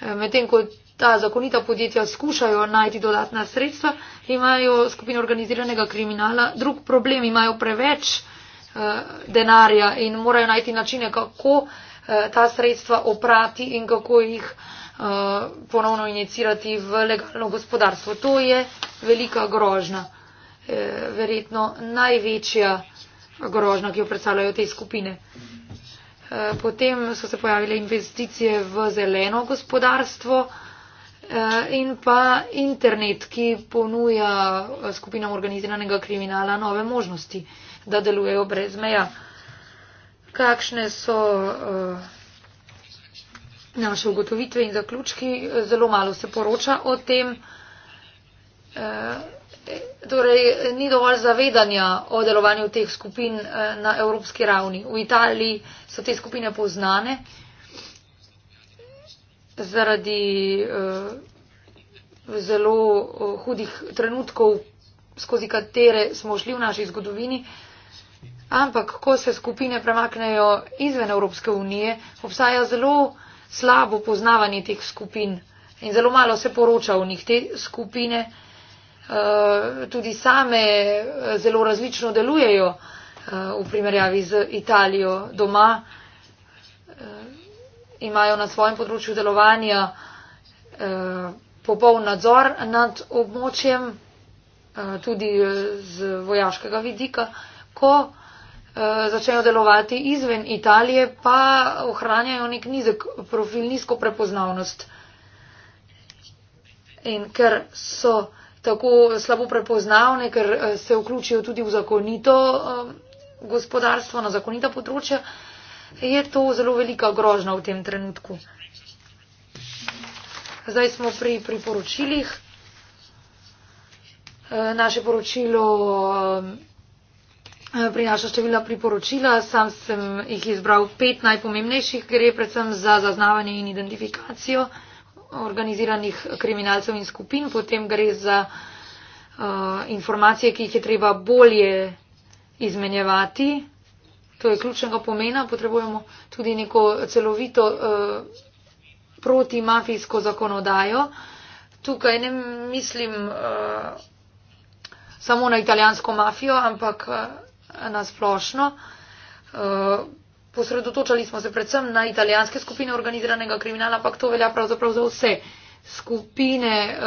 Medtem ko ta zakonita podjetja skušajo najti dodatna sredstva, imajo skupine organiziranega kriminala drug problem, imajo preveč eh, denarja in morajo najti načine, kako eh, ta sredstva oprati in kako jih eh, ponovno inicirati v legalno gospodarstvo. To je velika grožna, verjetno največja grožna, ki jo predstavljajo te skupine. Eh, potem so se pojavile investicije v zeleno gospodarstvo eh, in pa internet, ki ponuja eh, skupinam organiziranega kriminala nove možnosti, da delujejo brez meja. Kakšne so naše ugotovitve in zaključki? Zelo malo se poroča o tem torej ni dovolj zavedanja o delovanju teh skupin eh, na evropski ravni. V Italiji so te skupine poznane zaradi eh, zelo eh, hudih trenutkov, skozi katere smo šli v naši zgodovini. Ampak, ko se skupine premaknejo izven Evropske unije, obstaja zelo slabo poznavanje teh skupin in zelo malo se poroča o njih. Te skupine Eh, tudi same eh, zelo različno delujejo eh, v primerjavi z Italijo doma. Imajo na svojem področju delovanja popoln nadzor nad območjem, tudi z vojaškega vidika. Ko začnejo delovati izven Italije, pa ohranjajo nek nizek profil, nizko prepoznavnost. In ker so tako slabo prepoznavne, ker eh, se vključijo tudi v zakonito eh, gospodarstvo, na zakonita področja, je to zelo velika grožna v tem trenutku. Zdaj smo pri priporočilih. Eh, naše poročilo prinaša številna priporočila, sam sem jih izbral pet najpomembnejših, gre predvsem za zaznavanje in identifikacijo organiziranih kriminalcev in skupin, potem gre za uh, informacije, ki jih je treba bolje izmenjevati. To je ključnega pomena. Potrebujemo tudi neko celovito uh, protimafijsko zakonodajo. Tukaj ne mislim uh, samo na italijansko mafijo, ampak uh, na splošno. Uh, posredotočali smo se predvsem na italijanske skupine organiziranega kriminala, ampak to velja pravzaprav za vse skupine, uh,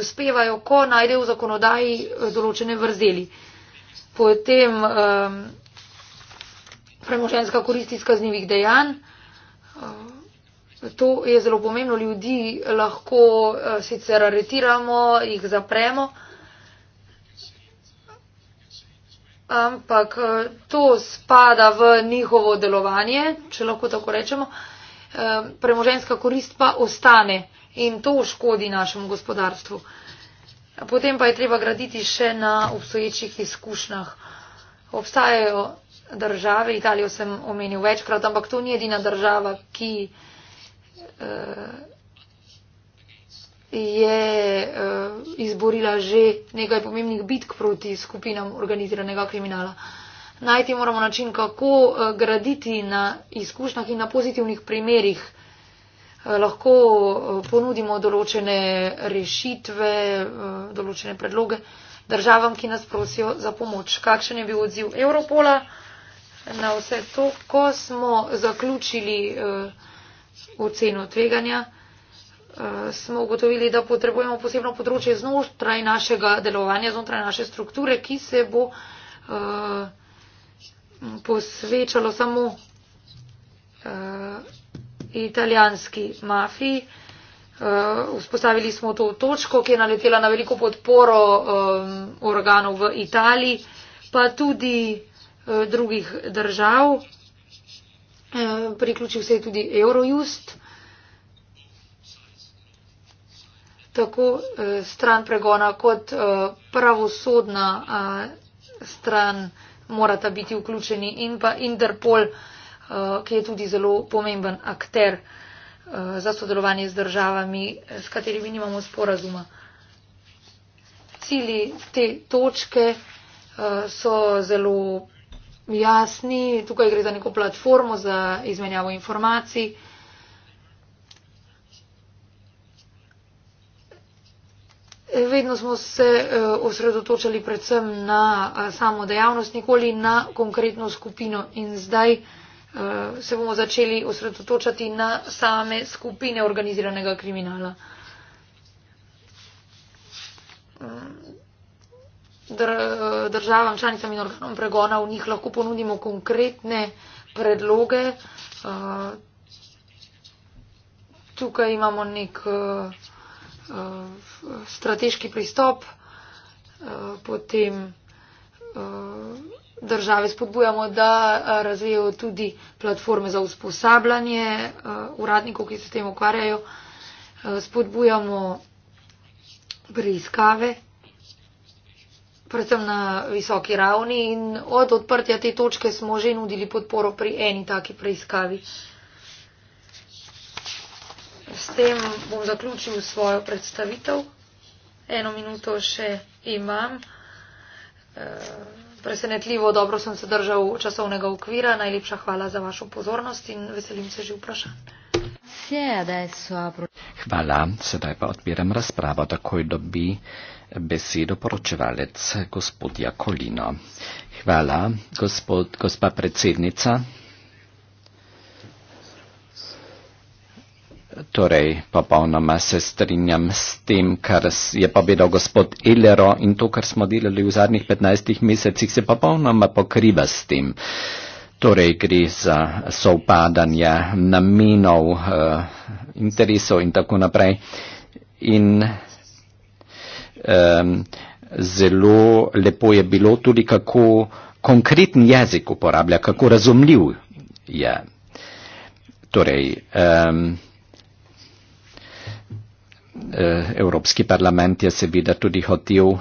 uspevajo, ko najdejo v zakonodaji eh, določene vrzeli. Potem um, eh, premoženska korist iz kaznjivih dejanj. To je zelo pomembno, ljudi lahko sicer aretiramo, jih zapremo. ampak eh, to spada v njihovo delovanje, če lahko tako rečemo. Eh, Premoženska korist pa ostane in to škodi našemu gospodarstvu. Potem pa je treba graditi še na obstoječih izkušnjah. Obstajajo države, Italijo sem omenil večkrat, ampak to ni edina država, ki. Uh, je uh, izborila že nekaj pomembnih bitk proti skupinam organiziranega kriminala. Najti moramo način, kako uh, graditi na izkušnjah in na pozitivnih primerih. Eh, lahko ponudimo določene rešitve, določene predloge državam, ki nas prosijo za pomoč. Kakšen je bil odziv Europola na vse to, ko smo zaključili oceno tveganja? Eh, smo ugotovili, da potrebujemo posebno področje znotraj našega delovanja, znotraj naše strukture, ki se bo uh, posvečalo samo uh, italijanski mafiji. Uh, vzpostavili smo to točko, ki je naletela na veliko podporo um, organov v Italiji, pa tudi uh, drugih držav. Uh, priključil se je tudi Eurojust. Uh, tako eh, stran pregona kot eh, pravosodna eh, stran morata biti vključeni in pa Interpol, ki je tudi zelo pomemben akter za sodelovanje z državami, s katerimi nimamo sporazuma. Cili te točke so zelo jasni. Tukaj gre za neko platformo za izmenjavo informacij. Vedno smo se eh, osredotočali predvsem na eh, samo dejavnost, nikoli na konkretno skupino in zdaj eh, se bomo začeli osredotočati na same skupine organiziranega kriminala. Mm. Dr državam, članicam in organom pregona v njih lahko ponudimo konkretne predloge. Tukaj imamo nek. Eh, strateški pristop, eh, potem eh, države spodbujamo, da razvijajo tudi platforme za usposabljanje uradnikov, ki se s tem ukvarjajo, spodbujamo preiskave, predvsem na visoki ravni in od odprtja te točke smo že nudili podporo pri eni taki preiskavi s tem bom zaključil svojo predstavitev. Eno minuto še imam. E, presenetljivo dobro sem se držal časovnega okvira. Najlepša hvala za vašo pozornost in veselim se že vprašanj. Hvala, sedaj pa odpiram razpravo, takoj dobi besedo poročevalec gospod Jakolino. Hvala, gospod, gospa predsednica. Torej, popolnoma se strinjam s tem, kar je povedal gospod Elero in to, kar smo delali v zadnjih 15 mesecih, se popolnoma pokriva s tem. Torej, gre za sovpadanje namenov, eh, interesov in tako naprej. In um, zelo lepo je bilo tudi, kako konkreten jezik uporablja, kako razumljiv je. Torej, um, Eh, Evropski parlament je seveda tudi hotel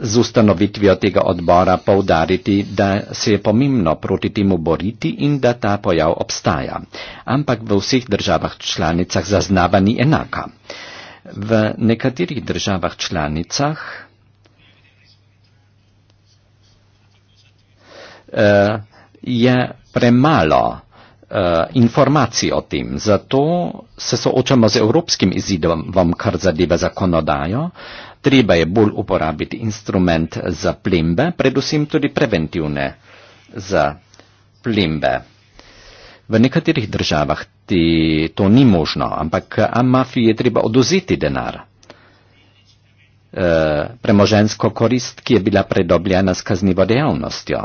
z ustanovitvijo tega odbora povdariti, da se je pomembno proti temu boriti in da ta pojav obstaja. Ampak v vseh državah članicah zaznava ni enaka. V nekaterih državah članicah eh, je premalo uh, informacij o tem. Zato se soočamo z evropskim izidom, vam kar zadeva zakonodajo. Treba je bolj uporabiti instrument za plembe, predvsem tudi preventivne za plembe. V nekaterih državah ti, to ni možno, ampak mafiji je treba oduzeti denar. Eh, premoženjsko korist, ki je bila predobljena s kaznivo dejavnostjo.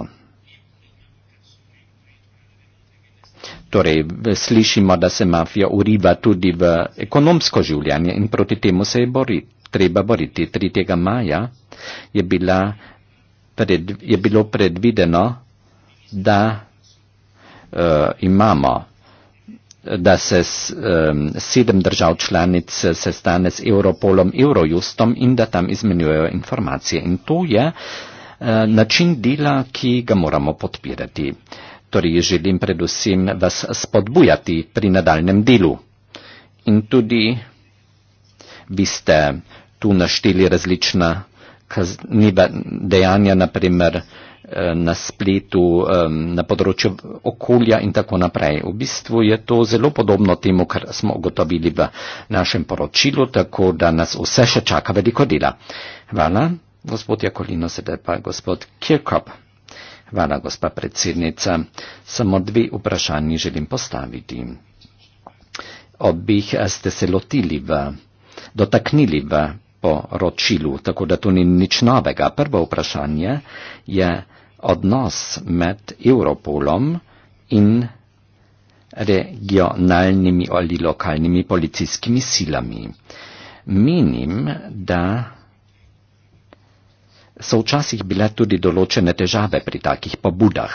Torej, slišimo, da se mafija uriva tudi v ekonomsko življenje in proti temu se je bori, treba boriti. 3. maja je, bila, pred, je bilo predvideno, da uh, imamo da se s, um, sedem držav članic sestane s Europolom, Eurojustom in da tam izmenjujejo informacije. In to je uh, način dela, ki ga moramo podpirati. Uh, torej želim predvsem vas spodbujati pri nadaljem delu. In tudi vi ste tu našteli različna kazniva dejanja, naprimer eh, na spletu, na področju okolja in tako naprej. V bistvu je to zelo podobno temu, kar smo ugotovili v našem poročilu, tako da nas vse še čaka veliko dela. Hvala, gospod Jakolino, sedaj pa gospod Kirkop. Hvala, gospa predsednica. Samo dve vprašanji želim postaviti. Obih ste se lotili v, dotaknili v poročilu, tako da to ni nič novega. Prvo vprašanje je odnos med Europolom in regionalnimi ali lokalnimi policijskimi silami. Menim, da so včasih bile tudi določene težave pri takih pobudah.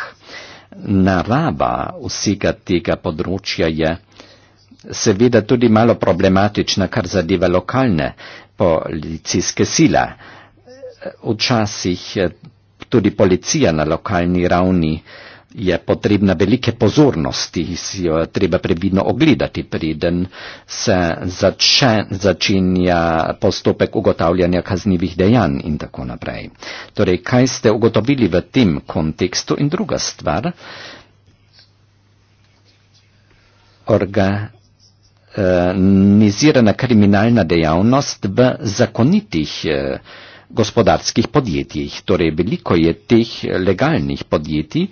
Narava vsega tega področja je seveda tudi malo problematična, kar zadeva lokalne policijske sile. Včasih eh, tudi policija na lokalni ravni eh, je potrebna velike pozornosti, si jo treba previdno ogledati, preden se začne, začinja postopek ugotavljanja kaznjivih dejanj in tako naprej. Torej, kaj ste ugotovili v tem kontekstu in druga stvar? Orga nizirana kriminalna dejavnost v zakonitih eh, gospodarskih podjetjih. Torej, veliko je teh legalnih podjetij,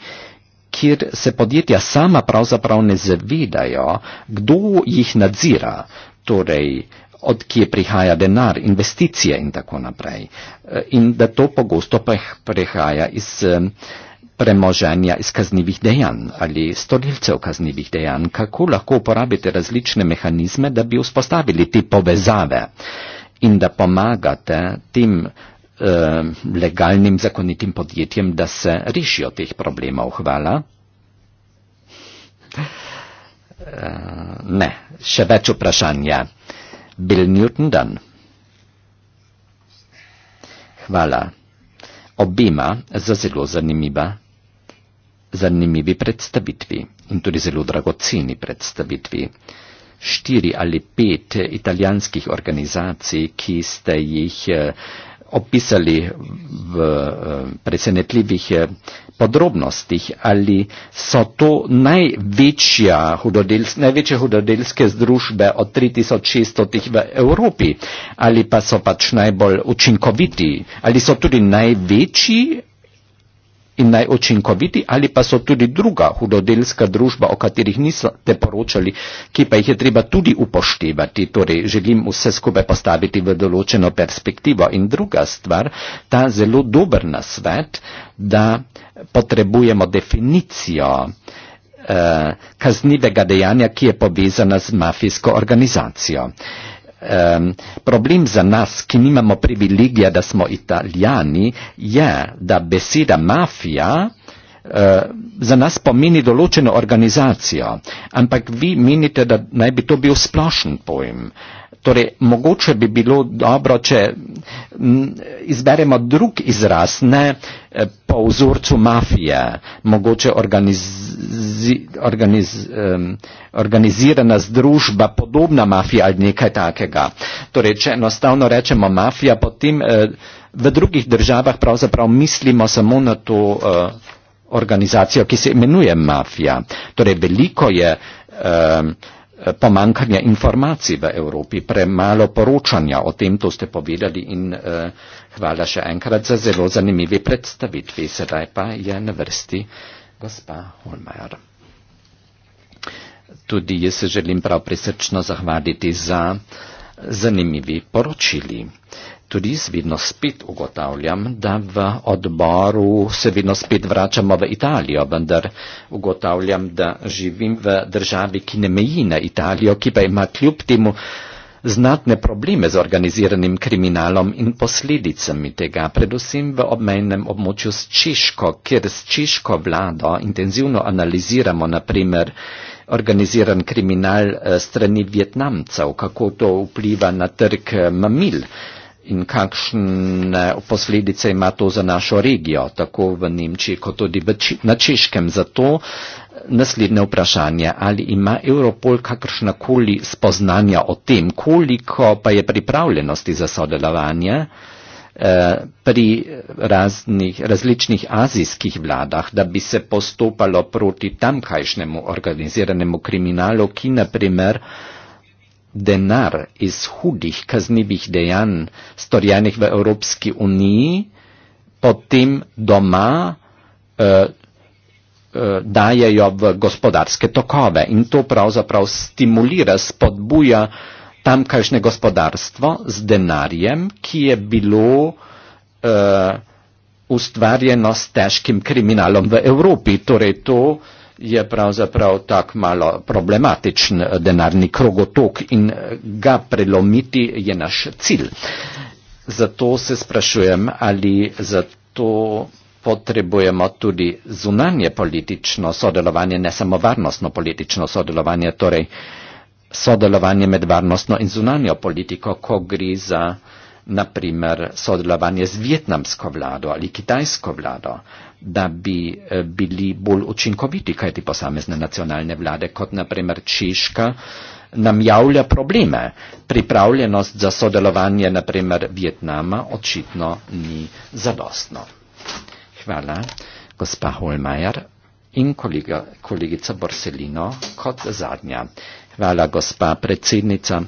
kjer se podjetja sama pravzaprav ne zavedajo, kdo jih nadzira, torej od kje prihaja denar, investicije in tako naprej. Eh, in da to pogosto prehaja iz eh, premoženja iz kaznivih dejanj ali storilcev kaznivih dejanj. Kako lahko uporabite različne mehanizme, da bi vzpostavili te povezave in da pomagate tem Eh, legalnim, zakonitim podjetjem, da se rišijo teh problemov. Hvala. Eh, ne, še več vprašanja. Bill Newton Dunn. Hvala. Obima za zelo zanimiva, zanimivi predstavitvi in tudi zelo dragoceni predstavitvi. Štiri ali pet italijanskih organizacij, ki ste jih eh, opisali v eh, presenetljivih eh, podrobnostih, ali so to hudodels, največje hudodelske združbe od 3600 v Evropi, ali pa so pač najbolj učinkoviti, ali so tudi največji in najučinkoviti, ali pa so tudi druga hudodelska družba, o katerih niste poročali, ki pa jih je treba tudi upoštevati. Torej, želim vse skupaj postaviti v določeno perspektivo. In druga stvar, ta zelo dober nasvet, da potrebujemo definicijo eh, kaznivega dejanja, ki je povezana z mafijsko organizacijo. Eh, um, problem za nas, ki nimamo privilegija, da smo Italijani, je, da beseda mafija Eh, za nas pomeni določeno organizacijo, ampak vi menite, da naj bi to bil splošen pojem. Torej, mogoče bi bilo dobro, če izberemo drug izraz, ne eh, po vzorcu mafije, mogoče organiz, organiz, organizirana združba, podobna mafija ali nekaj takega. Torej, če enostavno rečemo mafija, potem eh, v drugih državah pravzaprav mislimo samo na to organizacijo, ki se imenuje mafija. Torej, veliko je ehm, pomankanja informacij v Evropi, premalo poročanja o tem, to ste povedali in eh, hvala še enkrat za zelo zanimivi predstavitvi. Sedaj pa je na vrsti gospa Holmajer. Tudi jaz se želim prav prisrčno zahvaliti za zanimivi poročili. Uh, Tudi jaz vedno spet ugotavljam, da v odboru se vedno spet vračamo v Italijo, vendar ugotavljam, da živim v državi, ki ne meji na Italijo, ki pa ima kljub temu znatne probleme z organiziranim kriminalom in posledicami tega, predvsem v obmejnem območju s Češko, kjer s Češko vlado intenzivno analiziramo, naprimer, organiziran kriminal eh, strani Vietnamcev, kako to vpliva na trg eh, mamil in kakšne posledice ima to za našo regijo, tako v Nemčiji kot tudi na Češkem. Zato naslednje vprašanje, ali ima Europol kakršnakoli spoznanja o tem, koliko pa je pripravljenosti za sodelovanje eh, pri raznih, različnih azijskih vladah, da bi se postopalo proti tamkajšnjemu organiziranemu kriminalu, ki naprimer denar iz hudih kaznivih dejanj, storjenih v Evropski uniji, potem doma uh, eh, uh, eh, dajajo v gospodarske tokove. In to pravzaprav stimulira, spodbuja tamkajšnje gospodarstvo z denarjem, ki je bilo uh, ustvarjeno s težkim kriminalom v Evropi. Torej to, uh, je pravzaprav tak malo problematičen eh, denarni krogotok in eh, ga prelomiti je naš cilj. Zato se sprašujem, ali zato potrebujemo tudi zunanje politično sodelovanje, ne samo varnostno politično sodelovanje, torej sodelovanje med varnostno in zunanjo politiko, ko gre za naprimer sodelovanje z vietnamsko vlado ali kitajsko vlado da bi eh, bili bolj učinkoviti, kajti posamezne nacionalne vlade, kot naprimer Češka, nam javlja probleme. Pripravljenost za sodelovanje naprimer Vietnama očitno ni zadostno. Hvala, gospa Holmajer in kolega, kolegica Borselino kot zadnja. Hvala, gospa predsednica.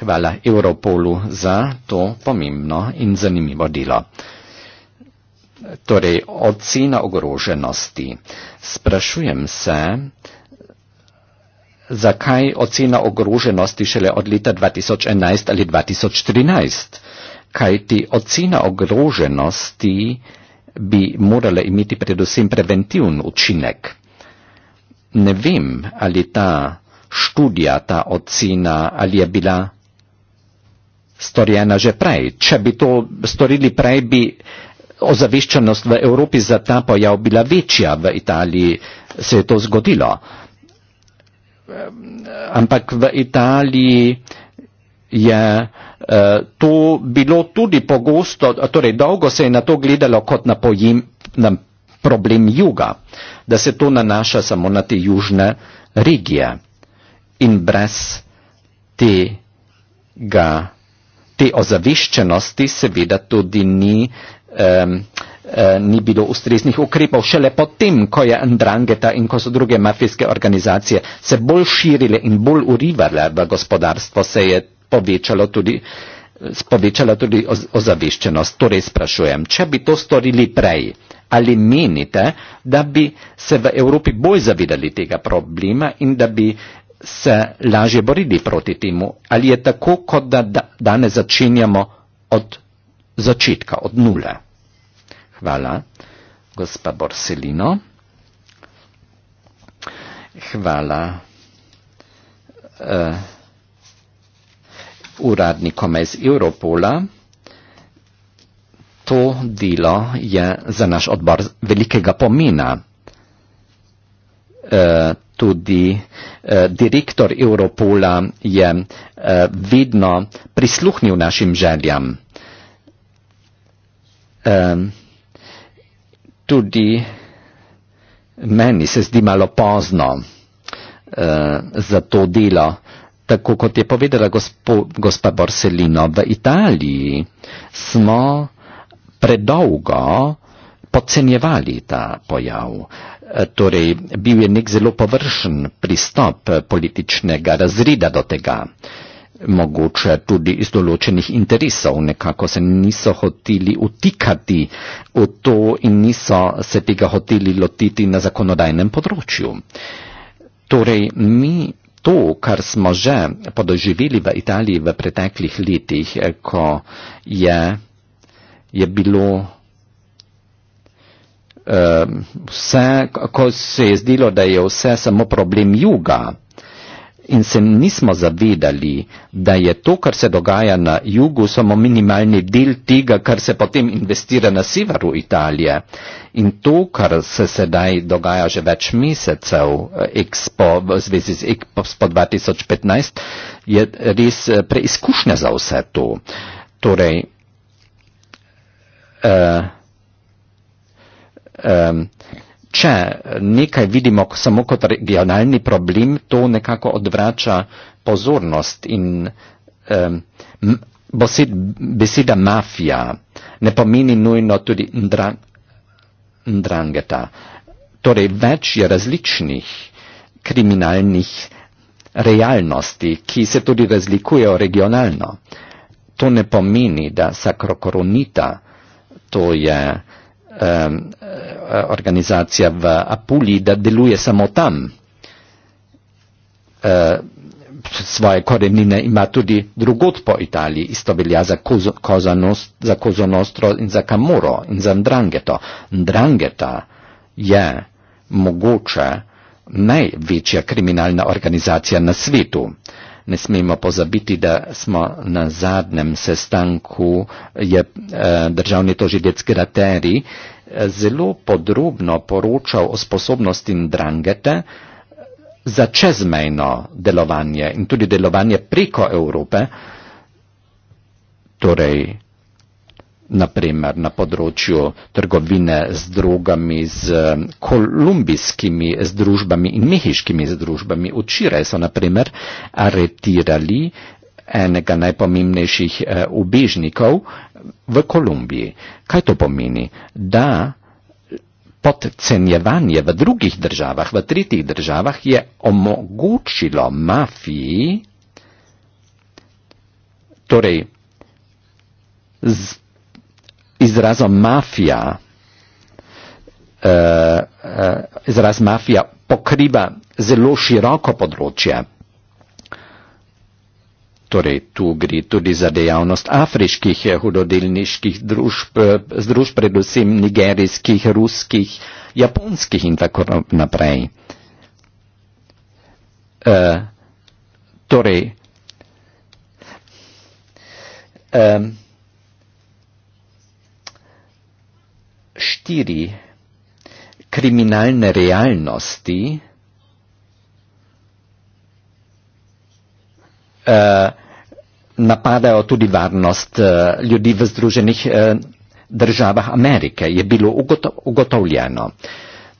Hvala Europolu za to pomembno in zanimivo delo. Torej, ocena ogroženosti. Sprašujem se, zakaj ocena ogroženosti šele od leta 2011 ali 2013? Kaj ti ocena ogroženosti bi morala imeti predvsem preventivn učinek? Ne vem, ali ta študija, ta ocena, ali je bila storjena že prej. Če bi to storili prej, bi ozaveščenost v Evropi za ta pojav bila večja, v Italiji se je to zgodilo. Ampak v Italiji je eh, to bilo tudi pogosto, torej dolgo se je na to gledalo kot na, pojim, na problem juga, da se to nanaša samo na te južne regije in brez tega, te ozaveščenosti seveda tudi ni um, ni bilo ustreznih ukrepov, šele potem, ko je Andrangeta in ko so druge mafijske organizacije se bolj širile in bolj urivale v gospodarstvo, se je povečalo tudi, povečala tudi ozaveščenost. Torej sprašujem, če bi to storili prej, ali menite, da bi se v Evropi bolj zavedali tega problema in da bi se lažje borili proti temu, ali je tako, kot da danes začenjamo od začetka, od nule. Hvala, gospa Borselino. Hvala uh, uradnikom iz Europola. To delo je za naš odbor velikega pomena. Uh, tudi uh, direktor Europola je uh, vedno prisluhnil našim željam um, tudi meni se zdi malo pozno uh, za to delo. Tako kot je povedala gospo, gospa Borselino, v Italiji smo predolgo podcenjevali ta pojav. Eh, torej, bil je nek zelo površen pristop eh, političnega razreda do tega. Uh, mogoče tudi iz določenih interesov, nekako se niso hoteli utikati v to in niso se tega hoteli lotiti na zakonodajnem področju. Torej, mi to, kar smo že podoživeli v Italiji v preteklih letih, eh, ko je, je bilo uh, vse, ko se je zdelo, da je vse samo problem juga, in se nismo zavedali, da je to, kar se dogaja na jugu, samo minimalni del tega, kar se potem investira na severu Italije. In to, kar se sedaj dogaja že več mesecev eh, expo, v zvezi z Expo 2015, je res eh, preizkušnja za vse to. Torej, uh, um, če eh, nekaj vidimo samo kot regionalni problem, to nekako odvrača pozornost in um, besed, beseda mafija ne pomeni nujno tudi ndra, ndrangeta. Torej več je različnih kriminalnih realnosti, ki se tudi razlikujejo regionalno. To ne pomeni, da sakrokoronita, to je eh, organizacija v Apuli, da deluje samo tam. Eh, svoje korenine ima tudi drugot po Italiji, isto velja za, kozo, za Kozonostro in za Kamuro in za Ndrangeto. Ndrangeta je mogoče največja kriminalna organizacija na svetu. Eh, ne smemo pozabiti, da smo na zadnjem sestanku je eh, državni tožilec Grateri eh, zelo podrobno poročal o sposobnosti Drangete za čezmejno delovanje in tudi delovanje preko Evrope. Torej, naprimer na področju trgovine z drogami, z eh, kolumbijskimi združbami in mehiškimi združbami. Včeraj so naprimer aretirali enega najpomembnejših eh, ubežnikov v Kolumbiji. Kaj to pomeni? Da podcenjevanje v drugih državah, v tretjih državah je omogočilo mafiji, torej z izraza mafija uh, izraz mafija pokriva zelo široko področje. Torej, tu gre tudi za dejavnost afriških hudodelniških družb, eh, združb, predvsem nigerijskih, ruskih, japonskih in tako naprej. Uh, torej, um, štiri kriminalne realnosti, uh, napadajo tudi varnost uh, ljudi v Združenih uh, državah Amerike, je bilo ugotov, ugotovljeno.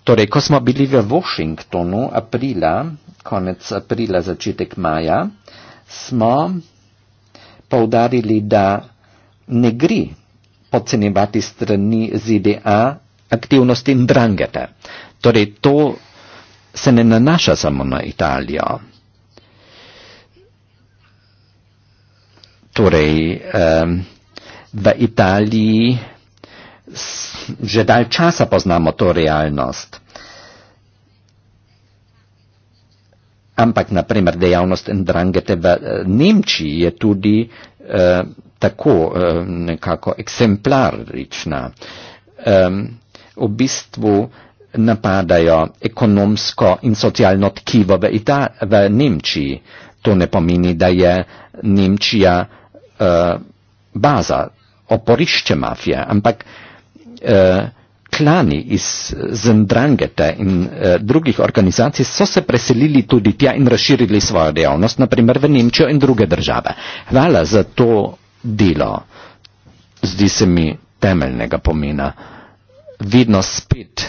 Torej, ko smo bili v Washingtonu aprila, konec aprila, začetek maja, smo poudarili, da ne gre podcenjevati strani ZDA aktivnost in drangete. Torej, to se ne nanaša samo na Italijo. Torej, um, v Italiji že dalj časa poznamo to realnost. Ampak, naprimer, dejavnost drangete v eh, Nemčiji je tudi eh, tako eh, nekako eksemplarična. Eh, v bistvu napadajo ekonomsko in socialno tkivo v, Ita v Nemčiji. To ne pomeni, da je Nemčija eh, baza, oporišče mafije, ampak eh, klani iz eh, Zendrangeta in eh, drugih organizacij so se preselili tudi tja in razširili svojo dejavnost, naprimer v Nemčijo in druge države. Hvala za to delo. Zdi se mi temeljnega pomena. Vedno spet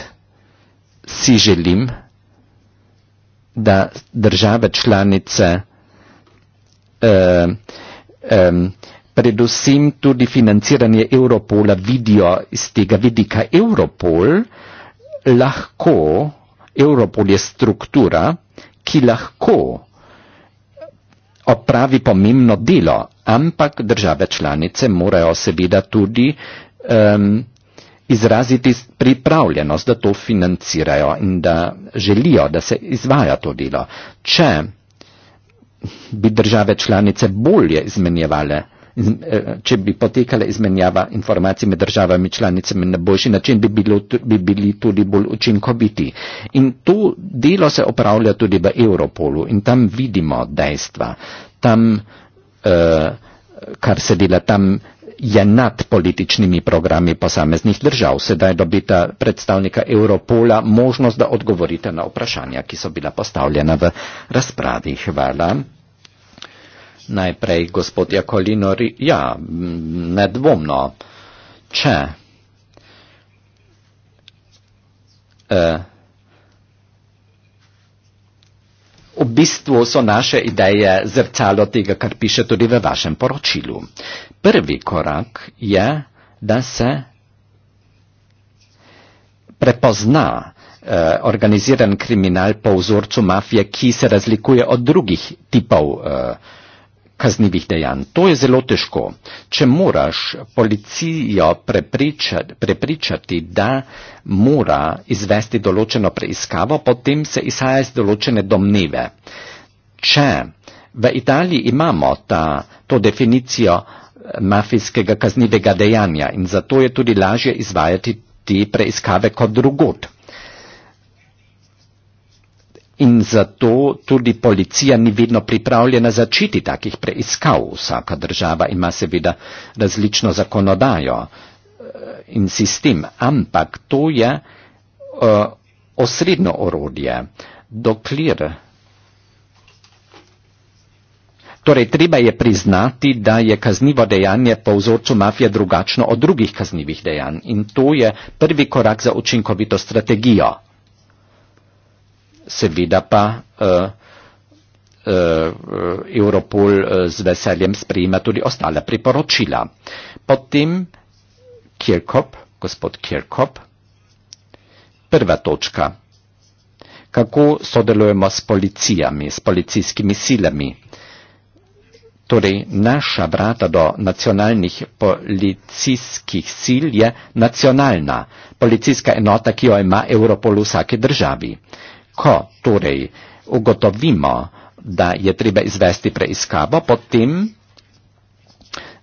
si želim, da države članice eh, eh, predvsem tudi financiranje Europola vidijo iz tega vidika. Europol lahko, Europol je struktura, ki lahko opravi pomembno delo, ampak države članice morajo seveda tudi um, izraziti pripravljenost, da to financirajo in da želijo, da se izvaja to delo. Če bi države članice bolje izmenjevale E, če bi potekala izmenjava informacij med državami članicami na boljši način, bi, bilo, bi bili tudi bolj učinkoviti. In to delo se opravlja tudi v Evropolu in tam vidimo dejstva. Tam, e, kar se dela tam, je nad političnimi programi posameznih držav. Sedaj dobita predstavnika Evropola možnost, da odgovorite na vprašanja, ki so bila postavljena v razpravi. Hvala najprej gospod Jakolino, ja, nedvomno, če uh, v bistvu so naše ideje zrcalo tega, kar piše tudi v vašem poročilu. Prvi korak je, da se prepozna eh, organiziran kriminal po vzorcu mafije, ki se razlikuje od drugih tipov eh, kaznivih dejanj. To je zelo težko. Če moraš policijo prepričati, prepričati da mora izvesti določeno preiskavo, potem se izhaja iz določene domneve. Če v Italiji imamo ta, to definicijo eh, mafijskega kaznivega dejanja in zato je tudi lažje izvajati te preiskave kot drugot. In zato tudi policija ni vedno pripravljena začeti takih preiskav. Vsaka država ima seveda različno zakonodajo eh, in sistem, ampak to je uh, eh, osredno orodje. Dokler. Torej, treba je priznati, da je kaznivo dejanje po vzorcu mafije drugačno od drugih kaznivih dejanj in to je prvi korak za učinkovito strategijo seveda pa uh, uh, Europol z veseljem sprejema tudi ostale priporočila. Potem Kirkop, gospod Kirkop, prva točka, kako sodelujemo s policijami, s policijskimi silami. Torej, naša vrata do nacionalnih policijskih sil je nacionalna policijska enota, ki jo ima Europol v vsaki državi ko torej ugotovimo, da je treba izvesti preiskavo, potem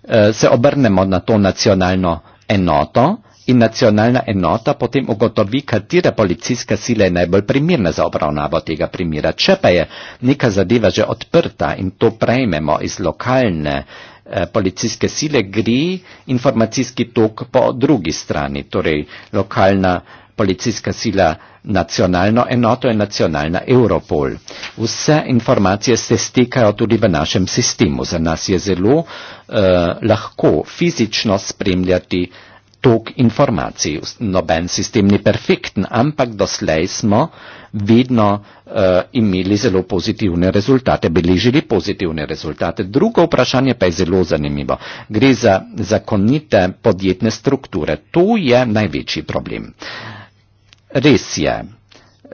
eh, se obrnemo na to nacionalno enoto in nacionalna enota potem ugotovi, katera policijska sila je najbolj primirna za obravnavo tega primira. Če pa je neka zadeva že odprta in to prejmemo iz lokalne eh, policijske sile, gre informacijski tok po drugi strani, torej lokalna policijska sila nacionalno enoto in nacionalna Europol. Vse informacije se stikajo tudi v našem sistemu. Za nas je zelo uh, lahko fizično spremljati tok informacij. Noben sistem ni perfekten, ampak doslej smo vedno uh, imeli zelo pozitivne rezultate, beležili pozitivne rezultate. Drugo vprašanje pa je zelo zanimivo. Gre za zakonite podjetne strukture. To je največji problem. Uh, Res je,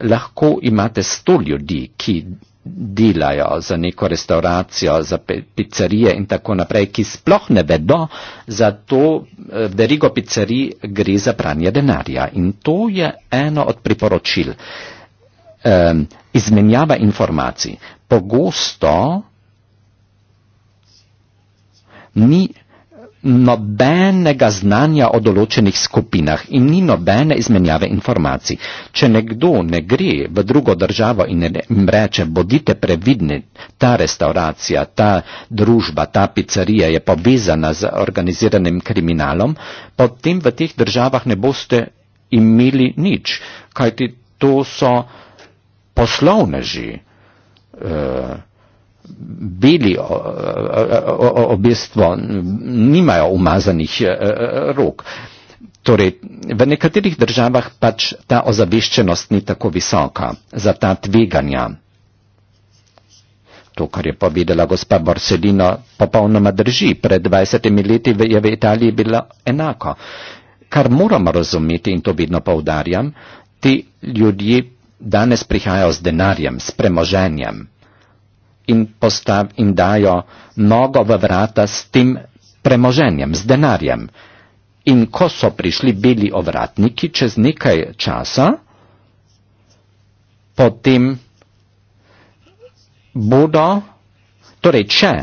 lahko imate sto ljudi, ki delajo za neko restauracijo, za pizzerije in tako naprej, ki sploh ne vedo, zato eh, verigo pizzerij gre za pranje denarja. In to je eno od priporočil. Um, izmenjava informacij. Pogosto ni nobenega znanja o določenih skupinah in ni nobene izmenjave informacij. Če nekdo ne gre v drugo državo in jim reče, bodite previdni, ta restauracija, ta družba, ta pizzerija je povezana z organiziranim kriminalom, potem v teh državah ne boste imeli nič, kajti to so poslovneži. Uh, beli v bistvu nimajo umazanih e, e, rok. Torej, v nekaterih državah pač ta ozaveščenost ni tako visoka za ta tveganja. To, kar je povedala gospa Borsellino, popolnoma drži. Pred 20 leti je v Italiji bilo enako. Kar moramo razumeti in to vedno povdarjam, ti ljudje danes prihajajo z denarjem, s premoženjem in, postav, in dajo nogo v vrata s tem premoženjem, z denarjem. In ko so prišli bili ovratniki, čez nekaj časa, potem bodo, torej če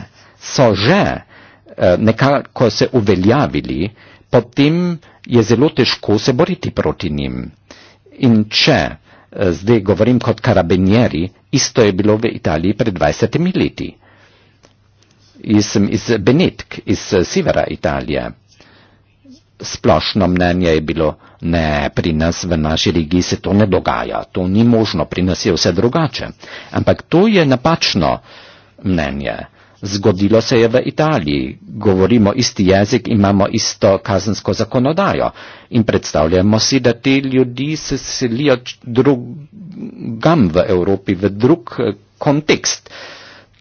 so že eh, nekako se uveljavili, potem je zelo težko se boriti proti njim. In če, eh, zdaj govorim kot karabinjeri, Isto je bilo v Italiji pred 20 leti. Jaz sem iz Benetk, iz eh, severa Italije. Splošno mnenje je bilo, ne, pri nas v naši regiji se to ne dogaja, to ni možno, pri nas je vse drugače. Ampak to je napačno mnenje. Zgodilo se je v Italiji, govorimo isti jezik, imamo isto kazensko zakonodajo in predstavljamo si, da ti ljudi se selijo drugam v Evropi, v drug eh, kontekst,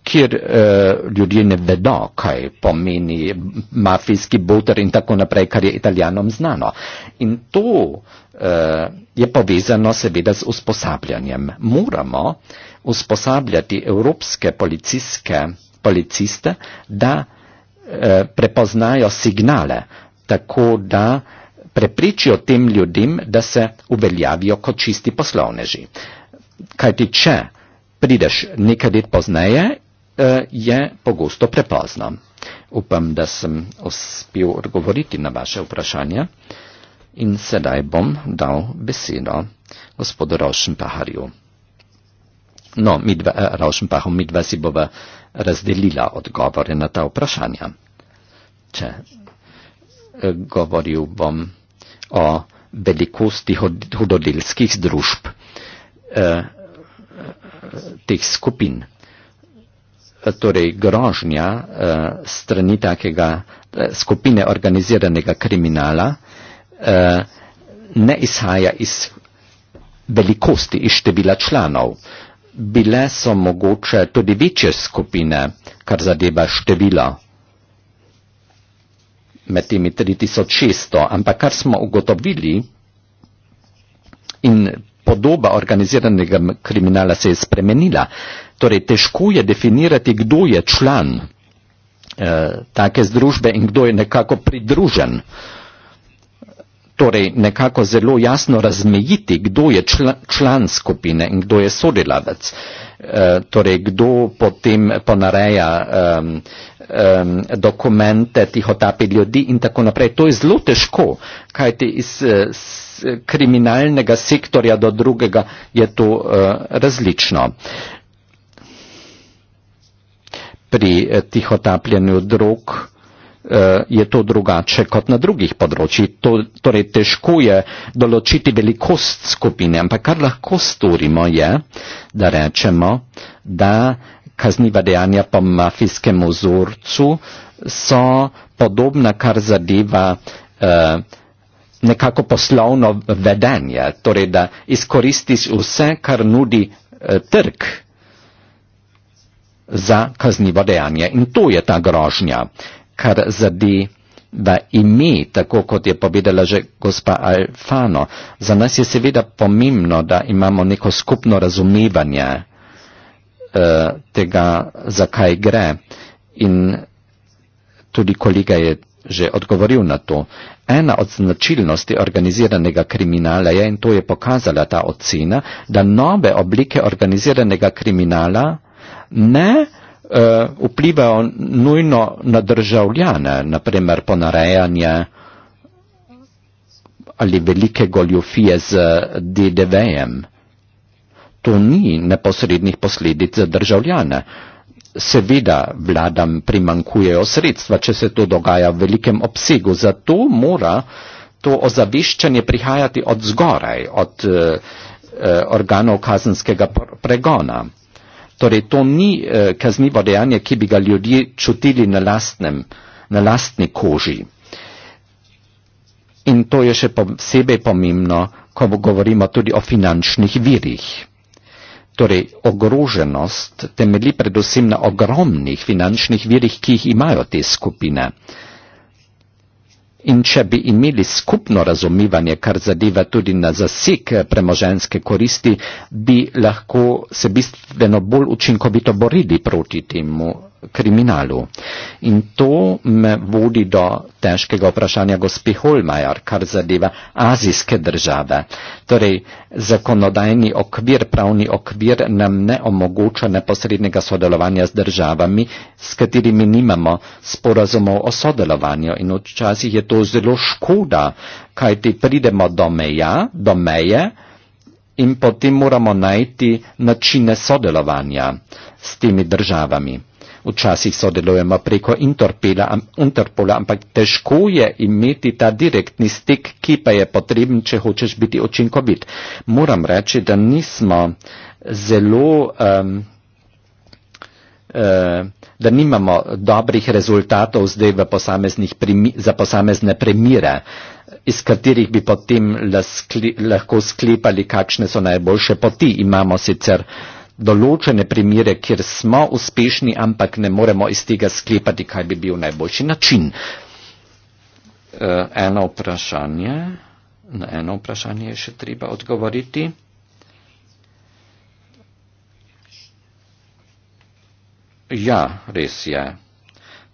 kjer eh, ljudje ne vedo, kaj pomeni mafijski boter in tako naprej, kar je italijanom znano. In to eh, je povezano seveda z usposabljanjem. Moramo usposabljati evropske policijske policiste, da e, prepoznajo signale, tako da prepričijo tem ljudem, da se uveljavijo kot čisti poslovneži. Kaj ti če prideš nekaj let pozneje, e, je pogosto prepozno. Upam, da sem uspel odgovoriti na vaše vprašanje in sedaj bom dal besedo gospodu Rošenpaharju. No, midva, eh, Rauschenbachom midva si bova razdelila odgovore na ta vprašanja. Če eh, govoril bom o velikosti hudodelskih družb, eh, teh skupin, torej grožnja strani takega skupine organiziranega kriminala, ne izhaja iz velikosti, iz števila članov bile so mogoče tudi večje skupine, kar zadeva število med temi 3600, ampak kar smo ugotovili in podoba organiziranega kriminala se je spremenila. Torej, težko je definirati, kdo je član eh, take združbe in kdo je nekako pridružen. Eh, torej nekako zelo jasno razmejiti, kdo je član, član skupine in kdo je sodelavec, e, torej kdo potem ponareja um, um, dokumente tih otapih ljudi in tako naprej. To je zelo težko, kajti iz, iz e, kriminalnega sektorja do drugega je to uh, različno. Pri e, tih otapljanju drog. Eh, je to drugače kot na drugih področjih. To, torej, težko je določiti velikost skupine, ampak kar lahko storimo je, da rečemo, da kazniva dejanja po mafijskem vzorcu so podobna, kar zadeva eh, nekako poslovno vedenje, torej, da izkoristiš vse, kar nudi eh, trg za kaznivo dejanje. In to je ta grožnja kar zadi v ime, tako kot je povedala že gospa Alfano. Za nas je seveda pomembno, da imamo neko skupno razumevanje eh, tega, zakaj gre. In tudi kolega je že odgovoril na to. Ena od značilnosti organiziranega kriminala je, in to je pokazala ta ocena, da nove oblike organiziranega kriminala ne eh, Eh, vplivajo nujno na državljane, naprimer ponarejanje ali velike goljofije z DDV-jem. To ni neposrednih posledic za državljane. Seveda vladam primankujejo sredstva, če se to dogaja v velikem obsegu, zato mora to ozaveščanje prihajati od zgoraj, od eh, eh organov kazenskega pregona. Torej, to ni eh, kaznivo dejanje, ki bi ga ljudje čutili na, lastnem, na lastni koži. In to je še posebej pomembno, ko govorimo tudi o finančnih virih. Torej, ogroženost temelji predvsem na ogromnih finančnih virih, ki jih imajo te skupine. Eh, In če bi imeli skupno razumivanje, kar zadeva tudi na zasek eh, premoženske koristi, bi lahko se bistveno bolj učinkovito borili proti temu kriminalu. In to me vodi do težkega vprašanja gospe Holmajer, kar zadeva azijske države. Torej, zakonodajni okvir, pravni okvir nam ne omogoča neposrednega sodelovanja z državami, s katerimi nimamo sporazumov o sodelovanju. In včasih je to zelo škoda, kajti pridemo do meja, do meje. In potem moramo najti načine sodelovanja s temi državami včasih sodelujemo preko interpela, Interpola, ampak težko je imeti ta direktni stik, ki pa je potreben, če hočeš biti očinkovit. Moram reči, da nismo zelo. Um, da nimamo dobrih rezultatov zdaj za posamezne primire, iz katerih bi potem lahko sklepali, kakšne so najboljše poti. Imamo sicer uh, določene primere, kjer smo uspešni, ampak ne moremo iz tega sklepati, kaj bi bil najboljši način. Eh, eno vprašanje, na eno vprašanje je še treba odgovoriti. Ja, res je.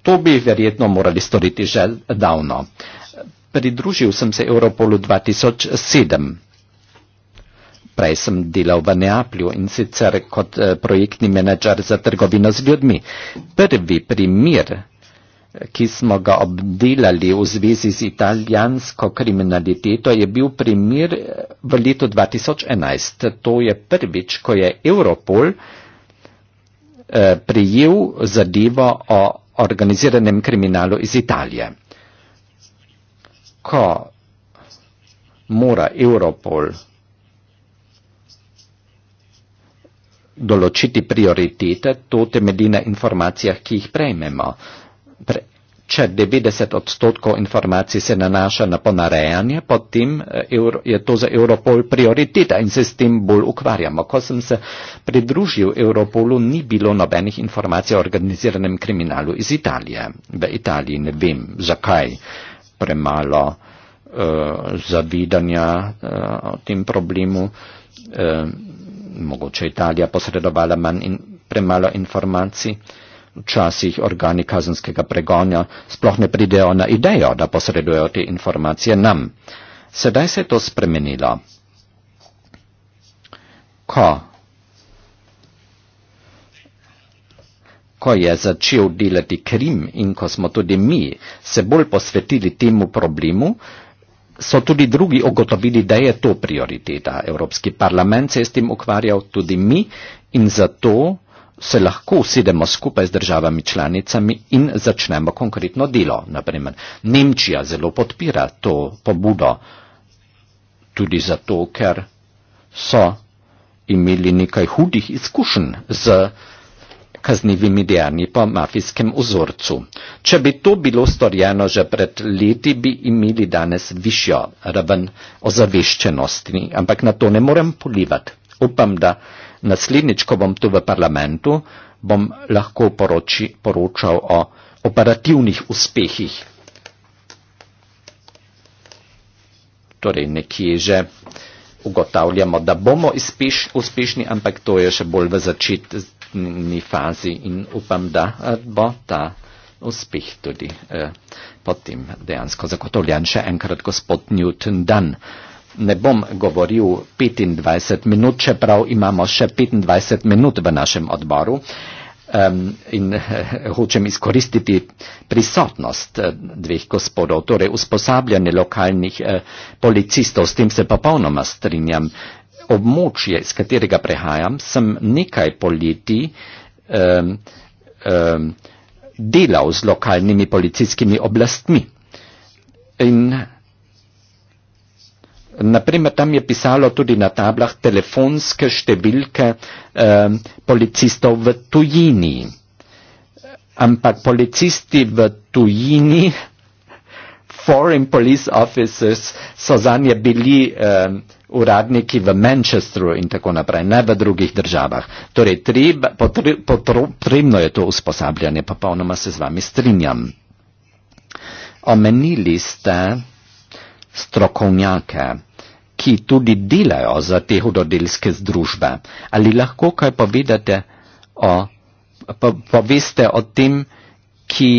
To bi verjetno morali storiti že davno. Pridružil sem se Europolu 2007. Prej sem delal v Neaplju in sicer kot eh, projektni menedžer za trgovino z ljudmi. Prvi primer, ki smo ga obdelali v zvezi z italijansko kriminaliteto, je bil primer eh, v letu 2011. To je prvič, ko je Europol eh, prijel zadevo o organiziranem kriminalu iz Italije. Ko mora Europol določiti prioritete, to temelji na informacijah, ki jih prejmemo. Pre, če 90 odstotkov informacij se nanaša na ponarejanje, potem eh, je to za Europol prioriteta in se s tem bolj ukvarjamo. Ko sem se pridružil Europolu, ni bilo nobenih informacij o organiziranem kriminalu iz Italije. V Italiji ne vem, zakaj premalo uh, eh, zavidanja uh, eh, o tem problemu. Uh, mogoče Italija posredovala manj in premalo informacij, včasih organi kazenskega pregonja sploh ne pridejo na idejo, da posredujejo te informacije nam. Sedaj se je to spremenilo. Ko, ko je začel delati krim in ko smo tudi mi se bolj posvetili temu problemu, uh, so tudi drugi ogotovili, da je to prioriteta. Evropski parlament se je s tem ukvarjal tudi mi in zato se lahko usedemo skupaj z državami članicami in začnemo konkretno delo. Naprimer, Nemčija zelo podpira to pobudo tudi zato, ker so imeli nekaj hudih izkušenj z kaznivimi dejanji po mafijskem vzorcu. Če bi to bilo storjeno že pred leti, bi imeli danes višjo raven ozaveščenosti, ampak na to ne morem polivati. Upam, da naslednjič, ko bom tu v parlamentu, bom lahko poroči, poročal o operativnih uspehih. Torej nekje že ugotavljamo, da bomo uspeš, uspešni, ampak to je še bolj v začetku začetni fazi in upam, da eh, bo ta uspeh tudi eh, potem dejansko zagotovljen. Še enkrat gospod Newton Dan. Ne bom govoril 25 minut, čeprav imamo še 25 minut v našem odboru. Um, in eh, hočem izkoristiti prisotnost eh, dveh gospodov, torej usposabljanje lokalnih eh, policistov, s tem se popolnoma strinjam, območje, iz katerega prehajam, sem nekaj poleti um, um, delal z lokalnimi policijskimi oblastmi. In naprimer tam je pisalo tudi na tablah telefonske številke um, policistov v tujini. Ampak policisti v tujini, foreign police officers, so zanje bili um, uradniki v Manchesteru in tako naprej, ne v drugih državah. Torej, potrebno je to usposabljanje, popolnoma se z vami strinjam. Omenili ste strokovnjake, ki tudi delajo za te hudodelske združbe. Ali lahko kaj povedate o, po, poveste o tem, ki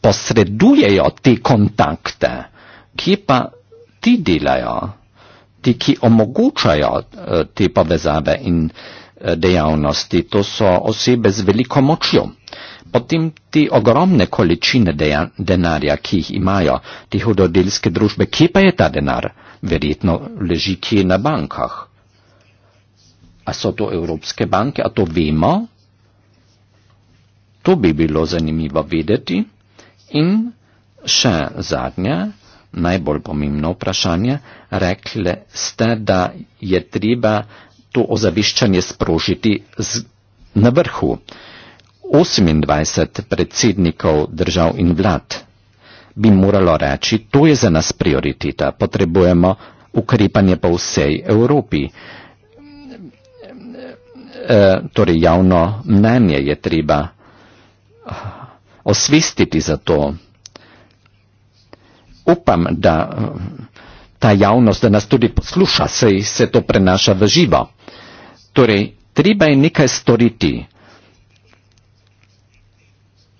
posredujejo te kontakte, ki pa ti delajo? ti, ki omogočajo eh, te povezave in eh, dejavnosti, to so osebe z veliko močjo. Potem ti ogromne količine denarja, ki jih imajo te hudodelske družbe, kje pa je ta denar? Verjetno leži kje na bankah. A so to evropske banke, a to vemo? To bi bilo zanimivo vedeti. In še zadnja najbolj pomembno vprašanje, rekli ste, da je treba to ozaviščanje sprožiti z, na vrhu. 28 predsednikov držav in vlad bi moralo reči, to je za nas prioriteta, potrebujemo ukrepanje po vsej Evropi. E, torej javno mnenje je treba ah, osvestiti za to upam, da ta javnost, da nas tudi posluša, sej se to prenaša v živo. Torej, treba je nekaj storiti.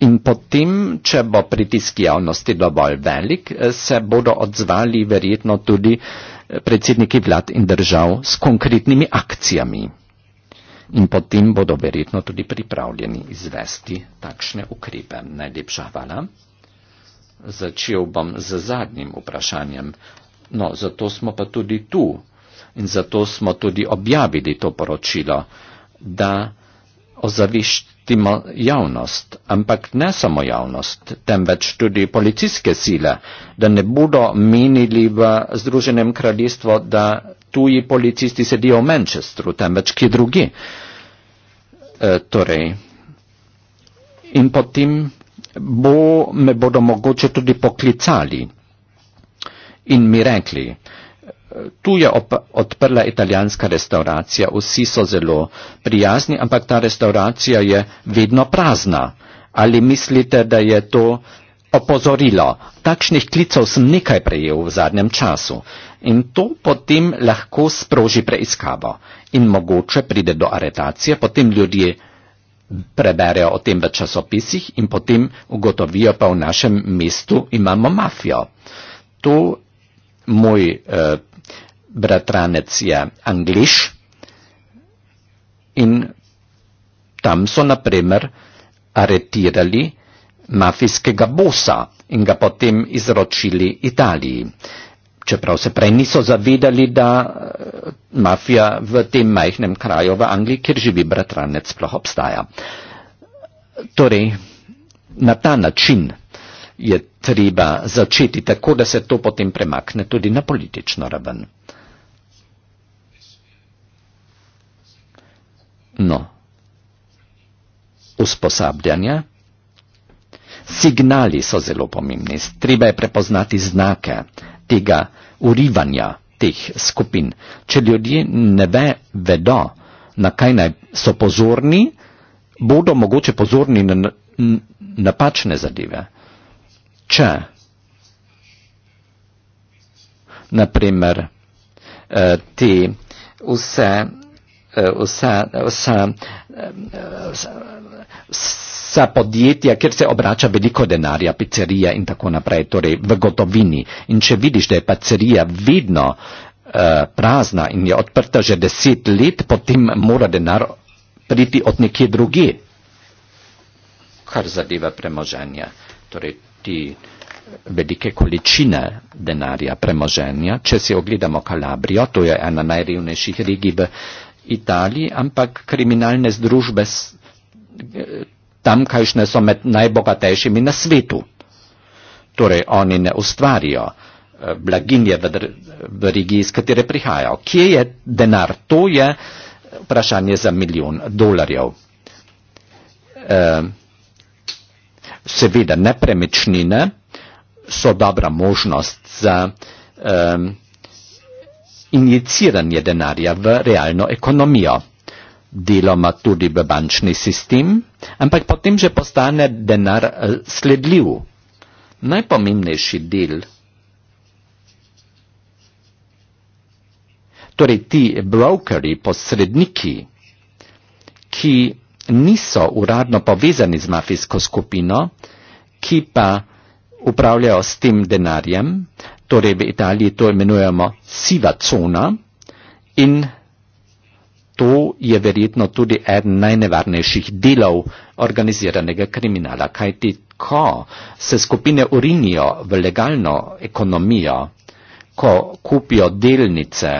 In potem, če bo pritisk javnosti dovolj velik, se bodo odzvali verjetno tudi eh, predsedniki vlad in držav s konkretnimi akcijami. In potem bodo verjetno tudi pripravljeni izvesti takšne ukrepe. Najlepša hvala začel bom z zadnjim vprašanjem. No, zato smo pa tudi tu in zato smo tudi objavili to poročilo, da ozaviščimo javnost, ampak ne samo javnost, temveč tudi policijske sile, da ne bodo menili v Združenem kraljestvu, da tuji policisti sedijo v Manchesteru, temveč ki drugi. E, torej, in potem bo, me bodo mogoče tudi poklicali in mi rekli, tu je op, odprla italijanska restauracija, vsi so zelo prijazni, ampak ta restauracija je vedno prazna. Ali mislite, da je to opozorilo? Takšnih klicev sem nekaj prejel v zadnjem času in to potem lahko sproži preiskavo in mogoče pride do aretacije, potem ljudje preberejo o tem v časopisih in potem ugotovijo, pa v našem mestu imamo mafijo. To moj eh, bratranec je angliš in tam so naprimer aretirali mafijskega bosa in ga potem izročili Italiji čeprav se prej niso zavedali, da eh, mafija v tem majhnem kraju v Angliji, kjer živi bratranec, sploh obstaja. Torej, na ta način je treba začeti tako, da se to potem premakne tudi na politično raven. No, usposabljanja. Signali so zelo pomembni. Treba je prepoznati znake, tega urivanja teh skupin. Če ljudje ne ve, vedo, na kaj naj so pozorni, bodo mogoče pozorni na napačne zadeve. Če, naprimer, eh, te vse, eh, vse, vse, eh, vse, vse za podjetja, kjer se obrača veliko denarja, pizzerija in tako naprej, torej v gotovini. In če vidiš, da je pizzerija vedno uh, prazna in je odprta že deset let, potem mora denar priti od nekje druge, kar zadeva premoženje. Torej ti eh, velike količine denarja, premoženja, če si ogledamo Kalabrijo, to je ena najrevnejših regij v Italiji, ampak kriminalne združbe eh, tamkajšnje so med najbogatejšimi na svetu. Torej oni ne ustvarijo eh, blaginje v, v regiji, iz katere prihajajo. Kje je denar? To je vprašanje za milijon dolarjev. E, seveda nepremičnine so dobra možnost za e, injiciranje denarja v realno ekonomijo, deloma tudi v bančni sistem ampak potem že postane denar eh, sledljiv. Najpomembnejši del, torej ti brokeri, posredniki, ki niso uradno povezani z mafijsko skupino, ki pa upravljajo s tem denarjem, torej v Italiji to imenujemo siva cona in to je verjetno tudi eden najnevarnejših delov organiziranega kriminala. Kaj ti, ko se skupine urinijo v legalno ekonomijo, ko kupijo delnice,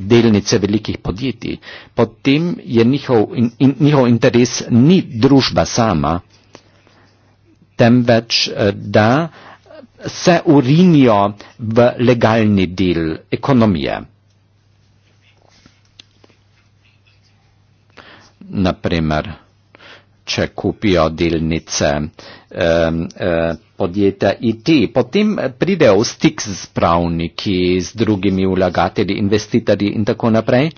delnice velikih podjetij, potem je njihov, in, in, njihov interes ni družba sama, temveč eh, da se urinijo v legalni del ekonomije. na primer, če kupijo delnice eh, eh, podjetja IT, potem pridejo v stik z pravniki, z drugimi vlagatelji, investitorji in tako naprej.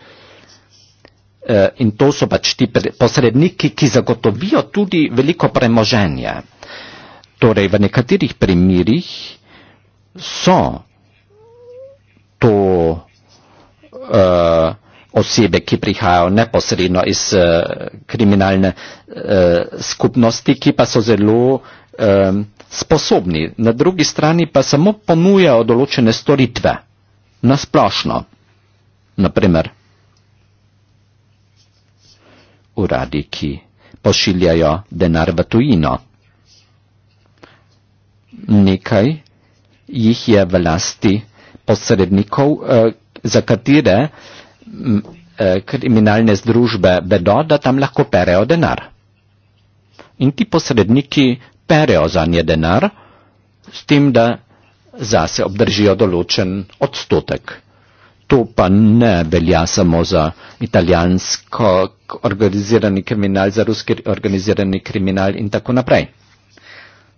Eh, in to so pač ti posredniki, ki zagotovijo tudi veliko premoženje. Torej, v nekaterih primerjih so to eh, osebe, ki prihajajo neposredno iz eh, kriminalne eh, skupnosti, ki pa so zelo eh, sposobni. Na drugi strani pa samo ponujajo določene storitve na splošno. Naprimer, uradi, ki pošiljajo denar v tujino. Nekaj jih je v lasti posrednikov, eh, za katere eh, Eh, kriminalne združbe vedo, da tam lahko perejo denar. In ti posredniki perejo za nje denar, s tem, da zase obdržijo določen odstotek. To pa ne velja samo za italijansko organizirani kriminal, za ruski organizirani kriminal in tako naprej.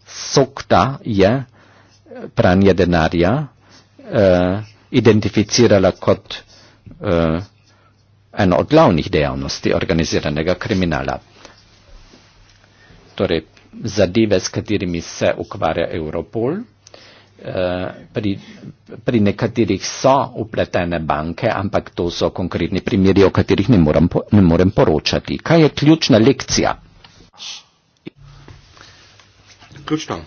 Sokta je eh, pranje denarja eh, identificirala kot eh, eno od glavnih dejavnosti organiziranega kriminala. Torej, zadeve, s katerimi se ukvarja Europol, eh, Pri, pri nekaterih so upletene banke, ampak to so konkretni primeri, o katerih ne morem, ne morem poročati. Kaj je ključna lekcija? Ključno,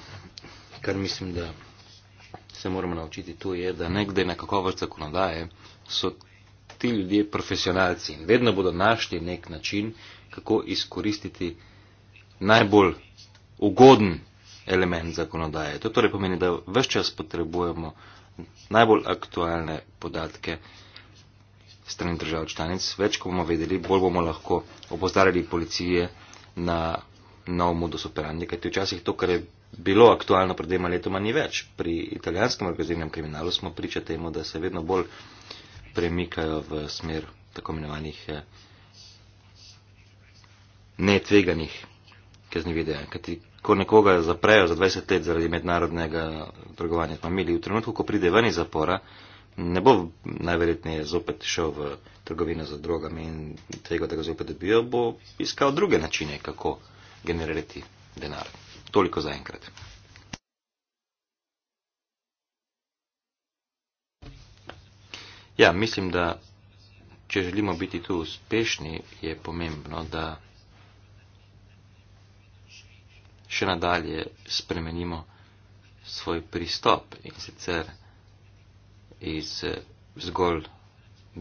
kar mislim, da se moramo naučiti tu, je, da nekde na kakovost zakonodaje so ti ljudje profesionalci in vedno bodo našli nek način, kako izkoristiti najbolj ugoden element zakonodaje. To torej pomeni, da vse čas potrebujemo najbolj aktualne podatke strani držav članic. Več, ko bomo vedeli, bolj bomo lahko opozarjali policije na nov modus operandi, kajti včasih to, kar je bilo aktualno pred dvema letoma, ni več. Pri italijanskem organiziranem kriminalu smo priča temu, da se vedno bolj premikajo v smer tako imenovanih eh, netveganih kaznivih dejanj. Kajti, ko nekoga zaprejo za 20 let zaradi mednarodnega trgovanja z mamili, v trenutku, ko pride ven iz zapora, ne bo najverjetneje zopet šel v trgovino za drogami in tega, da ga zopet dobijo, bo iskal druge načine, kako generirati denar. Toliko zaenkrat. Ja, mislim, da če želimo biti tu uspešni, je pomembno, da še nadalje spremenimo svoj pristop in sicer iz zgolj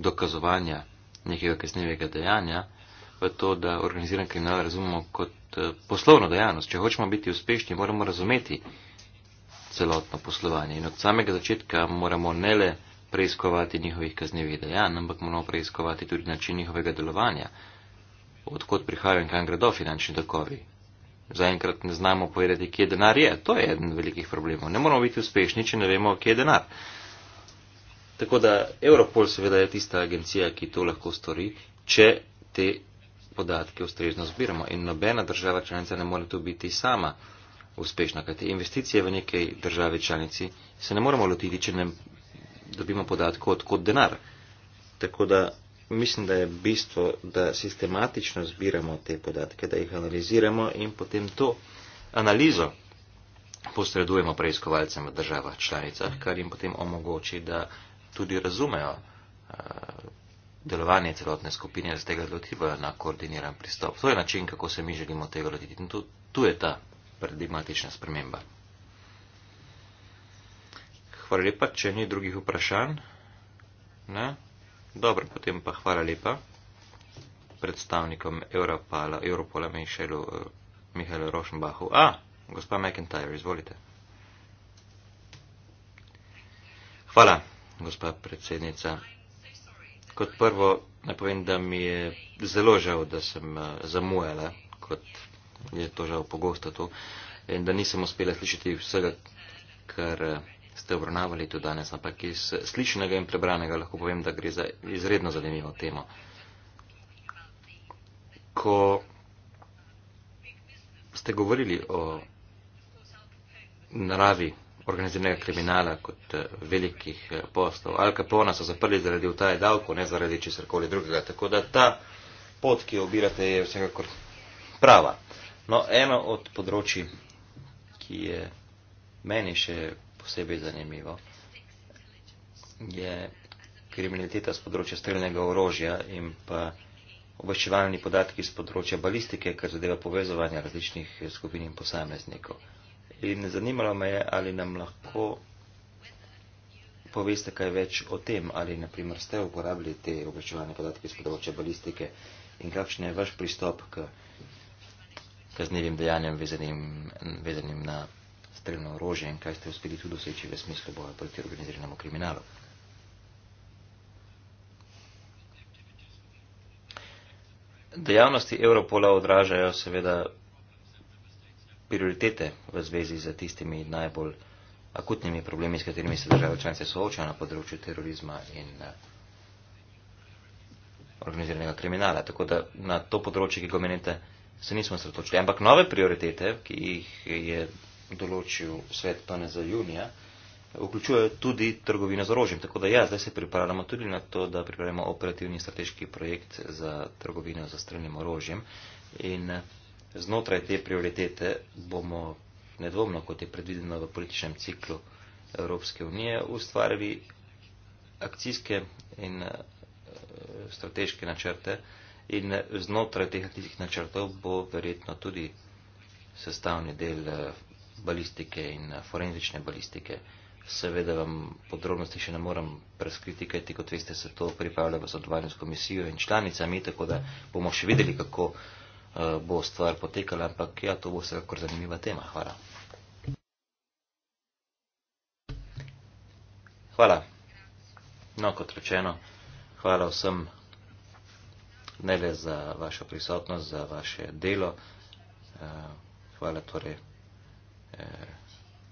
dokazovanja nekega kaznevega dejanja v to, da organiziran kriminal razumemo kot eh, poslovno dejavnost. Če hočemo biti uspešni, moramo razumeti celotno poslovanje in od samega začetka moramo ne le preiskovati njihovih kaznjevih dejanj, ampak moramo preiskovati tudi način njihovega delovanja, odkot prihajajo in kam gredo finančni tokovi. Zaenkrat ne znamo povedati, kje denar je. To je eden velikih problemov. Ne moramo biti uspešni, če ne vemo, kje je denar. Tako da Europol seveda je tista agencija, ki to lahko stori, če te podatke ustrezno zbiramo. In nobena država članica ne more tu biti sama uspešna, kajti investicije v nekej državi članici se ne moramo lotiti, če ne dobimo podatke, odkot denar. Tako da mislim, da je bistvo, da sistematično zbiramo te podatke, da jih analiziramo in potem to analizo posredujemo preiskovalcem v državah članicah, kar jim potem omogoči, da tudi razumejo eh, delovanje celotne skupine, da se tega lotivajo na koordiniran pristop. To je način, kako se mi želimo tega lotiti. In tu, tu je ta paradigmatična sprememba hvala lepa, če ni drugih vprašanj. Ne? Dobro, potem pa hvala lepa predstavnikom Europola, Europola Mišelu, eh, Mihajlu Rošenbahu. A, gospa McIntyre, izvolite. Hvala, gospa predsednica. Kot prvo, naj povem, da mi je zelo žal, da sem eh, zamujala, kot je to žal pogosto tu, in da nisem uspela slišati vsega, kar eh, ste obravnavali tudi danes, ampak iz slišnega in prebranega lahko povem, da gre za izredno zanimivo temo. Ko ste govorili o naravi organiziranega kriminala kot eh, velikih eh, postov, Al Capona so zaprli zaradi vtaje davkov, ne zaradi česarkoli drugega, tako da ta pot, ki jo obirate, je vsekakor prava. No, eno od področji, ki je meni še posebej zanimivo, je kriminaliteta z področja streljnega orožja in pa obveščevalni podatki z področja balistike, kar zadeva povezovanje različnih skupin in posameznikov. In zanimalo me je, ali nam lahko poveste kaj več o tem, ali naprimer ste uporabili te obveščevalne podatke z področja balistike in kakšen je vaš pristop k kaznivim dejanjem vezanim, vezanim na strelno orožje in kaj ste uspeli tudi doseči v smislu boja proti organiziranemu kriminalu. Dejavnosti Europola odražajo seveda prioritete v zvezi z tistimi najbolj akutnimi problemi, s katerimi se države članice soočajo na področju terorizma in eh, organiziranega kriminala. Tako da na to področje, ki ga menite, se nismo sretočili. Ampak nove prioritete, ki jih je določil svet PNZ junija, vključuje tudi trgovino z orožjem. Tako da ja, zdaj se pripravljamo tudi na to, da pripravimo operativni strateški projekt za trgovino z strelnim orožjem. In eh, znotraj te prioritete bomo nedvomno, kot je predvideno v političnem ciklu Evropske unije, ustvarili akcijske in eh, strateške načrte. In eh, znotraj teh akcijskih načrtov bo verjetno tudi sestavni del balistike in eh, forenzične balistike. Seveda vam podrobnosti še ne moram preskriti, kajti kot veste se to pripravlja v sodvarnost komisijo in članicami, tako da bomo še videli, kako eh, bo stvar potekala, ampak ja, to bo vsekakor zanimiva tema. Hvala. Hvala. No, kot rečeno, hvala vsem ne le za vašo prisotnost, za vaše delo. Eh, hvala torej eh,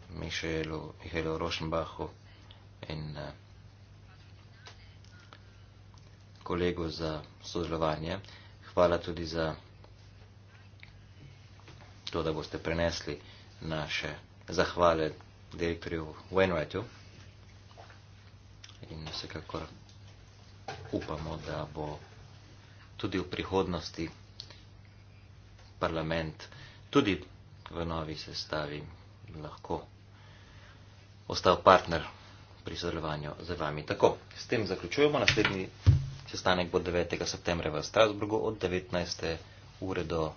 Michelo, Michelo Rosenbacho in eh, kolegu za sodelovanje. Hvala tudi za to, da boste prenesli naše zahvale direktorju Wainwrightu in vsekakor upamo, da bo tudi v prihodnosti parlament tudi v novi sestavi lahko ostal partner pri sodelovanju z vami. Tako, s tem zaključujemo. Naslednji sestanek bo 9. septembra v Strasburgu od 19. ure do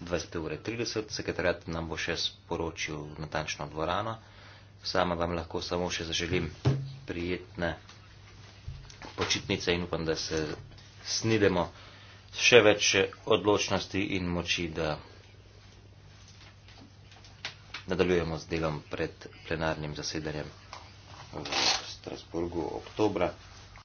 20. ure 30. Sekretariat nam bo še sporočil natančno dvorano. Sama vam lahko samo še zaželim prijetne počitnice in upam, da se snidemo še več odločnosti in moči, da nadaljujemo z delom pred plenarnim zasedanjem v Strasburgu oktobra.